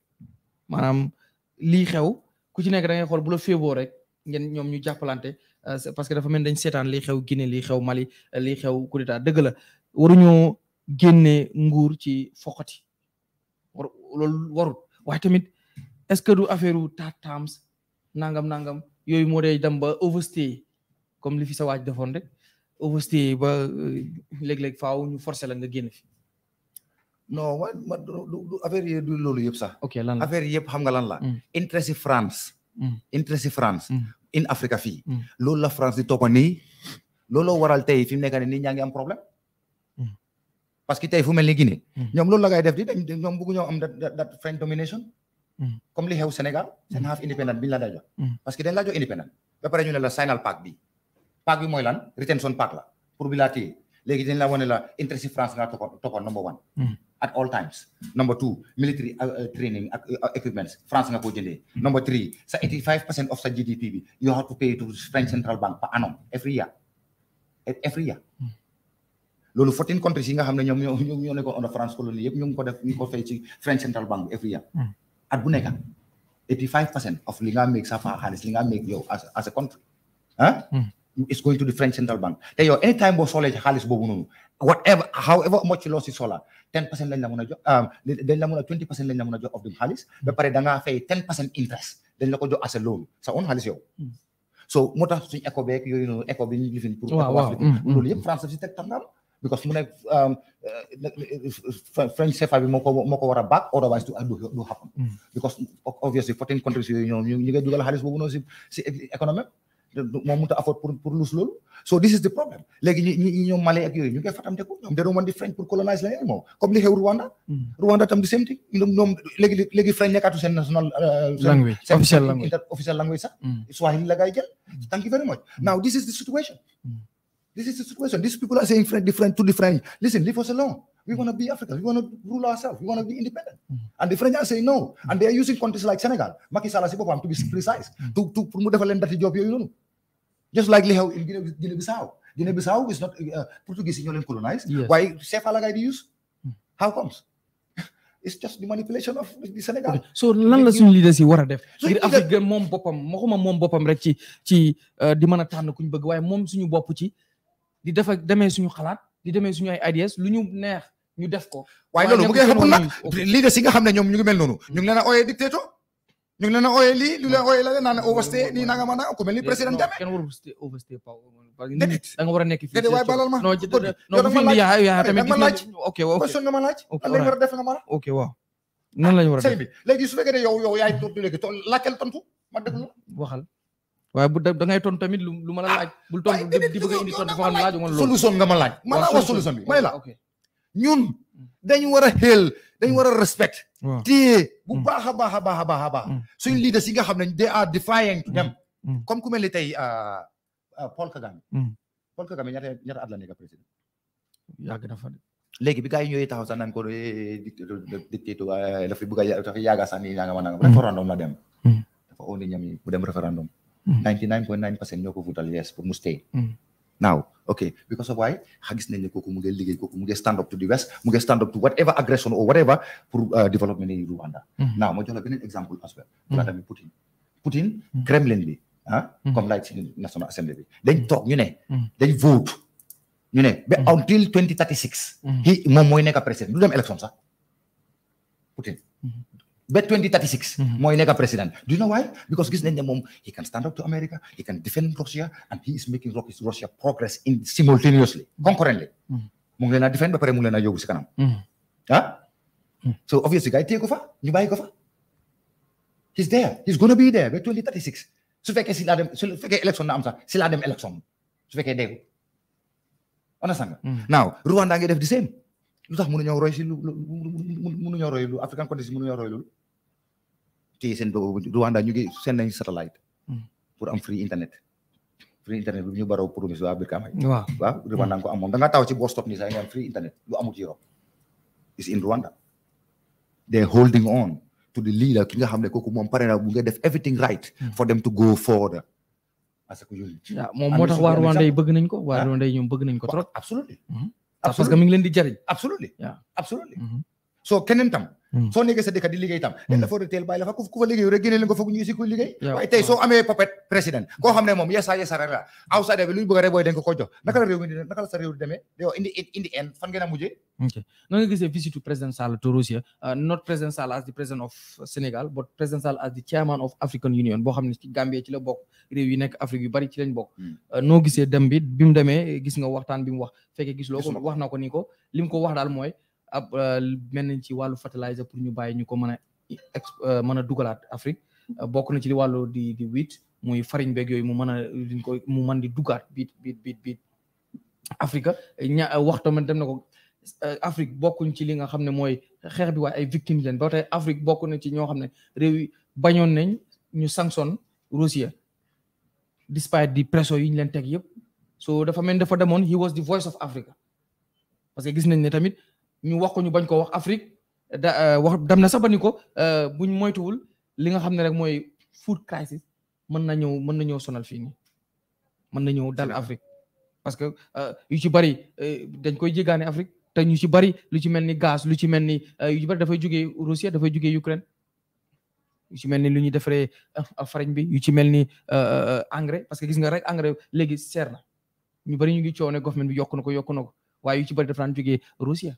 lii xew ku ci nekk da ngay xool bu la rek ngeen ñoom ñu jàppalante euh, parce que dafa mel dañ seetaan lii xew Guinée lii xew Mali euh, lii xew coup d'état dëgg la waruñoo génne nguur ci foqati war loolu warut waaye tamit est-ce que du affaire u tat tams nangam nangam yooyu moo dee dem ba overstay comme li fi sa waaj defoon rek overstay ba euh, léeg-léeg faaw ñu forcé la nga génn fi non man yi yëpp sax. ok lan la affaire yëpp xam nga lan la. Mm. interest si France. Mm. interest si France. Mm. in Africa fii. loolu la France di toppa nii. looloo waral tey fi mu nekk nii am problème. parce que tey fu mel ni Guinée. ñoom loolu la ngay def di dem ñoom bëgg ñoo that that domination. comme li xew Sénégal. seen half indépendant bi ñu la daa jox. parce que dañ laa jox indépendant. ba pare ñu ne la signal pack bi. pack bi mooy lan retention pack la pour bi laa téye. léegi dañ la wane la interest France nga toko toko number one hmm. at all times number two military uh, uh, training ak uh, equipments France nga ko jëndee hmm. number three sa 85 percent of sa GDP bi you to pay to French central bank par annum every year e, hmm. loolu 14 countries yi nga xam ne ñoom ñoo ñoo nekkoon under France colonie yëpp ñu ngi ko def ñu ngi ko fay ci French central bank bi every year at bu nekka 85 percent of li nga make sa fa xaalis a is going to the French central bank te yow anytime boo soxlee ci xaalis boobu noonu whatever however much loo si soxla ten percent lañ la mën a jox um, dañ la mën a twenty percent lañ la mën a jox of dem xaalis hmm. ba pare da ngaa interest dañ la ko jox ase loolu sa oon xaalis yow hmm. so moo tax suñu éco beeg yooyu noonu éco lifin pour hmm, loolu France si teg tàngaam because mu nekk um, uh, uh, French CFA bi moo ko moo ko a back otherwise du happen because obviously fourteen countries yooyu ñoom ñu ngi dugal xaalis moom mënut a afford the problem léegi ñi ñi ñoom Mali yooyu ñu ngi koy fàttamte ko ñoom dañoo wan di French pour coloniser la moom comme li xew Rwanda hmm. Rwanda tam di same thing ñoom léegi léegi French nekkaatu seen national euh, official language official language hmm. Swahili la gaay thank you very much hmm. now this is the situation this people are saying French to the French listen leave us alone we want be Africans. We want rule ourselves. We want be independent. And the French are saying no. just like li xew in Guinea Guinea Bissau Guinea Bissau is not uh, Portuguese yi ñoo leen colonise waaye CFA la gaay di use hmm. how comes [laughs] it's just the manipulation of Sénégal so lan la suñu leaders si war a def ngir Afrique moom boppam maxuma moom boppam rek ci ci uh, di mën a ku ñu bëgg waaye moom suñu bopp ci di def ak demee suñu xalaat di demee suñu ay ideas lu ñu neex ñu def ko waaye loolu bu ngeen xamul nag leaders yi nga xam ne ñoom ñu ngi noonu ñu ngi a ooyee dictateur ñu ngi leen a ooyee lii lu leen ooyee la naan overstay nii nanga ma nanga a nekk fii déedéet waaye balal ma ok waaw question nga ma a def nga ma la ok waaw nan lañ war a def sëñ ma déglu waxal waaye bu da tamit lu ma la laaj ah, bul tontu di bëgg a indi tontu nga ma laaj ma la solution bi may la ñun dañ war a dañ mm. war a respect téye bu mm. baax a baax a baax a baax a baax mm. suñ leaders yi nga xam ne they are defying to them comme ku mel tey euh, euh, a Kagame Paul Kagame ñaata ñaata at la nekk président yàgg na fa léegi bi gars yi taxa taxaw sax naan ko eh, dictateur dafa a dafa yaaga sax ni nga ma nangam référendum la dem dafa oo ni ñam mu dem référendum ninety nine point nine percent ñoo ko votal yes pour mu stay now okay because of why xa gis nañ ne kooku mu ngi liggéey kooku mu ngi stand up to the mu ngi stand up to whatever aggression or whatever pour euh, développement ni Rwanda mm-hmm. now ma jox la beneen exemple as well Vladimir mm-hmm. Poutine Poutine mm-hmm. Kremlin bi ah comme laaj National Assembly bi dañ toog ne dañ vote ñu ne ba until 2036 he moom mooy nekk président du dem élection sax Poutine ba 2036. Mhm. mooy nekk président do you know why because gis nañ ne moom he can stand up to America he can defend Russia and he is making Russia progress in simultaneously mhm. concurrently. Mhm. mu ngi a defend ba pare mu ngi a yóbbu si kanam. ah. so obviously gars yi fa ñu bàyyi ko fa. he is there he is gonna be there ba 2036 su fekkee si laa dem fekkee élection na am sax si laa dem élection su fekkee dégg on nga. now Rwanda ngi def the same lu tax mënuñoo roy si lu lu mënuñoo roy lu African téye seen Rwanda ñu ngi seen nañu satellite. Hmm. pour am free internet. free internet bi ñu baroo promise waa biir Kaama. waaw waaw hmm. ko am moom da nga taw ci bus stop nii sax nga am free internet lu amul ci Europe. in Rwanda. they holding on to the leader ki nga xam ne kooku moom pare na bu nga def everything right. Hmm. for them to go forward. parce que yooyu. moom moo tax waa Rwanda yi bëgg nañ ko waa ah. Rwanda yi ñoom bëgg nañ ko trop. absolutely. parce que mi leen di jariñ. absolutely. absolutely. soo keneen tam hmm. soo nekkee sa dëkk di liggéey tam dañ la fa teel bàyyi la fa ku fa liggéey rek génne leen ko foog ñu si kuy liggéey tey soo amee popet président koo xam ne moom yesa yesa rek la outsider bi lu ñu bëgg rek a mujjee uh, boo xam ne ci Gambie ci la bokk réew nekk Afrique bari ci lañ bokk hmm. uh, noo gisee dem bi bi mu demee gis nga waxtaan bi mu wax fekkee gis loo ko wax na ko ni ko li ko wax daal mooy ab mel euh, ci wàllu fertilizer pour ñu bàyyi ñu ko mën a euh, mën a dugalaat Afrique euh, bokk na ci li wàllu di di wheat muy farine beeg yooyu mu mën a liñ ko mu mën di dugaat biit biit biit biit Afrique ña waxtu man dem na ko Afrique bokkuñ ci li nga xam ne mooy xeex bi waaye ay victimes leen ba tey Afrique na ci ñoo xam ne réew yi bañoon nañ ñu sanction Russia despite di pression yiñ leen teg yëpp so dafa mel dafa demoon he was the voice of Africa parce que gis nañ ne tamit ñu wax ko ñu bañ ko wax Afrique da euh, wax dem na sax ba ni ko euh, buñ moytuwul li nga xam ne rek mooy food crisis mën na ñëw mën na ñëw sonal fii nii mën na ñëw dal Afrique parce que euh, yu ci bari dañ koy jéggaane Afrique te ñu ci bari lu ci mel ni gaz lu ci mel ni yu dafay jóge Russie dafay jugee Ukraine yu ci mel ni lu ñuy defaree farine bi yu ci mel ni engrais parce que gis nga rek engrais léegi seer na ñu bari ñu ngi coow ne government bi yokk na ko yokk na ko waaye yu ci bari dafa daan jugee Russie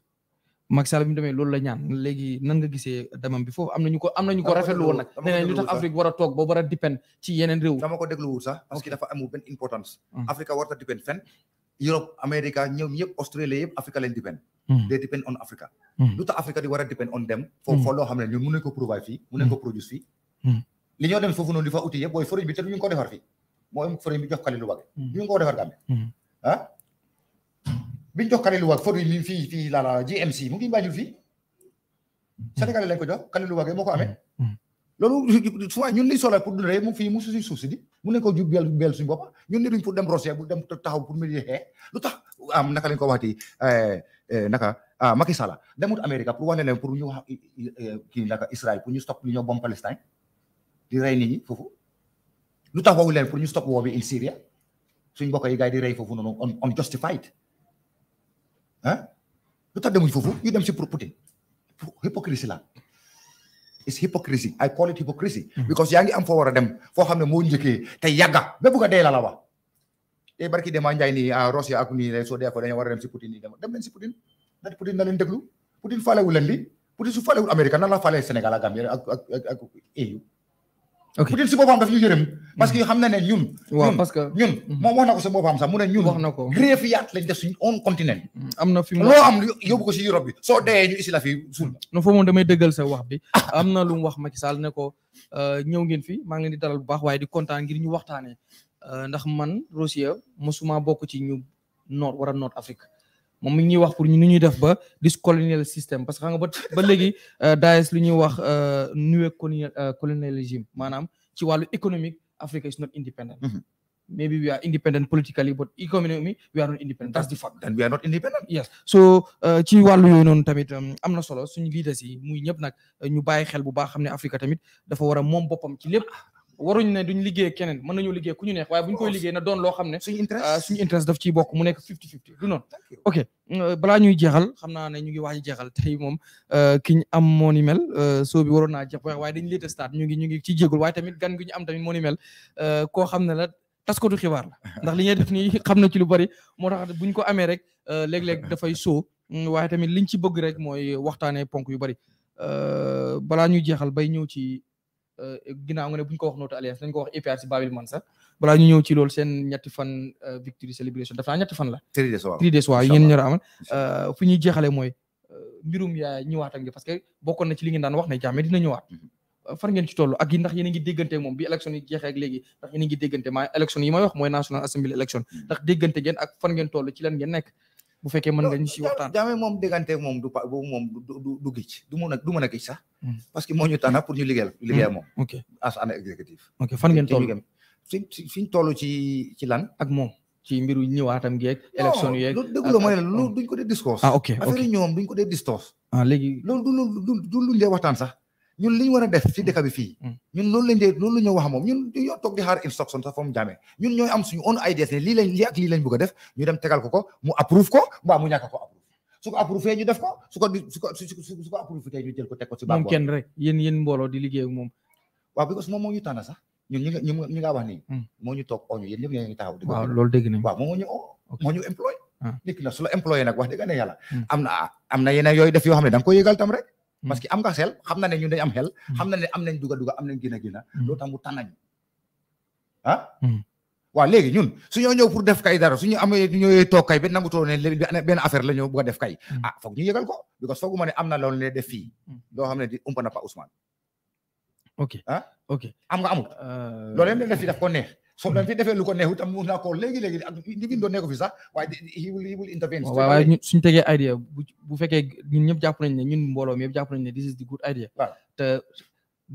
Macky Sall bi mu demee loolu la ñaan léegi nan nga gisee demam bi foofu am nañu ko am nañu ko rafetlu woon nag nee nañ lu tax Afrique war toog ba war a ci yeneen réew hmm. Afrique war a dépend fenn Europe Amérique ñoom yëpp Australie yëpp Afrique leen depend on Africa hmm. lu tax Afrique di war a on dem hmm. foofu loo xam ne ñun mun nañ ko provide fii mun nañ ko produce fii li ñoo dem foofu noonu di fa uti yëpp booy forage bi te ñu ngi ko defar fii mooy forage bi jox kali lu wage ñu ngi ko defar Gambie ah biñ jox Kalilu Wag fori li fii fii la la GMC mu ngi Banjul fii Sénégal lañ ko jox Kalilu Wag moo ko amee loolu souvent ñun liy soxla pour dund rek mu fii mu suuf si di mu ne ko ju bel bel suñu bopp ñun ni duñ pour dem roosee bu eh, tax am ah, naka lañ ko waxati eh, eh, naka ah, Macky Sall demut Amérique pour wax ne leen pour ñu wax kii naka Israël pour ñu stop li ñoo bom Palestine di rey nit ñi lu tax waxu leen pour ñu stop woo bi in Syria suñ mbokk yi gars yi di rey foofu noonu on on justified ah lu tax demuñu foofu ñu dem si pour Poutine hypocrisie la it's hypocrisy I call it hypocrisy hmm. because yaa ngi am foo war a dem foo xam ne moo njëkkee te yàgga ba bugg a dee la la wax te barki demaa njaay ni Russia ak nii ne soo a ko dañoo war a dem si Poutine dem dem leen si Poutine ndax Poutine na leen déglu Poutine faalewul leen li Poutine su faalewul Amérique nan la faale Sénégal ak Gambie ak EU Poutine si boppam daf ñu yërëm parce que mm-hmm. xam na ne ñun que ñun mm-hmm. moom wax na ko si boppam sax mu ne ñun wax na ko grève yaat lañ def suñu on continent mm-hmm. am na fi mu am yóbbu ko si Europe bi soo deyee ñu isi la fi suul non foofu moom damay dëggal sa wax bi [laughs] am na lu wax Macky saal ne ko euh, ñëw ngeen fi maa ngi leen di dalal bu baax waaye di kontaan ngir ñu waxtaanee euh, ndax man rosia mosuma bokk ci ñu nord wara nord Afrique moom mi ñuy wax pour ñu nu ñuy def ba discolonial système parce que xam ba ba léegi euh, Daesh lu ñuy wax euh, nouveau colonialisme euh, maanaam ci wàllu économique Africa is not independent. Mm-hmm. maybe we are independent politically but economically we are not independent. that's the fact. then we are not independent. yes so ci wàllu yooyu noonu tamit am na solo suñu leaders yi muy ñëpp nag ñu bàyyi xel bu baax xam ne Africa tamit dafa war a moom boppam ci lépp. waruñ ne duñ liggéey keneen mën nañu liggéey ñu neex waaye buñ koy liggéey na doon loo xam ne suñu interest ah, suñu interest daf ciy bokk mu nekk fifty fifty euh, ñuy jeexal xam naa ne ñu ngi waaj a jeexal tey moom euh, ki ñu am moo ni mel euh, soo bi waroon naa jeex waaye dañ late ñu ngi ñu ngi ci jégul waaye gan gi ñu am tamit moo ni mel koo xam ne la taskatu xibaar [laughs] ndax li ngay def nii xam na ci lu bari moo tax buñ ko amee rek léeg dafay soo mm, waaye tamit liñ ci bëgg rek mooy waxtaanee ponk yu bari balaa ñuy jeexal bay ñëw ci Euh, ginnaaw nga ne bu ñu ko wax Noto Alliance dañ ko wax APRC e Babil Mansa balaa ñu ñëw ci loolu seen ñetti fan euh, victory celebration dafa naa ñetti fan la. three days waaw three days waaw a amal. Euh, fu ñuy jeexalee mooy mbirum yaa ñëwaat ak parce que bokkoon na ci daan wax ne Jammeh dina ñëwaat. Mm-hmm. far ngeen ndax yéen a ngi bi élection yi jeexee ak léegi ndax yéen a ngi déggante maa élection yi may wax mooy mm-hmm. ndax déggante ngeen ak far ngeen toll ci nekk bu fekkee mën nga ñu si waxtaan jaame moom dégganteeg moom du pa boobu moom du du du mën a sax hmm. parce que moo ñu tànn pour ñu liggéeyal hmm. liggéeyal moom ok as an exécutif ok fan ngeen toll fi ñu toll ci ci lan ak moom ci mbiru ñëwaatam gi ak élection yeeg loolu dëgguloo ma ne duñ ko dee discours ah ok affaire yi ñoom duñ ko dee discours ah léegi loolu du lu du luñ dee waxtaan sax ñun li ñu war a def ci dëkk bi fii mm. ñun loolu lañ dee loolu la ñu wax moom ñun ñoo toog di xaar instruction sax foom jaamee ñun ñooy am suñu own ideas ne lii lañ def ñu dem tegal ko ko mu approuve ko mbaa mu ko approuve su ko approuvé ñu def ko su ko su ko su ko approuvé tey ñu jël ko teg ko ci baax moom rek yéen yéen mbooloo di liggéey ak moom waaw sax ñun ñu ñu ñu ñu toog oo ñu yéen ñëpp ñoo ngi waaw loolu dégg nañ waaw moom moo ñu ah. nag wax dëgg ne yàlla mm. am na am xam ne da ko yëgal tam Mm. parce que am nga xel xam na ne ñun dañ am xel. Mm. xam na ne am nañ duga duga am nañ gina gina. Mm. loolu tax mu tànnañ ah. waaw léegi ñun su ñoo ñëw pour def kay dara su ñu amee ñëwee toog kay ba nangutoo ne benn affaire la ñu bëgg a def kay. ah foog ñu yëgal ko parce que fooguma ne am na loolu ne def fii. loo xam ne di umpa na pa Ousmane. ok ah ok am nga amul. Euh, loolu yëpp def fii daf ko neex. sometimes fi defee lu ko neexu tam mun naa ko léegi léegi even though nekku fi sax waaye suñ tegee idea bu fekkee ñun ñëpp jàpp nañ ne ñun mbooloo mi yëpp jàpp nañ ne this is the good idea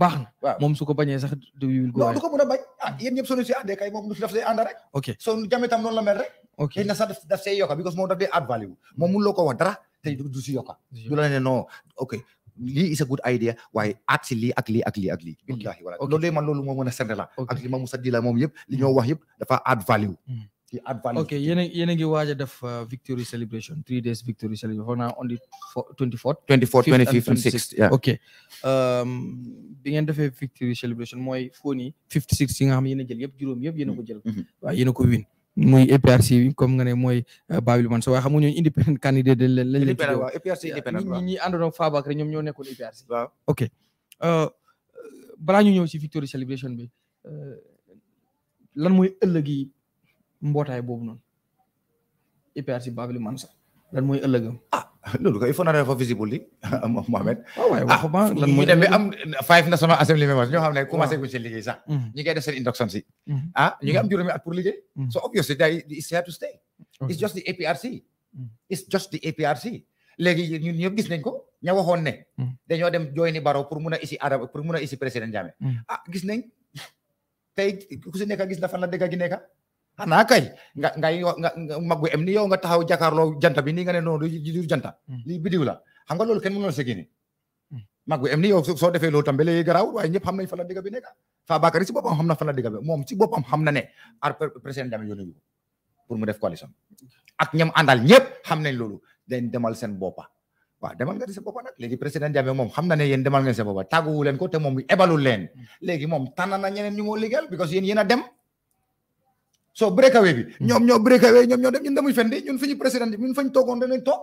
baax na waaw moom su ko bañee sax du will go non a bañ ah yéen kay moom lu si daf rek ok so jame tam noonu la mel rek ok na sax daf see yokka because moom daf dee add value moom mun loo ko wax dara te du si yokka du la ne non lii is a good idea waaye ak si ak lii ak lii ak lii billahi wala loolu man loolu la ak li ma musa di la li ñoo wax yëpp dafa add value ci mm. add value ok yéena yéena ngi waaj a def uh, victory celebration three days victory celebration foog naa on the twenty fourth twenty fourth twenty fifth and sixth ok um, fifty six yi nga xam ne yéena jël juróom yëpp yéena ko mm. jël mm-hmm. waaw yéena ko win muy APRC e bi comme nga ne mooy euh, Babili Manso waaye xam nga ñooñu independent candidate dañ leen lañ leen waaw APRC e independent waaw ñi àndoon Fabak rek ñoom ñoo nekkoon APRC e waaw ok euh, balaa ñu ñëw si victory celebration bi euh, lan mooy ëllëgi mbootaay boobu noonu APRC Babili Manso lan mooy ëllëgam ah loolu kay il faut na dafa visible Mohamed. waaw waaye waxuma lan mooy dem bi am five national assembly guñ seen liggéey sax. ñu ngi def seen induction si. ah ñu am juróomi at pour liggéey. Mm-hmm. so obviously day it's here to stay. it's just the APRC. Mm-hmm. it's just the APRC. léegi ñun gis nañ ko ña waxoon ne. Mm-hmm. dañoo dem join Barrow pour mun a isi arab pour mun a isi président Jammeh. ah gis nañ tey ku si gis na fan la dëgg gi xanaa kay nga ngay nga maggu ni yow nga taxaw jàkkaarloo janta bi nii nga ne noonu du janta lii bidiw xam nga loolu kenn mënul si génne maggu em ni yow soo defee loolu tam ba gara garaawul waaye ñëpp xam nañ fan la bi nekk Fa si moom si boppam xam na ne ar président ko pour mu def coalition ñëpp xam nañ loolu dañ demal seen boppa waaw demal nga di boppa nag léegi président Dame moom xam mm. na yéen demal ngeen seen boppa tàgguwu leen ko te moom ebalul leen léegi moom tànn na ñeneen ñu moo liggéeyal because yéen yéen dem so breakaway bi hmm. ñoom ñoo breakaway ñoom ñoo dem ñun demuñ fendi ñun fi ñu président bi ñun fañ toogoon danañ toog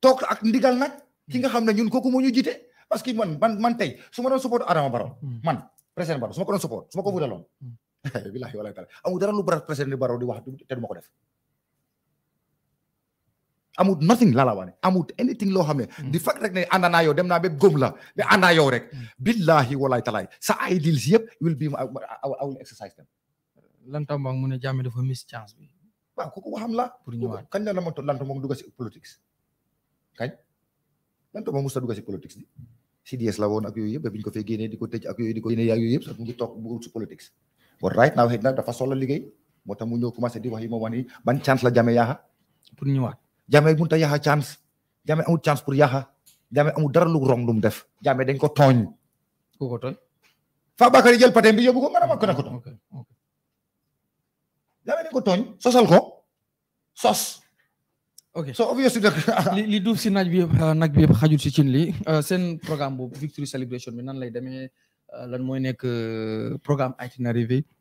toog ak ndigal nag ki nga xam ne ñun ko moo ñu jiite parce que man man man tey su ma doon support Adama Barrow hmm. man président Barrow su ko doon support su ma ko wutaloon hmm. [laughs] billahi wala taala amul lu bara président Barrow di wax te ko def amul nothing laa la wax ne amul anything loo xam ne di fekk rek ne ànd naa yow dem naa ba góom la ba yo naa yow rek billahi walaay talaay sa ideals yëpp will be I will exercise them Lantamboong mu ne Jammeh dafa miss chance bi. waaw kooku waxam la. pour ñëwaat kañ la la ma toog Lantamboong si politique si politique bi. la woon ak yooyu yëpp bi ñu ko fee génnee di ko tëj ak yooyu di ko génnee ak yooyu yëpp sax mu ngi toog bu si politique. bon right now xëy na dafa liggéey moo mu ñëw commencé di wax mo ma wax nii ban chance la Jammeh yaaxa. pour ñëwaat Jammeh mënut a yaaxa chance. Jammeh amul chance pour yaaxa. Jammeh amul dara lu rong lu mu def. Jammeh dañ ko tooñ. ku ko tooñ. Fabakary jël bi yóbbu ko man a ko na ko tooñ. yaa ngi ko tooñ sosal ko sos. ok o obviously nag. [laughs] li li duuf si naaj bi yëpp euh, naaj bi yëpp xajul si cin li euh, seen programme boobu victory celebration bi nan lay demee euh, lan mooy nekk programme itinéraire bi.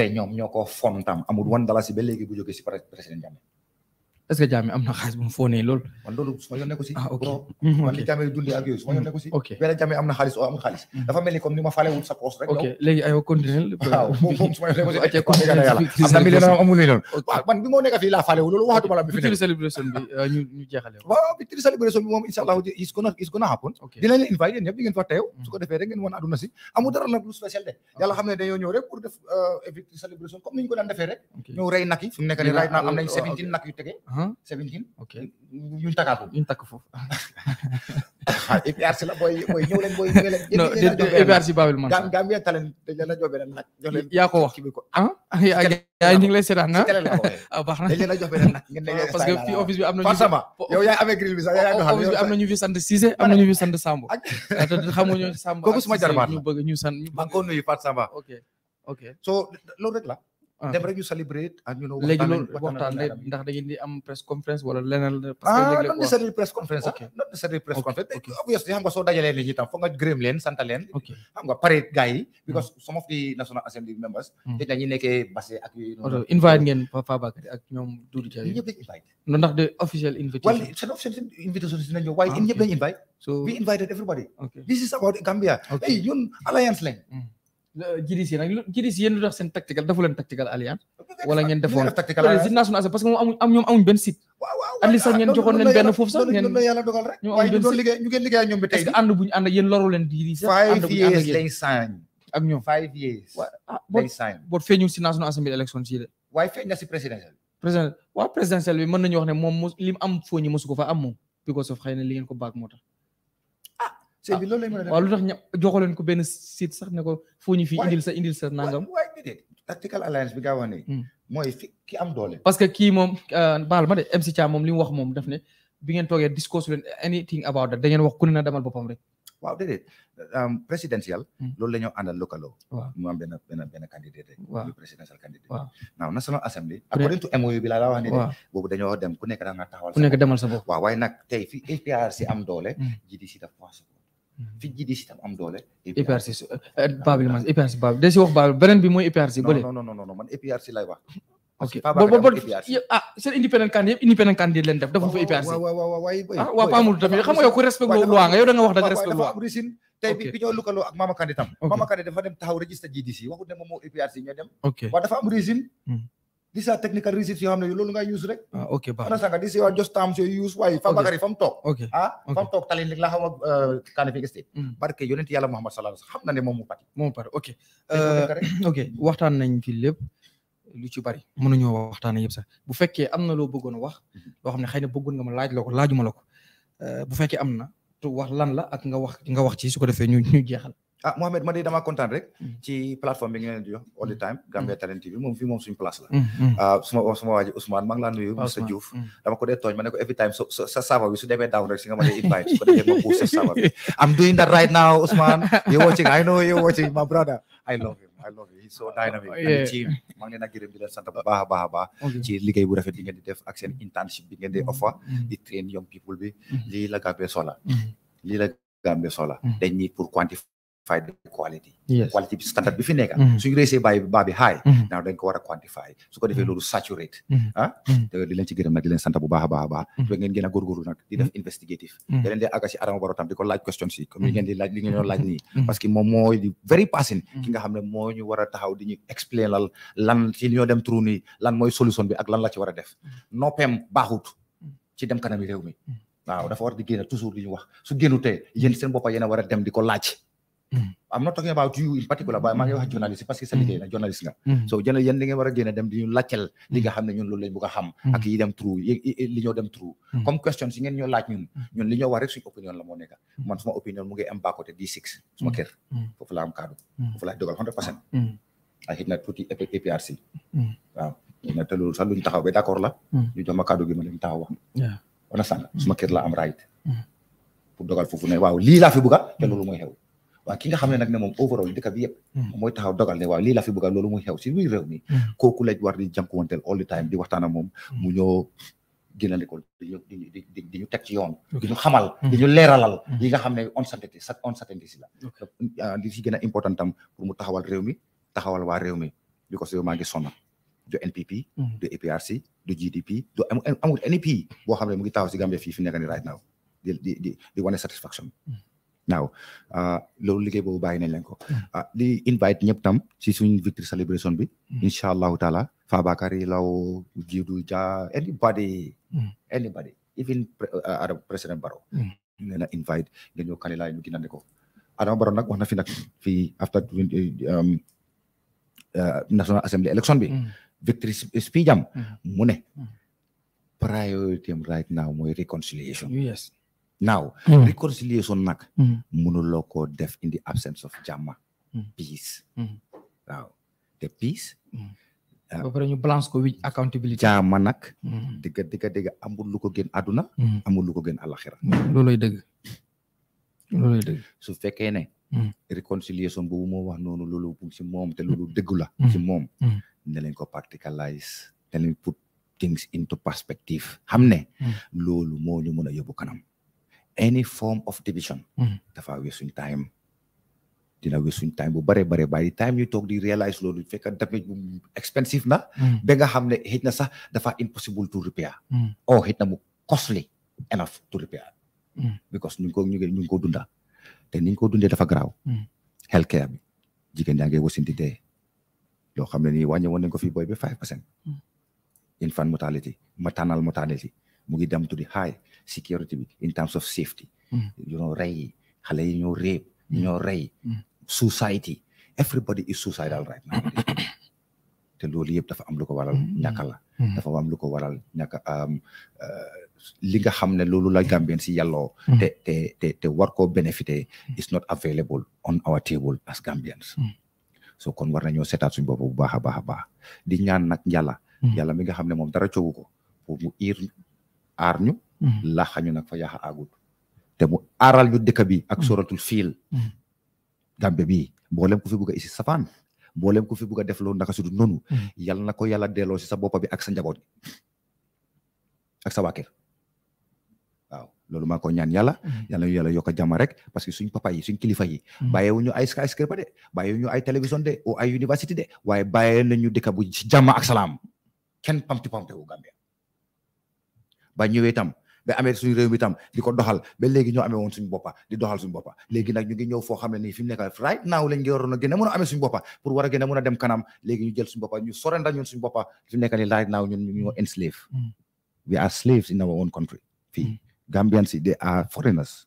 te ñoom ñoo ko fom tam amul woon dalasi ba léegi bu jógee si président Jammeh est-ce que jaami am na xaalis bu am xaalis oo am xaalis mm-hmm. dafa mel ni sa poos rek ok léegi aywa continuer [laughs] waaw moom su ma yoon nekku si loolu waxatuma bi fi euh, jeexale waaw bi tiri celebration insha allah is gonna is gonna happen dinañ leen invité yéen ñëpp di mm. euh, yi fi mu nekk nii seventeen ok yuñ takkaat foofu yuñ takk foofu waaw APRC la la jox beneen nag jox leen yaa ko wax ah yaa ngi lay seetaan na baax na dañ la jox beneen nag parce que fii office bi am na ñu yow yaa amee grill bi sax office bi am na ñu fi sant Cissé am na ñu fi sant Samb te xamuñu Samb kooku suma jarbaat ñu bëgg ñu sant maa ngi ko nuyu Fatou dem rek ñu celebrate ak ñu noo léegi loolu waxtaan ndax da ngeen di am press conference wala leneen ah, ah. not necessarily press conference press conference obviously nga soo dajalee nit ñi tam nga gërëm leen santa leen xam nga pare gars hmm. because some of the national assembly members hmm. te dañuy nekkee base invite ngeen Papa Bakary ak ñoom Doudou Dia no ndax de official invitation well seen official invitation si nañ ñëw waaye ah, ñëpp invite so we invited everybody this is about Gambia ay ñun alliance jiris yi nag jiris yéen lu tax seen tactical dafa leen tactical alliance wala ngeen defoon président suñu parce que moom amuñ am ñoom amuñ benn site at li sax ngeen joxoon leen benn foofu sax ngeen yàlla dogal rek ñoom amuñ benn site ñu ngeen liggéey ñoom bi tey est-ce que ànd buñu ànd ak yéen loru leen jiris ànd buñu ànd ak yéen ak ñoom five years ah, lay sign boot feeñu si national assembly élection si de waaye feeñ na si présidentiel président waaw présidentiel bi mën nañu wax ne moom lim am fooñi mosu ko fa am moom because of xëy na li ngeen ko baag moo tax sëñ loolu lañ mën a def waaw lu tax ña joxo leen ko benn site sax ne ko foo ñu fii indil sa indil sa nangam. ne. Hmm. mooy fi am doole. parce que kii moom euh, baal ma de MC Thiam moom li mu wax moom daf ne bi ngeen toogee discours leen anything about that da ngeen wax ku ne na boppam rek. waaw déedéet um, présidentiel. Hmm. loolu la ñu àndal lëkkaloo. waaw mu am benn benn benn candidat to MOU bi laa la wax ni de. boobu dañoo dem ku nekk da nga taxawal. ku nekk Mhm. fit ji tam am doole. APRC su Babli APRC Babli de si wax Babli beneen bi mooy APRC. APRC bo bo ah seen independent candidat yëpp independent candidat leen def defuñu fa APRC. waaw waaw waaw waay ah, tamit xam nga ku respect loi nga yow da wax da nga respect loi. tey bi bi ñoo lëkkaloo ak Mama Kandé tam. Mama Kandé dafa taxaw registre GDC waxut ne moom moo APRC ñoo ok these are technical reasons yoo xam ne loolu nga use rek. ah ok baax na sanga these are just terms you use waaye. fa Bakary ok ah, talin la xaw a euh, Kanifing State. Mm. barke yonent yàlla Muhammad sallallahu alayhi xam na ne moom moom mu pati euh, ok. waxtaan nañ fi lépp lu ci bari. mënuñoo waxtaan yëpp sax bu fekkee am na loo bëggoon wax. loo ne xëy na bëggoon nga ma laaj la ko laajuma la ko euh, bu fekkee am na tu wax lan la ak nga wax nga wax ci su ko defee ñu ñu jeexal. ah Mohamed ma di dama kontaan rek mm. ci plateforme bi nga leen all the mm. time mm. Gambia Talent TV moom fii moom suñu place la ah, suma suma waaji Ousmane maa ngi laa nuyu Moussa Diouf dama ko dee tooñ ma ne si nga ma dee invite su ko defee ma puus sa sava [laughs] a di leen sant bu baax a baax a ci liggéey bu rafet bi ngeen di def ak seen internship ngeen di offer di train young people bi lii la Gambia soxla lii la Gambia soxla dañ ñi pour quantifier quantify quality standard bi fi nekka mm-hmm. suñu réussir bàyyi baa bi high mm-hmm. ko war quantify su ko defee mm-hmm. loolu saturate ah di leen ci gërëm nag di leen sant bu baax a baax a baax a góorgóorlu nag di def mooy di very passing ki nga xam ne moo ñu war taxaw di ñu lan ci li ñoo dem trou lan mooy solution bi ak lan la ci war a def noppeem ci dem kanami réew mi waaw dafa a war dem di ko laaj am mm. not talking about you in particular waaye maa ngi wax mm. nga mm. so jënal yéen ngeen war a génne dem di ñu laajteel xam ne ñun loolu lañ bëgg a xam ak yi dem trou li dem trou comme question si ngeen ñoo laaj ñun ñun li ñoo rek suñu opinion la moo nekk man suma opinion mu ngi am baa côté D6 suma kër foofu am kaddu a suma kër la am right pour dogal foofu ne waaw fi bëgga te loolu mooy xew waaw ki nga xam ne nag ne moom overall dëkk bi yëpp mooy taxaw dogal ne waaw lii la fi bëgg loolu muy xew si biir réew mi kooku a war di jànkuwanteel all the time di waxtaan ak moom mu ñoo gënal ko di di ñu teg ci yoon ñu xamal di ñu leeralal nga xam ne uncertainty uncertainty si la li si gën a important tam pour mu taxawal réew mi taxawal waa réew mi bi ko maa ngi sonna du NPP du APRC du GDP du amul NEP boo xam ne mu ngi taxaw si Gambie fii fi nekk nii right now di di di wane satisfaction naaw uh, loolu liggéey boobu bàyyi nañ leen ko a hmm. uh, di invite ñëpp tam si suñ victory celebration bi hmm. incha allahu taala Fabakary Law Jiidu Jaa anybody hmm. anybody even président uh, Barrow ñu a invite nga ñëw kani laay ñu ginande ko Adama Barrow nag wax na fi nag fii after eh, um, National Assembly election bi victory speech am mu ne priority right now mooy réconciliation now hmm. reconciliation nag hmm. mënuloo koo def in the absence of jàmma hmm. peace waaw te peace ah. ba pare ñu balance ko with accountability jàmma nag dëgga dëgga dëgga amul ko gën àdduna amul lu ko gën àlaxira looloy dëgg looloy dëgg su fekkee ne reconciliation boobu moo wax noonu loolu si moom te loolu dëggu la si moom ne leen ko practicalize ne leen put things into perspective xam ne loolu moo ñu mën a yóbbu kanam any form of division. Hmm. dafa wees suñ time dina wees suñ time bu bare bare by the time ñu toog di realize loolu fekk damage bu expensive na hmm. ba xam ne xëj na sax dafa impossible to repair hmm. o oh, xëj na mu costly enough to repair because ñu ko ñu ko dunda te ni ñu ko dundee dafa garaaw healthcare bi jigéen yaa ngi wasinti dee loo xam ne ni wàññi woon nañ ko fii booy ba five percent infant mortality maternal mortality mu ngi dem to the high security bi in terms of safety mm. you know rey yi xale yi ñoo rape mm. ñoo rey mm. society everybody is suicidal right [coughs] te loolu yëpp dafa am lu ko waral ñàkka la dafa am lu ko waral ñàkka euh, li nga xam ne loolu la Gambien si yàlloo te te te war koo bénéfité is not available on our table as Gambians so kon war nañoo seetaat suñ bopp bu baax a baax a baax di ñaan nag yàlla yàlla mi xam ne moom dara coowu ko mu ir aar Mm-hmm. la xañu nag fa yaaxa agut te mu aaral ñu dëkk bi ak mm-hmm. soratul fiil mm-hmm. gambe bi mboolem ku fi bugg a isi safaan mboolem ku fi bugg def loolu naka sudu noonu yal na ko yàlla delloo si sa boppa bi ak sa njaboot ak sa waa kër waaw loolu maa ko ñaan yàlla yal nañu yàlla yokk a rek parce que suñ papa yi suñ kilifa yi bàyyiwuñu ay skyscraper de bàyyiwuñu ay télévision de ou ay université de waaye bàyyi nañu dëkk bu si jàmm ak salaam kenn pamti pamte wu Gambia ba ñëwee tam ba amee suñu réew mi di ko doxal ba léegi ñoo amee woon suñu boppa di doxal suñu boppa léegi nag ñu ngi ñëw foo xam ne nii nekk right now lañ ngi waroon a gën a mën a boppa pour war a gën a mën a dem kanam léegi ñu jël suñu boppa ñu sorenda ñun suñu boppa fi mu nekk nii right now ñun ñoo enslave mm. we are slaves in our own country fii mm. Gambians yi they are foreigners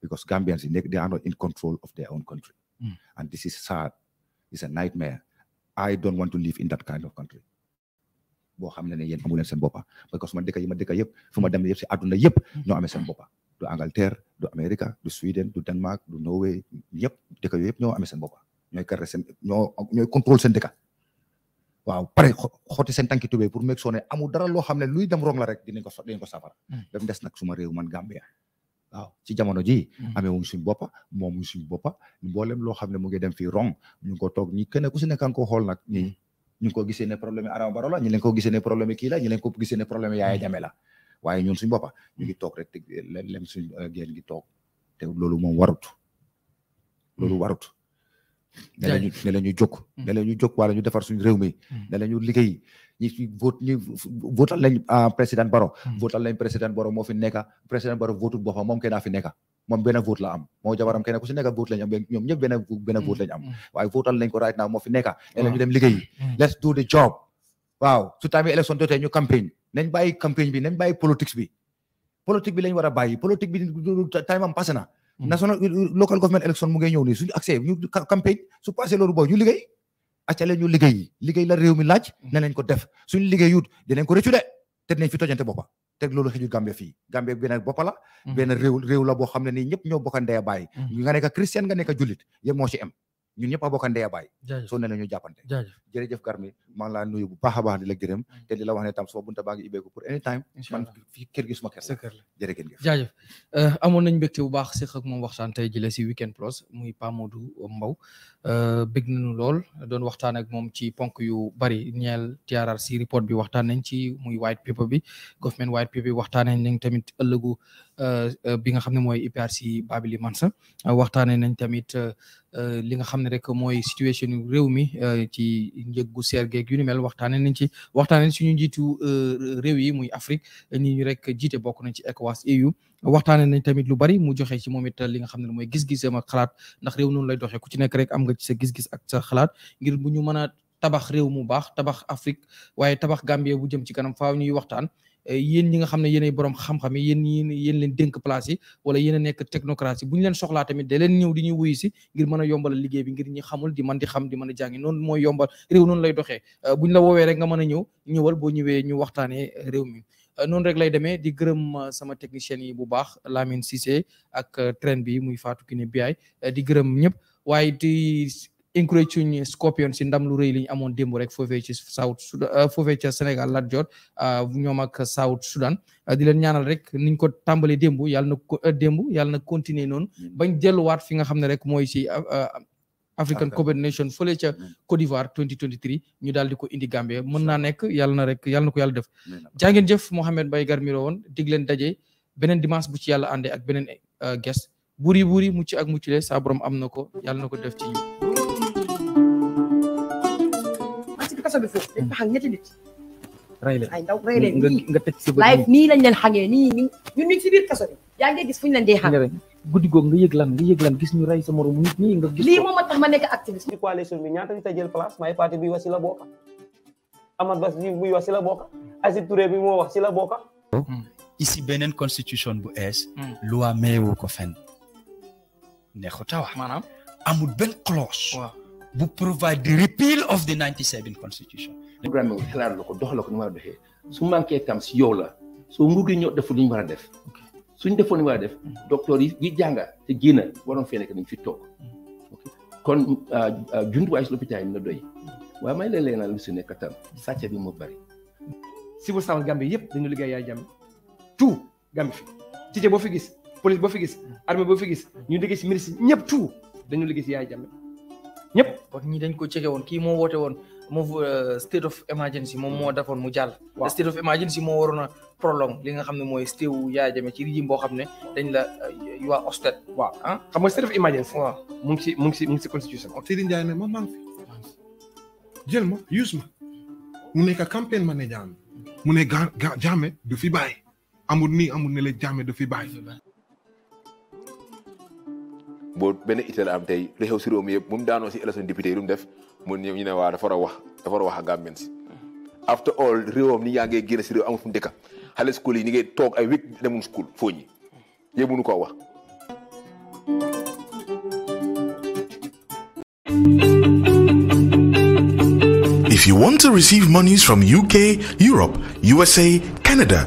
because Gambians yi they are not in control of their own country mm. and this is sad it's a nightmare I don't want to live boo xam ne ne yéen amu leen seen boppa parce que suma dëkk yi ma dëkk yëpp fu ma dem yëpp si àdduna yëpp mm-hmm. ñoo amee seen boppa du Angleterre du Amérique du Sweden du Danemark du Norway yëpp dëkk yooyu yëpp ñoo amee seen boppa ñooy carré seen ñoo waaw pare xotti seen tànki pour meeg soo amul dara loo xam ne luy dem rong la rek ko dinañ ko saafara mm. ba mu des nag suma réew man Gambia waaw ci jamono ji mm. amee wuñ suñ boppa moom wuñ suñ boppa mboolem loo xam ne mu ngi dem fii rong ñu ngi ko toog si nekkaan ko xool nag ñu ngi ko gisee ne problème Adama Barrow la ñu leen ko gisee ne problème kii la ñu leen problème Yaya Jammeh waaye ñun suñu boppa ñu ngi toog rek te lem suñ génn gi toog te loolu moom warut loolu mm. warut ne la ñu ne la ñu jóg mm. ne la ñu jóg wala ñu defar suñ réew mi mm. ne la ñu liggéey ñi ci vote ñi votal lañ ah, président Barrow votal lañ président Barrow moo fi nekka président Barrow votul boppam moom kenn naa fi nekka moom benn vote la am moo jabaram kenn ku si nekk vote lañ am ñoom ñëpp benn vote lañ am mm-hmm. Mm-hmm. waaye votal lañ ko right now moo nekka mm-hmm. léeg ñu dem a leen la réew mi laaj na leen ko def suñu liggéeyut dinañ ko rëccu de te dinañ fi tojante boppa te loolu xëjul Gambie fii Gambie benn bopp la mhm. benn réew réew xam ne nii ñëpp ñoo bokk ndey baay mhm. nga nekk chrétien nga nekk jullit ñun ñëpp a bokk ndey a baay soo ne ñu jàppante jërëjëf Garmi maa laa nuyu bu baax a baax di a gërëm mm. te di la wax ne tam suma bunta baa ngi ibbeeku pour any time man fii kër gi suma kër sa kër la jërë ngeen jëf jaajëf euh, amoon nañ mbégte bu baax si xëg moom waxtaan tey jële si Weekend Plus muy Pa Modou Mbow euh, bég lool doon waxtaan ak moom ci ponk yu bari ñeel TRRC report bi waxtaan nañ ci muy white paper bi government white paper bi waxtaanee nañ tamit ëllëgu euh, bi nga xam ne mooy IPRC Babili Mansa waxtaanee nañ tamit li nga xam ne rek mooy situation réew mi euh, ci njëg gu seer geek yu ni mel waxtaanee nañ ci waxtaanee suñu njiitu euh, réew yi muy Afrique ni ñu rek jiite bokk nañ ci ECOWAS EU waxtaanee nañ tamit lu bari mu joxe ci moom it li nga xam ne mooy gis-gisam ak xalaat ndax réew noonu lay doxee ku ci nekk rek am nga ci sa gis-gis ak sa xalaat ngir bu ñu mën a tabax réew mu baax tabax Afrique waaye tabax Gambie bu jëm ci kanam faaw ñuy waxtaan. Eh, yéen ñi nga xam ne yéenay borom xam-xam yi yéen yéen leen dénk place yi wala yéen a nekk technocratie bu ñu leen soxlaa tamit da leen ñëw di ñuy wuyu si ngir mën a yombalal liggéey bi ngir ñi xamul di man di xam di mën a jàngi noonu mooy yombal réew noonu lay doxee eh, bu ñu la woowee rek nga mën a ñëw ñëwal boo ñëwee ñu waxtaanee eh, réew mi noonu rek lay demee di gërëm sama technicien yi bu baax Lamine Cissé ak train bi muy faatu Fatou Kiné Biaye di gërëm ñëpp encourage suñu scorpion si ndam lu rëy li ñu amoon demb rek foofee ci South Sudan euh, foofee ca Sénégal Lat Dior euh, ñoom ak South Sudan euh, di leen ñaanal rek niñ ko tàmbalee démb yàlla na ko démb yàlla na continuer noonu mm. bañ delluwaat fi nga xam ne rek mooy si African Cup Nation fële ca mm. Côte d'Ivoire 2023 ñu daal di ko indi Gambie mën naa nekk yàlla na rek yàlla ko yàlla def jaa ngeen jëf bay Baye Garmiro woon dig leen daje beneen dimanche bu ci yàlla àndee ak beneen guest buuri buuri mucc ak mucc le saa borom am na ko yàlla na ko def ci kaso bi foofu dañ fa xam hmm. ñetti nit rey leen ay ndaw rey leen nii nga tëj si live nii lañ leen xamee nii ñu ñun ñu si biir bi yaa ngi gis fu ñu leen dee xam nga yëg lan nga yëg lan gis ñu rey sa moromu nit ñi nga gis lii moom a tax ma nekk activiste ci coalition bi ñaata nit a jël place may parti bi wax si la bokka Amad Bass bi wax si la bokka Asib Touré bi moo wax si la bokka hmm. ici beneen constitution bu ees hmm. loi mayewu ko fenn neexu tawa maanaam amul benn clause bu provide the repeal of the 97 constitution. programme bi xalaat la ko ko ni war a doxee su manqué tam si yow la soo nguur gi ñoo deful li ñu war a def suñ defoon li war a def mm. docteur yi yi jànga te génn waroon fee nekk nañ fi toog mm. kon euh, euh, junt si lopitaan yi na doy waaye may leen leenal lu si nekk tam sàcc bi moo bëri. civil servant Gambie yëpp dañu liggéey yaay jàmm tout Gambie fi tijje boo fi gis police boo fi gis armée boo fi gis ñu liggéey si ministre ñëpp tout dañu liggéey si yaay jàmm ñëpp kon ñi dañ ko jege woon kii moo woote woon moo euh, state of emergency moom moo hmm. defoon mu jàll state of emergency moo waroon a prolong li nga xam ne mooy state wu Yaya Jammeh ci régime boo xam ne dañ la waa euh, Ofsted waaw ah xam nga state of emergency mu ngi si mu ngi si mu ngi si constitution oh, Sidi Ndiaye di ma maa ngi fi jël ma use ma mu nekk campagne manager am mu ne ga Jammeh du fi bàyyi amul nii amul ne la Jammeh du fi bàyyi boo benn itte la am tey li si réew mi yëpp daanoo si élection député yi def mu ñëw ñu ne waa dafa wax dafa a wax ak Gambien si after all réewam ni yaa ngee génn si réew amul mu dëkka xale school yi ni ngay toog ay week demum school foo ñi yëpp mënu koo wax If you want to receive monies from UK, Europe, USA, Canada,